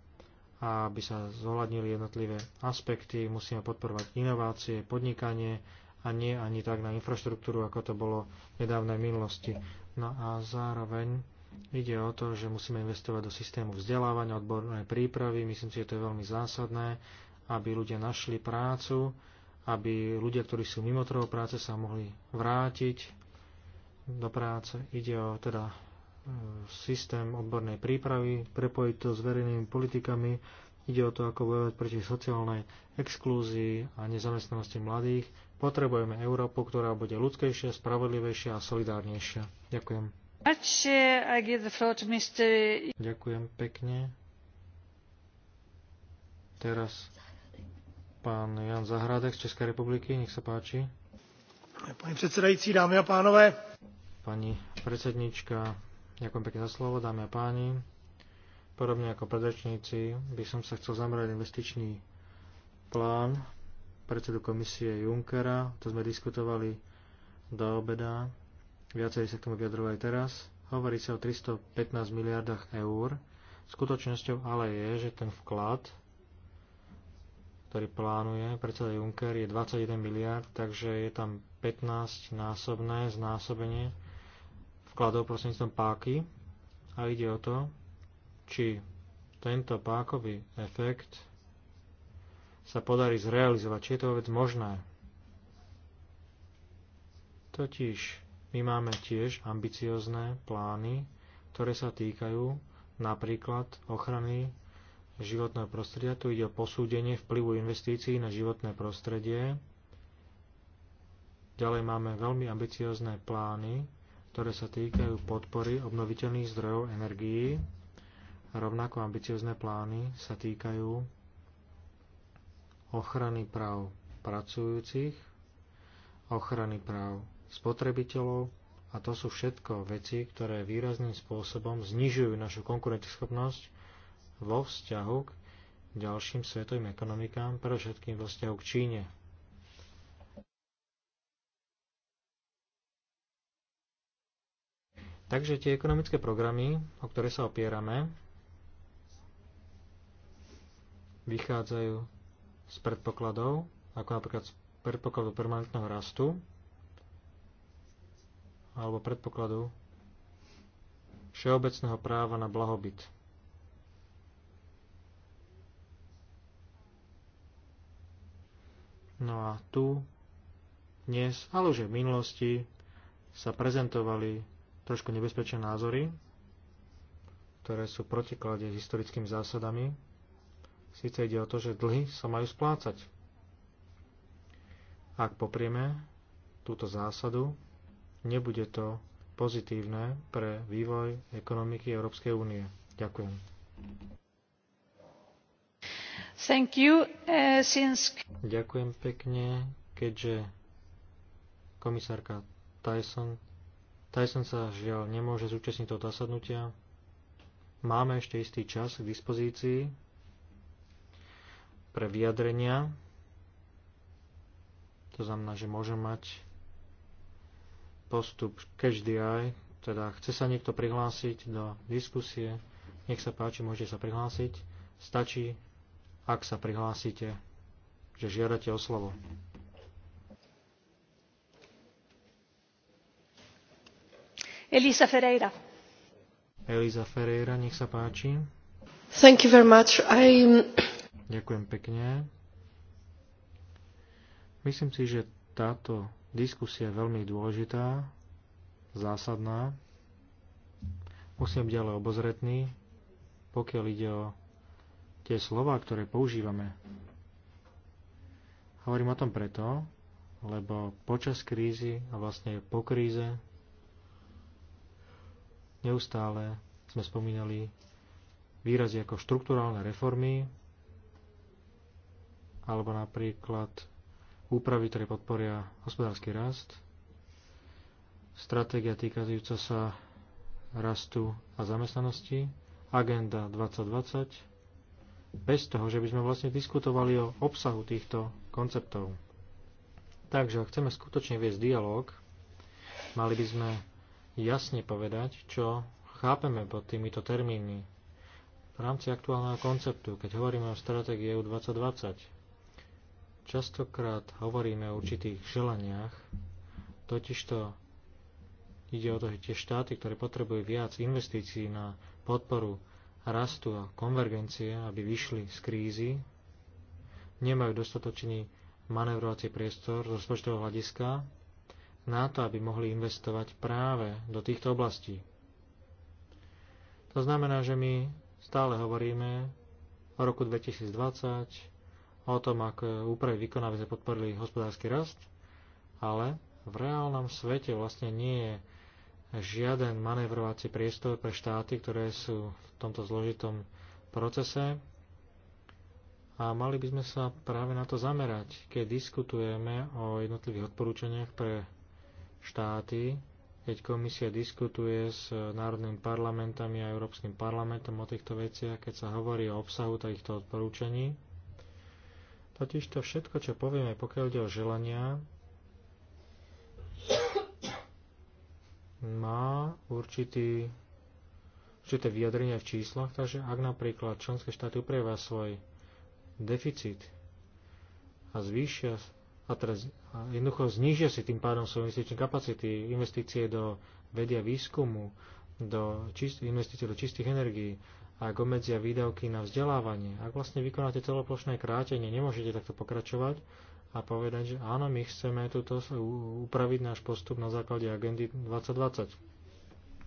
a aby sa zohľadnili jednotlivé aspekty, musíme podporovať inovácie, podnikanie a nie ani tak na infraštruktúru, ako to bolo v nedávnej minulosti. No a zároveň ide o to, že musíme investovať do systému vzdelávania, odbornej prípravy. Myslím si, že to je veľmi zásadné, aby ľudia našli prácu, aby ľudia, ktorí sú mimo trhu práce, sa mohli vrátiť do práce. Ide o teda systém odbornej prípravy, prepojiť to s verejnými politikami. Ide o to, ako bojovať proti sociálnej exklúzii a nezamestnanosti mladých. Potrebujeme Európu, ktorá bude ľudskejšia, spravodlivejšia a solidárnejšia. Ďakujem. Ďakujem pekne. Teraz pán Jan Zahradek z Českej republiky, nech sa páči. Pani predsedajúci, dámy a pánové. Pani predsednička, Ďakujem pekne za slovo, dámy a páni. Podobne ako predrečníci by som sa chcel zamerať investičný plán predsedu komisie Junckera. To sme diskutovali do obeda. Viacerí sa k tomu vyjadrovali teraz. Hovorí sa o 315 miliardách eur. Skutočnosťou ale je, že ten vklad ktorý plánuje predseda Juncker, je 21 miliard, takže je tam 15-násobné znásobenie vkladov prostredníctvom páky a ide o to, či tento pákový efekt sa podarí zrealizovať, či je to vôbec možné. Totiž my máme tiež ambiciozne plány, ktoré sa týkajú napríklad ochrany životného prostredia. Tu ide o posúdenie vplyvu investícií na životné prostredie. Ďalej máme veľmi ambiciozne plány, ktoré sa týkajú podpory obnoviteľných zdrojov energií. Rovnako ambiciozne plány sa týkajú ochrany práv pracujúcich, ochrany práv spotrebiteľov a to sú všetko veci, ktoré výrazným spôsobom znižujú našu konkurenteschopnosť vo vzťahu k ďalším svetovým ekonomikám, všetkým vo vzťahu k Číne. Takže tie ekonomické programy, o ktoré sa opierame, vychádzajú z predpokladov, ako napríklad z predpokladu permanentného rastu alebo predpokladu všeobecného práva na blahobyt. No a tu dnes, ale už aj v minulosti, sa prezentovali trošku nebezpečné názory, ktoré sú protiklade s historickými zásadami. Sice ide o to, že dlhy sa majú splácať. Ak poprieme túto zásadu, nebude to pozitívne pre vývoj ekonomiky Európskej únie. Ďakujem. Thank you, uh, since... Ďakujem pekne, keďže komisárka Tyson Tyson sa žiaľ nemôže zúčastniť toho zasadnutia. Máme ešte istý čas k dispozícii pre vyjadrenia. To znamená, že môže mať postup každý aj, teda chce sa niekto prihlásiť do diskusie, nech sa páči, môžete sa prihlásiť. Stačí, ak sa prihlásite, že žiadate o slovo. Elisa Ferreira. Elisa Ferreira, nech sa páči. Thank you very much. I... Ďakujem pekne. Myslím si, že táto diskusia je veľmi dôležitá, zásadná. Musím byť ale obozretný, pokiaľ ide o tie slova, ktoré používame. Hovorím o tom preto, lebo počas krízy a vlastne po kríze Neustále sme spomínali výrazy ako štruktúrálne reformy alebo napríklad úpravy, ktoré podporia hospodársky rast, stratégia týkajúca sa rastu a zamestnanosti, agenda 2020, bez toho, že by sme vlastne diskutovali o obsahu týchto konceptov. Takže ak chceme skutočne viesť dialog, mali by sme jasne povedať, čo chápeme pod týmito termínmi v rámci aktuálneho konceptu, keď hovoríme o stratégii EU 2020. Častokrát hovoríme o určitých želaniach, totižto ide o to, že tie štáty, ktoré potrebujú viac investícií na podporu rastu a konvergencie, aby vyšli z krízy, nemajú dostatočný manevrovací priestor z rozpočtového hľadiska na to, aby mohli investovať práve do týchto oblastí. To znamená, že my stále hovoríme o roku 2020, o tom, ako úpravy výkona by sme podporili hospodársky rast, ale v reálnom svete vlastne nie je žiaden manevrovací priestor pre štáty, ktoré sú v tomto zložitom procese. A mali by sme sa práve na to zamerať, keď diskutujeme o jednotlivých odporúčaniach pre štáty, keď komisia diskutuje s národnými parlamentami a Európskym parlamentom o týchto veciach, keď sa hovorí o obsahu takýchto odporúčaní. Totiž to všetko, čo povieme, pokiaľ ide o želania, má určitý, určité vyjadrenie v číslach, takže ak napríklad členské štáty upravia svoj deficit a zvýšia a teraz jednoducho znižia si tým pádom svoje investičné kapacity, investície do vedia výskumu, do čist, investície do čistých energií, ak obmedzia výdavky na vzdelávanie, ak vlastne vykonáte celoplošné krátenie, nemôžete takto pokračovať a povedať, že áno, my chceme túto upraviť náš postup na základe agendy 2020.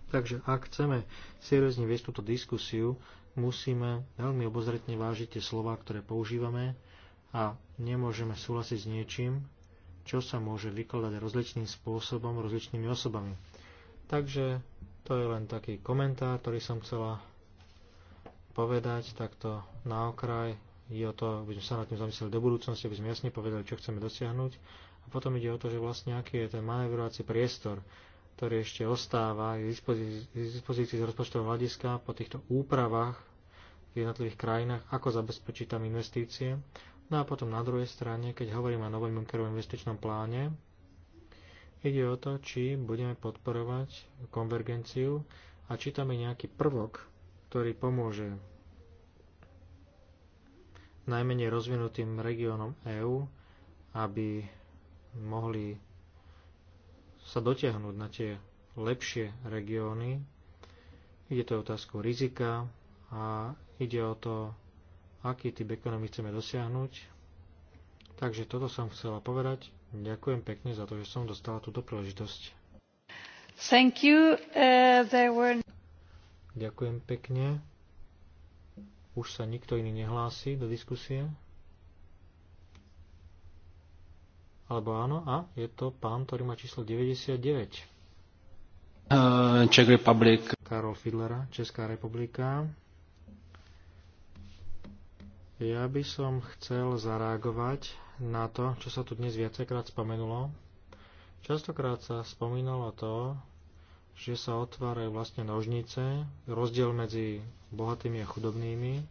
Takže ak chceme seriózne viesť túto diskusiu, musíme veľmi obozretne vážiť tie slova, ktoré používame, a nemôžeme súhlasiť s niečím, čo sa môže vykladať rozličným spôsobom, rozličnými osobami. Takže to je len taký komentár, ktorý som chcela povedať takto na okraj. Je o to, aby sme sa nad tým zamysleli do budúcnosti, aby sme jasne povedali, čo chceme dosiahnuť. A potom ide o to, že vlastne aký je ten manevrovací priestor, ktorý ešte ostáva k dispozícii z rozpočtového hľadiska po týchto úpravách v jednotlivých krajinách, ako zabezpečiť tam investície No a potom na druhej strane, keď hovorím o novom Junckerovom investičnom pláne, ide o to, či budeme podporovať konvergenciu a či tam je nejaký prvok, ktorý pomôže najmenej rozvinutým regiónom EÚ, aby mohli sa dotiahnuť na tie lepšie regióny. Ide to otázku rizika a ide o to aký typ ekonomii chceme dosiahnuť. Takže toto som chcela povedať. Ďakujem pekne za to, že som dostala túto príležitosť. Thank you. Uh, there were... No- Ďakujem pekne. Už sa nikto iný nehlási do diskusie. Alebo áno, a je to pán, ktorý má číslo 99. Uh, Czech Republic. Karol Fidlera, Česká republika. Ja by som chcel zareagovať na to, čo sa tu dnes viacejkrát spomenulo. Častokrát sa spomínalo to, že sa otvárajú vlastne nožnice, rozdiel medzi bohatými a chudobnými.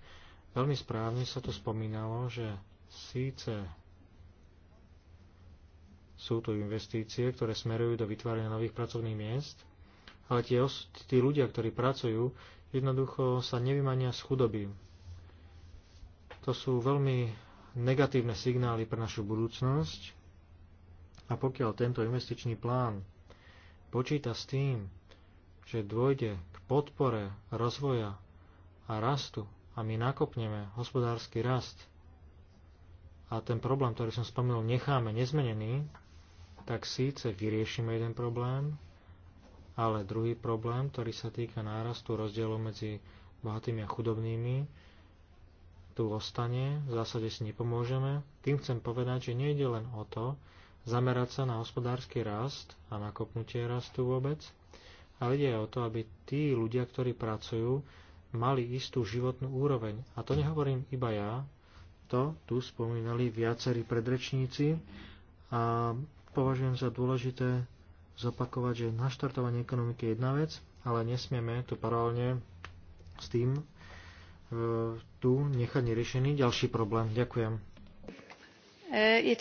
Veľmi správne sa tu spomínalo, že síce sú tu investície, ktoré smerujú do vytvárania nových pracovných miest, ale tie, tí ľudia, ktorí pracujú, jednoducho sa nevymania z chudoby. To sú veľmi negatívne signály pre našu budúcnosť a pokiaľ tento investičný plán počíta s tým, že dôjde k podpore rozvoja a rastu a my nakopneme hospodársky rast a ten problém, ktorý som spomenul, necháme nezmenený, tak síce vyriešime jeden problém, ale druhý problém, ktorý sa týka nárastu rozdielu medzi bohatými a chudobnými, tu ostane, v zásade si nepomôžeme. Tým chcem povedať, že nejde len o to zamerať sa na hospodársky rast a na kopnutie rastu vôbec, ale ide aj o to, aby tí ľudia, ktorí pracujú, mali istú životnú úroveň. A to nehovorím iba ja, to tu spomínali viacerí predrečníci a považujem za dôležité zopakovať, že naštartovanie ekonomiky je jedna vec, ale nesmieme tu paralelne s tým tu nechať neriešený ďalší problém. Ďakujem.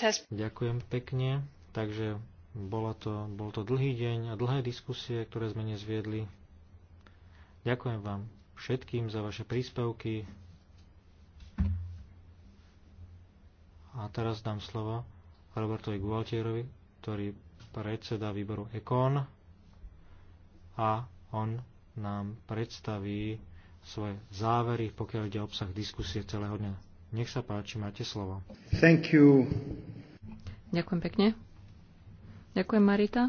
Has... E, Ďakujem pekne. Takže bola to, bol to dlhý deň a dlhé diskusie, ktoré sme nezviedli. Ďakujem vám všetkým za vaše príspevky. A teraz dám slovo Robertovi Gualtierovi, ktorý predseda výboru EKON a on nám predstaví svoje závery, pokiaľ ide obsah diskusie celého dňa. Nech sa páči, máte slovo. Thank you. Ďakujem pekne. Ďakujem, Marita.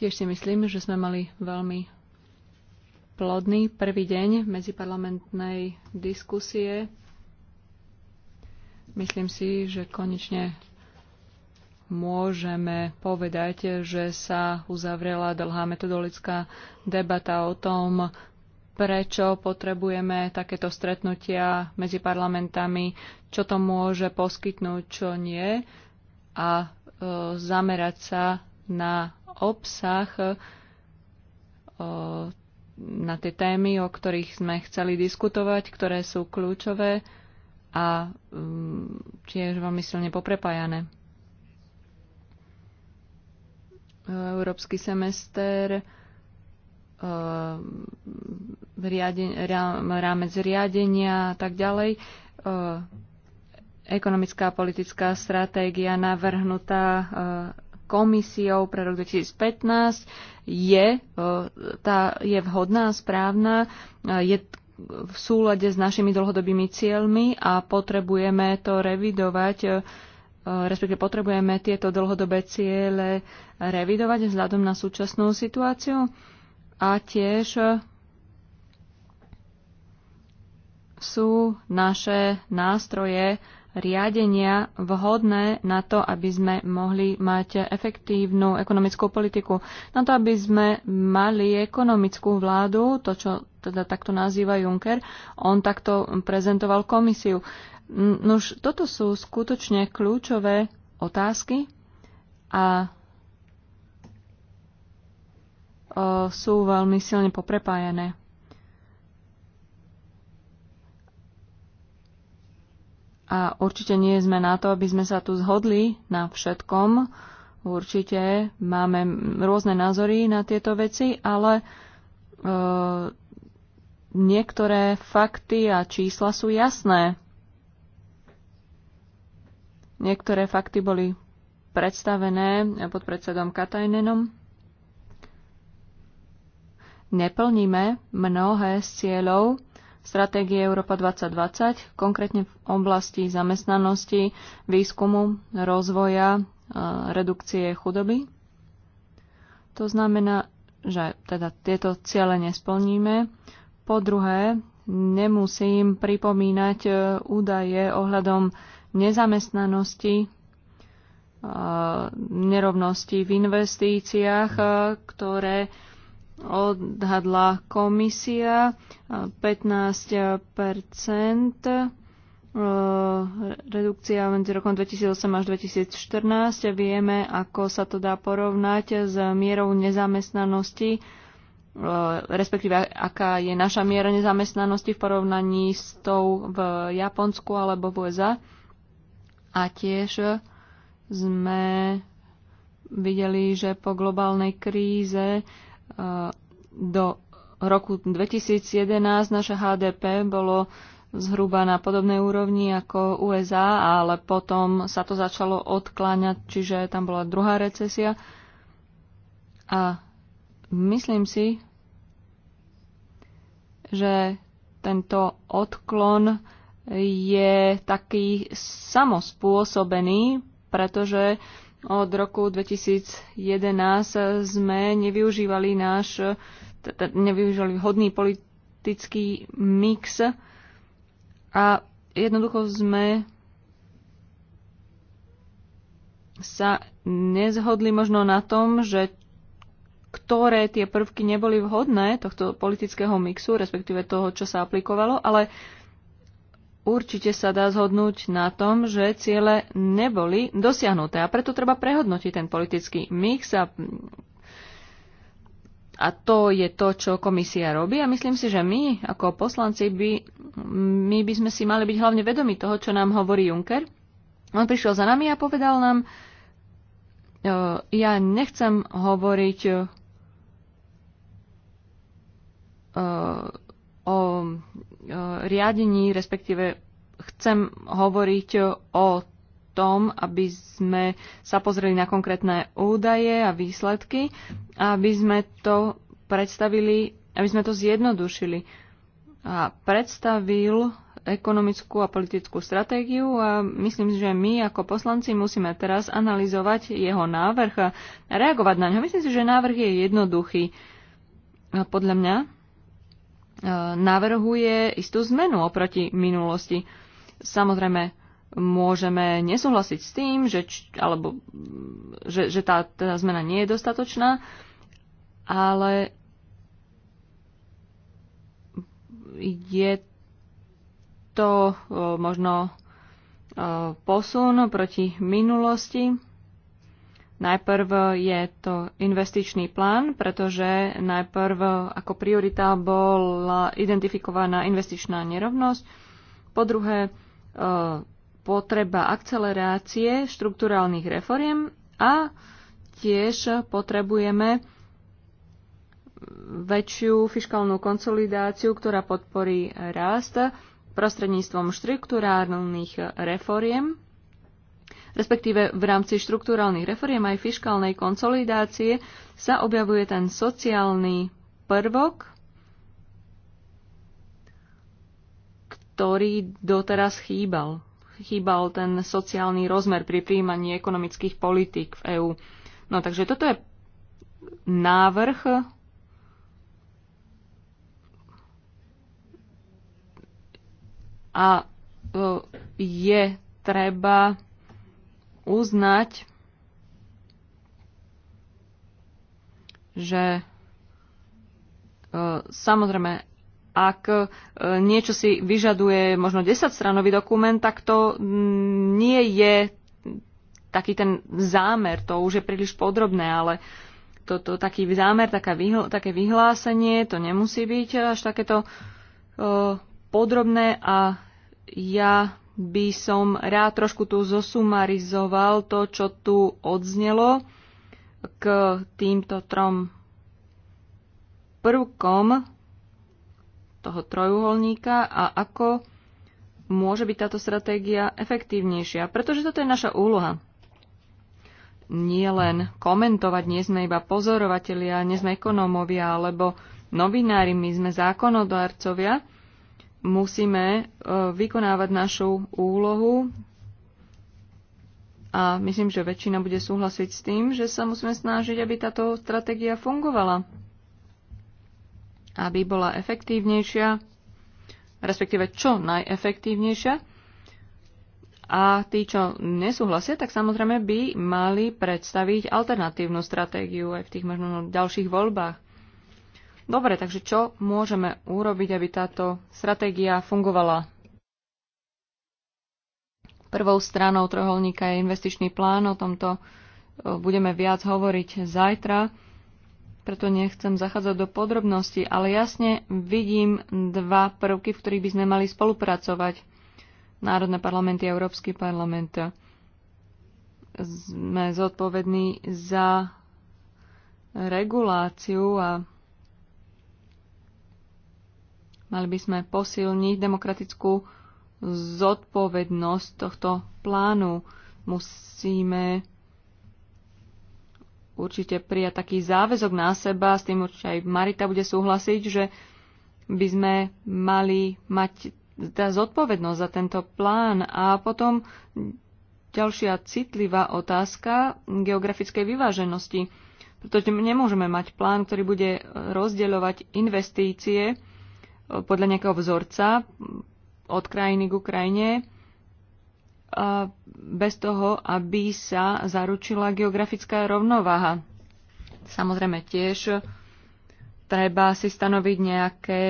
Tiež si myslím, že sme mali veľmi plodný prvý deň medziparlamentnej diskusie. Myslím si, že konečne môžeme povedať, že sa uzavrela dlhá metodologická debata o tom, prečo potrebujeme takéto stretnutia medzi parlamentami, čo to môže poskytnúť, čo nie a e, zamerať sa na obsah, e, na tie témy, o ktorých sme chceli diskutovať, ktoré sú kľúčové a e, tiež veľmi silne poprepájané. Európsky semester, eh, rámec riadenia a tak ďalej. Eh, ekonomická a politická stratégia navrhnutá eh, komisiou pre rok 2015 je, tá je vhodná, správna, je v súlade s našimi dlhodobými cieľmi a potrebujeme to revidovať Eh, respektíve potrebujeme tieto dlhodobé ciele revidovať vzhľadom na súčasnú situáciu a tiež eh, sú naše nástroje riadenia vhodné na to, aby sme mohli mať efektívnu ekonomickú politiku, na to, aby sme mali ekonomickú vládu, to, čo teda takto nazýva Juncker, on takto prezentoval komisiu. Nož toto sú skutočne kľúčové otázky a sú veľmi silne poprepájané. A určite nie sme na to, aby sme sa tu zhodli na všetkom. Určite máme rôzne názory na tieto veci, ale e, niektoré fakty a čísla sú jasné. Niektoré fakty boli predstavené pod predsedom Katajnenom. Neplníme mnohé z cieľov, stratégie Európa 2020, konkrétne v oblasti zamestnanosti, výskumu, rozvoja, e, redukcie chudoby. To znamená, že teda tieto ciele nesplníme. Po druhé, nemusím pripomínať e, údaje ohľadom nezamestnanosti, e, nerovnosti v investíciách, ktoré odhadla komisia 15 e, redukcia medzi rokom 2008 až 2014. Vieme, ako sa to dá porovnať s mierou nezamestnanosti, e, respektíve aká je naša miera nezamestnanosti v porovnaní s tou v Japonsku alebo v USA. A tiež sme videli, že po globálnej kríze uh, do roku 2011 naše HDP bolo zhruba na podobnej úrovni ako USA, ale potom sa to začalo odkláňať, čiže tam bola druhá recesia. A myslím si, že tento odklon je taký samospôsobený, pretože uh, od roku 2011 sme nevyužívali náš, nevyužívali vhodný politický mix a jednoducho sme sa nezhodli možno na tom, že ktoré tie prvky neboli vhodné tohto politického mixu, respektíve toho, čo sa aplikovalo, ale určite sa dá zhodnúť na tom, že ciele neboli dosiahnuté a preto treba prehodnotiť ten politický mix a, a to je to, čo komisia robí a myslím si, že my ako poslanci by, my by sme si mali byť hlavne vedomi toho, čo nám hovorí Juncker. On prišiel za nami a povedal nám, ja nechcem hovoriť o E, riadení, respektíve chcem hovoriť o tom, aby sme sa pozreli na konkrétne údaje a výsledky, aby sme to predstavili, aby sme to zjednodušili. A predstavil ekonomickú a politickú stratégiu a myslím, že my ako poslanci musíme teraz analyzovať jeho návrh a reagovať na ňo. Myslím si, že návrh je jednoduchý. A podľa mňa navrhuje istú zmenu oproti minulosti. Samozrejme, môžeme nesúhlasiť s tým, že, alebo, že, že tá teda zmena nie je dostatočná, ale je to e, možno e, posun proti minulosti. Najprv je to investičný plán, pretože najprv ako priorita bola identifikovaná investičná nerovnosť. Po druhé, e, potreba akcelerácie štruktúrálnych reforiem a tiež potrebujeme väčšiu fiskálnu konsolidáciu, ktorá podporí rast prostredníctvom štruktúrálnych reforiem respektíve v rámci štruktúralných reforiem aj fiškálnej konsolidácie sa objavuje ten sociálny prvok, ktorý doteraz chýbal. Chýbal ten sociálny rozmer pri príjmaní ekonomických politík v EÚ. No takže toto je návrh a e, je treba uznať, že e, samozrejme, ak e, niečo si vyžaduje možno 10-stranový dokument, tak to nie je taký ten zámer, to už je príliš podrobné, ale to, to, taký zámer, taká vyhl, také vyhlásenie, to nemusí byť až takéto uh, podrobné a ja by som rád trošku tu zosumarizoval to, čo tu odznelo k týmto trom prvkom toho trojuholníka a ako môže byť táto stratégia efektívnejšia. Pretože toto je naša úloha. Nie len komentovať, nie sme iba pozorovatelia, nie sme ekonómovia alebo novinári, my sme zákonodarcovia musíme e, vykonávať našu úlohu a myslím, že väčšina bude súhlasiť s tým, že sa musíme snažiť, aby táto stratégia fungovala, aby bola efektívnejšia, respektíve čo najefektívnejšia. A tí, čo nesúhlasia, tak samozrejme by mali predstaviť alternatívnu stratégiu aj v tých možno ďalších voľbách. Dobre, takže čo môžeme urobiť, aby táto stratégia fungovala? Prvou stranou trojholníka je investičný plán, o tomto e, budeme viac hovoriť zajtra, preto nechcem zachádzať do podrobností, ale jasne vidím dva prvky, v ktorých by sme mali spolupracovať. Národné parlamenty a Európsky parlament. Sme zodpovední za reguláciu a Mali by sme posilniť demokratickú zodpovednosť tohto plánu. Musíme určite prijať taký záväzok na seba, s tým určite aj Marita bude súhlasiť, že by sme mali mať tá teda zodpovednosť za tento plán. A potom ďalšia citlivá otázka geografickej vyváženosti. Pretože nemôžeme mať plán, ktorý bude rozdeľovať investície podľa nejakého vzorca od krajiny k krajine bez toho, aby sa zaručila geografická rovnováha. Samozrejme tiež treba si stanoviť nejaké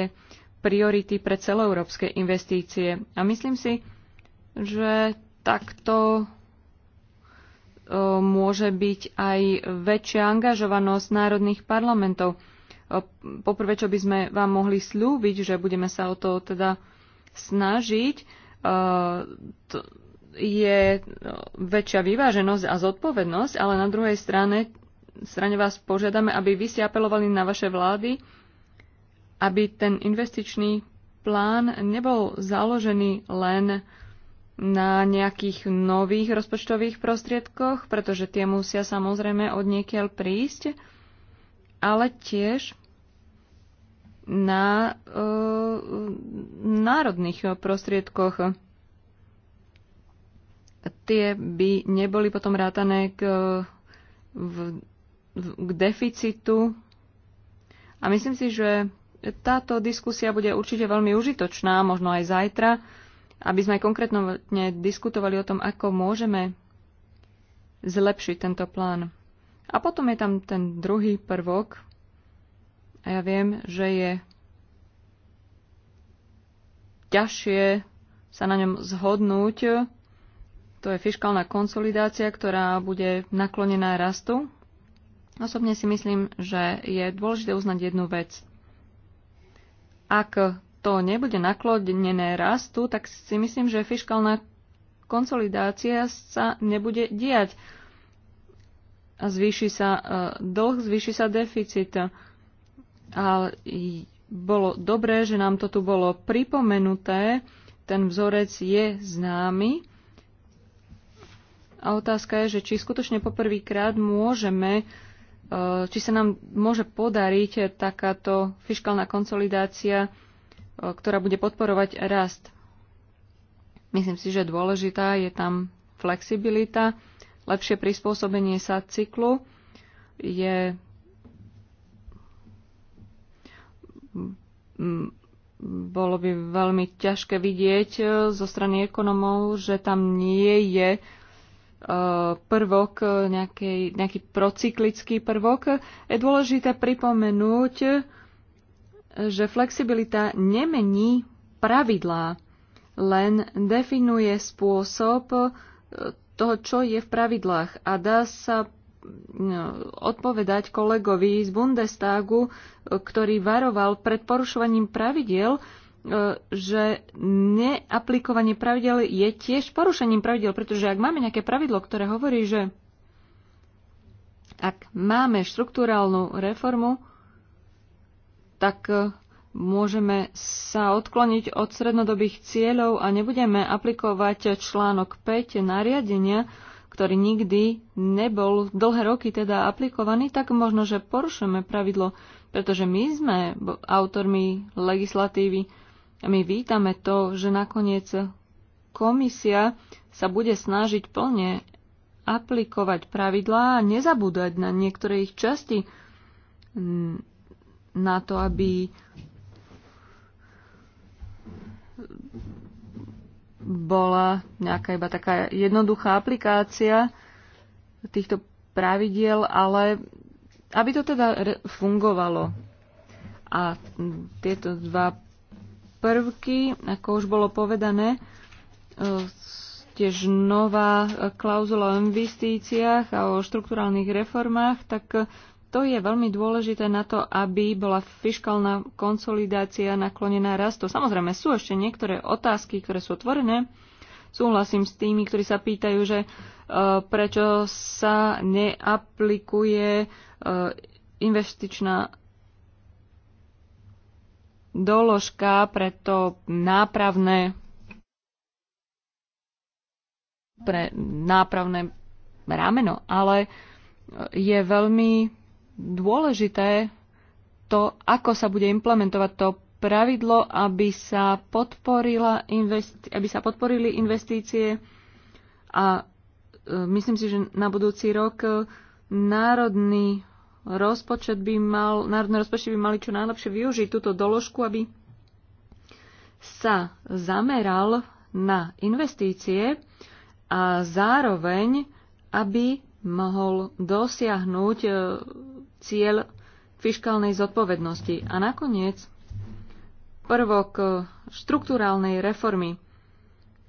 priority pre celoeurópske investície. A myslím si, že takto môže byť aj väčšia angažovanosť národných parlamentov. Poprvé, čo by sme vám mohli slúbiť, že budeme sa o to teda snažiť, je no, väčšia vyváženosť a zodpovednosť, ale na druhej strane, strane vás požiadame, aby vy ste apelovali na vaše vlády, aby ten investičný plán nebol založený len na nejakých nových rozpočtových prostriedkoch, pretože tie musia samozrejme od niekiaľ prísť ale tiež na e, národných prostriedkoch. Tie by neboli potom rátané k, v, v, k deficitu. A myslím si, že táto diskusia bude určite veľmi užitočná, možno aj zajtra, aby sme aj konkrétne diskutovali o tom, ako môžeme zlepšiť tento plán. A potom je tam ten druhý prvok. A ja viem, že je ťažšie sa na ňom zhodnúť. To je fiskálna konsolidácia, ktorá bude naklonená rastu. Osobne si myslím, že je dôležité uznať jednu vec. Ak to nebude naklonené rastu, tak si myslím, že fiskálna konsolidácia sa nebude diať a zvýši sa e, dlh, zvýši sa deficit. A bolo dobré, že nám to tu bolo pripomenuté. Ten vzorec je známy. A otázka je, že či skutočne poprvýkrát môžeme, e, či sa nám môže podariť takáto fiskálna konsolidácia, e, ktorá bude podporovať rast. Myslím si, že dôležitá je tam flexibilita Lepšie prispôsobenie sa cyklu je bolo by veľmi ťažké vidieť e, zo strany ekonomov, že tam nie je e, prvok, e, nejaký, nejaký procyklický prvok. Je dôležité pripomenúť, že flexibilita nemení pravidlá, len definuje spôsob toho, čo je v pravidlách. A dá sa e, odpovedať kolegovi z Bundestagu, e, ktorý varoval pred porušovaním pravidiel, e, že neaplikovanie pravidel je tiež porušením pravidel, pretože ak máme nejaké pravidlo, ktoré hovorí, že ak máme štruktúrálnu reformu, tak môžeme sa odkloniť od srednodobých cieľov a nebudeme aplikovať článok 5 nariadenia, ktorý nikdy nebol dlhé roky teda aplikovaný, tak možno, že porušujeme pravidlo, pretože my sme autormi legislatívy a my vítame to, že nakoniec komisia sa bude snažiť plne aplikovať pravidlá a nezabúdať na niektoré ich časti na to, aby bola nejaká iba taká jednoduchá aplikácia týchto pravidiel, ale aby to teda fungovalo. A tieto dva prvky, ako už bolo povedané, e, tiež nová klauzula o investíciách a o štruktúrálnych reformách, tak to je veľmi dôležité na to, aby bola fiskálna konsolidácia naklonená rastu. Samozrejme, sú ešte niektoré otázky, ktoré sú otvorené. Súhlasím s tými, ktorí sa pýtajú, že e, prečo sa neaplikuje e, investičná doložka pre to nápravné pre nápravné rameno, ale je veľmi dôležité to, ako sa bude implementovať to pravidlo, aby sa, podporila investi- aby sa podporili investície a e, myslím si, že na budúci rok e, národný rozpočet by mal, národné rozpočty by mali čo najlepšie využiť túto doložku, aby sa zameral na investície a zároveň, aby mohol dosiahnuť e, cieľ fiškálnej zodpovednosti. A nakoniec prvok eh, štruktúrálnej reformy.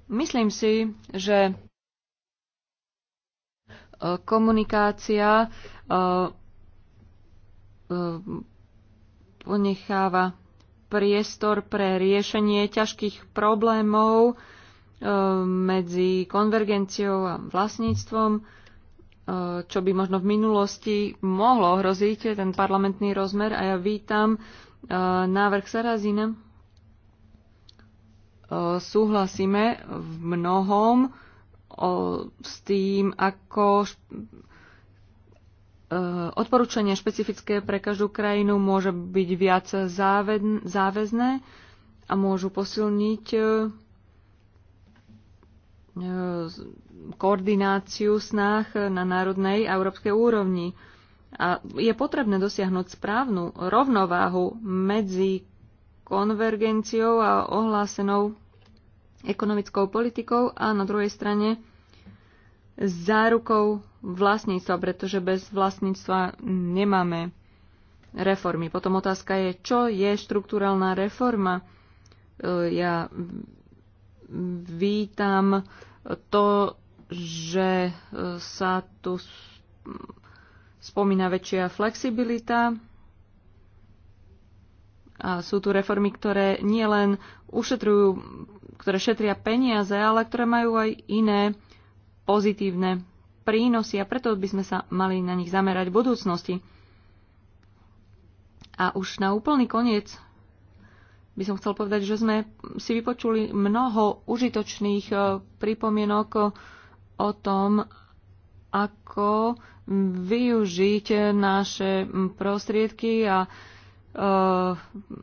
Myslím si, že eh, komunikácia eh, ponecháva priestor pre riešenie ťažkých problémov medzi konvergenciou a vlastníctvom čo by možno v minulosti mohlo hroziť ten parlamentný rozmer a ja vítam e, návrh Sarazina. E, súhlasíme v mnohom s tým, ako e, odporúčania špecifické pre každú krajinu môže byť viac záväzné a môžu posilniť koordináciu snách na národnej a európskej úrovni. A je potrebné dosiahnuť správnu rovnováhu medzi konvergenciou a ohlásenou ekonomickou politikou a na druhej strane zárukou vlastníctva, pretože bez vlastníctva nemáme reformy. Potom otázka je, čo je štruktúralná reforma. Ja vítam to, že e, sa tu spomína väčšia flexibilita a sú tu reformy, ktoré nie len ušetrujú, ktoré šetria peniaze, ale ktoré majú aj iné pozitívne prínosy a preto by sme sa mali na nich zamerať v budúcnosti. A už na úplný koniec by som chcel povedať, že sme si vypočuli mnoho užitočných e, pripomienok o tom, ako využiť naše prostriedky a eh,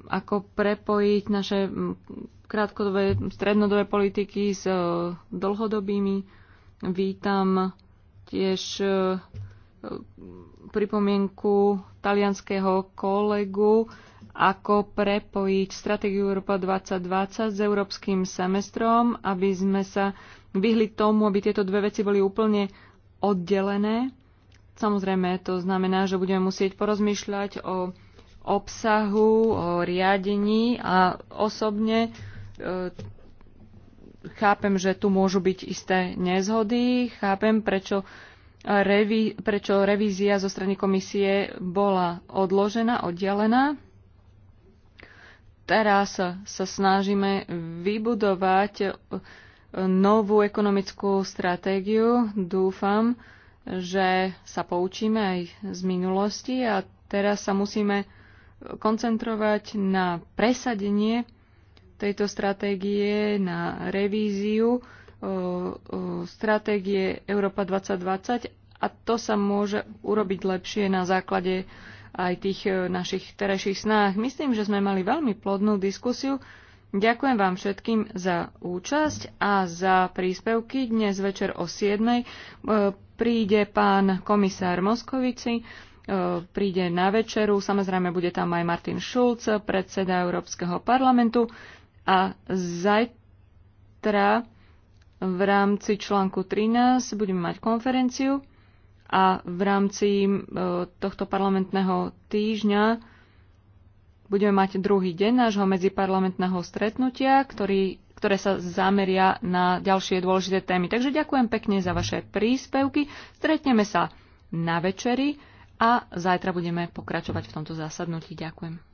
ako prepojiť naše hm, krátkodobé, strednodobé politiky s eh, dlhodobými. Vítam tiež eh, pripomienku talianského kolegu, ako prepojiť stratégiu Európa 2020 s európskym semestrom, aby sme sa vyhli tomu, aby tieto dve veci boli úplne oddelené. Samozrejme, to znamená, že budeme musieť porozmýšľať o obsahu, o riadení a osobne e, chápem, že tu môžu byť isté nezhody, chápem, prečo, revi, prečo revízia zo strany komisie bola odložená, oddelená. Teraz sa snažíme vybudovať e, novú ekonomickú stratégiu. Dúfam, že sa poučíme aj z minulosti a teraz sa musíme koncentrovať na presadenie tejto stratégie, na revíziu stratégie Európa 2020 a to sa môže urobiť lepšie na základe aj tých e, našich terajších snách. Myslím, že sme mali veľmi plodnú diskusiu Ďakujem vám všetkým za účasť a za príspevky. Dnes večer o 7. E, príde pán komisár Moskovici, e, príde na večeru, samozrejme bude tam aj Martin Schulz, predseda Európskeho parlamentu a zajtra v rámci článku 13 budeme mať konferenciu a v rámci e, tohto parlamentného týždňa Budeme mať druhý deň nášho medziparlamentného stretnutia, ktorý, ktoré sa zameria na ďalšie dôležité témy. Takže ďakujem pekne za vaše príspevky. Stretneme sa na večeri a zajtra budeme pokračovať v tomto zásadnutí. Ďakujem.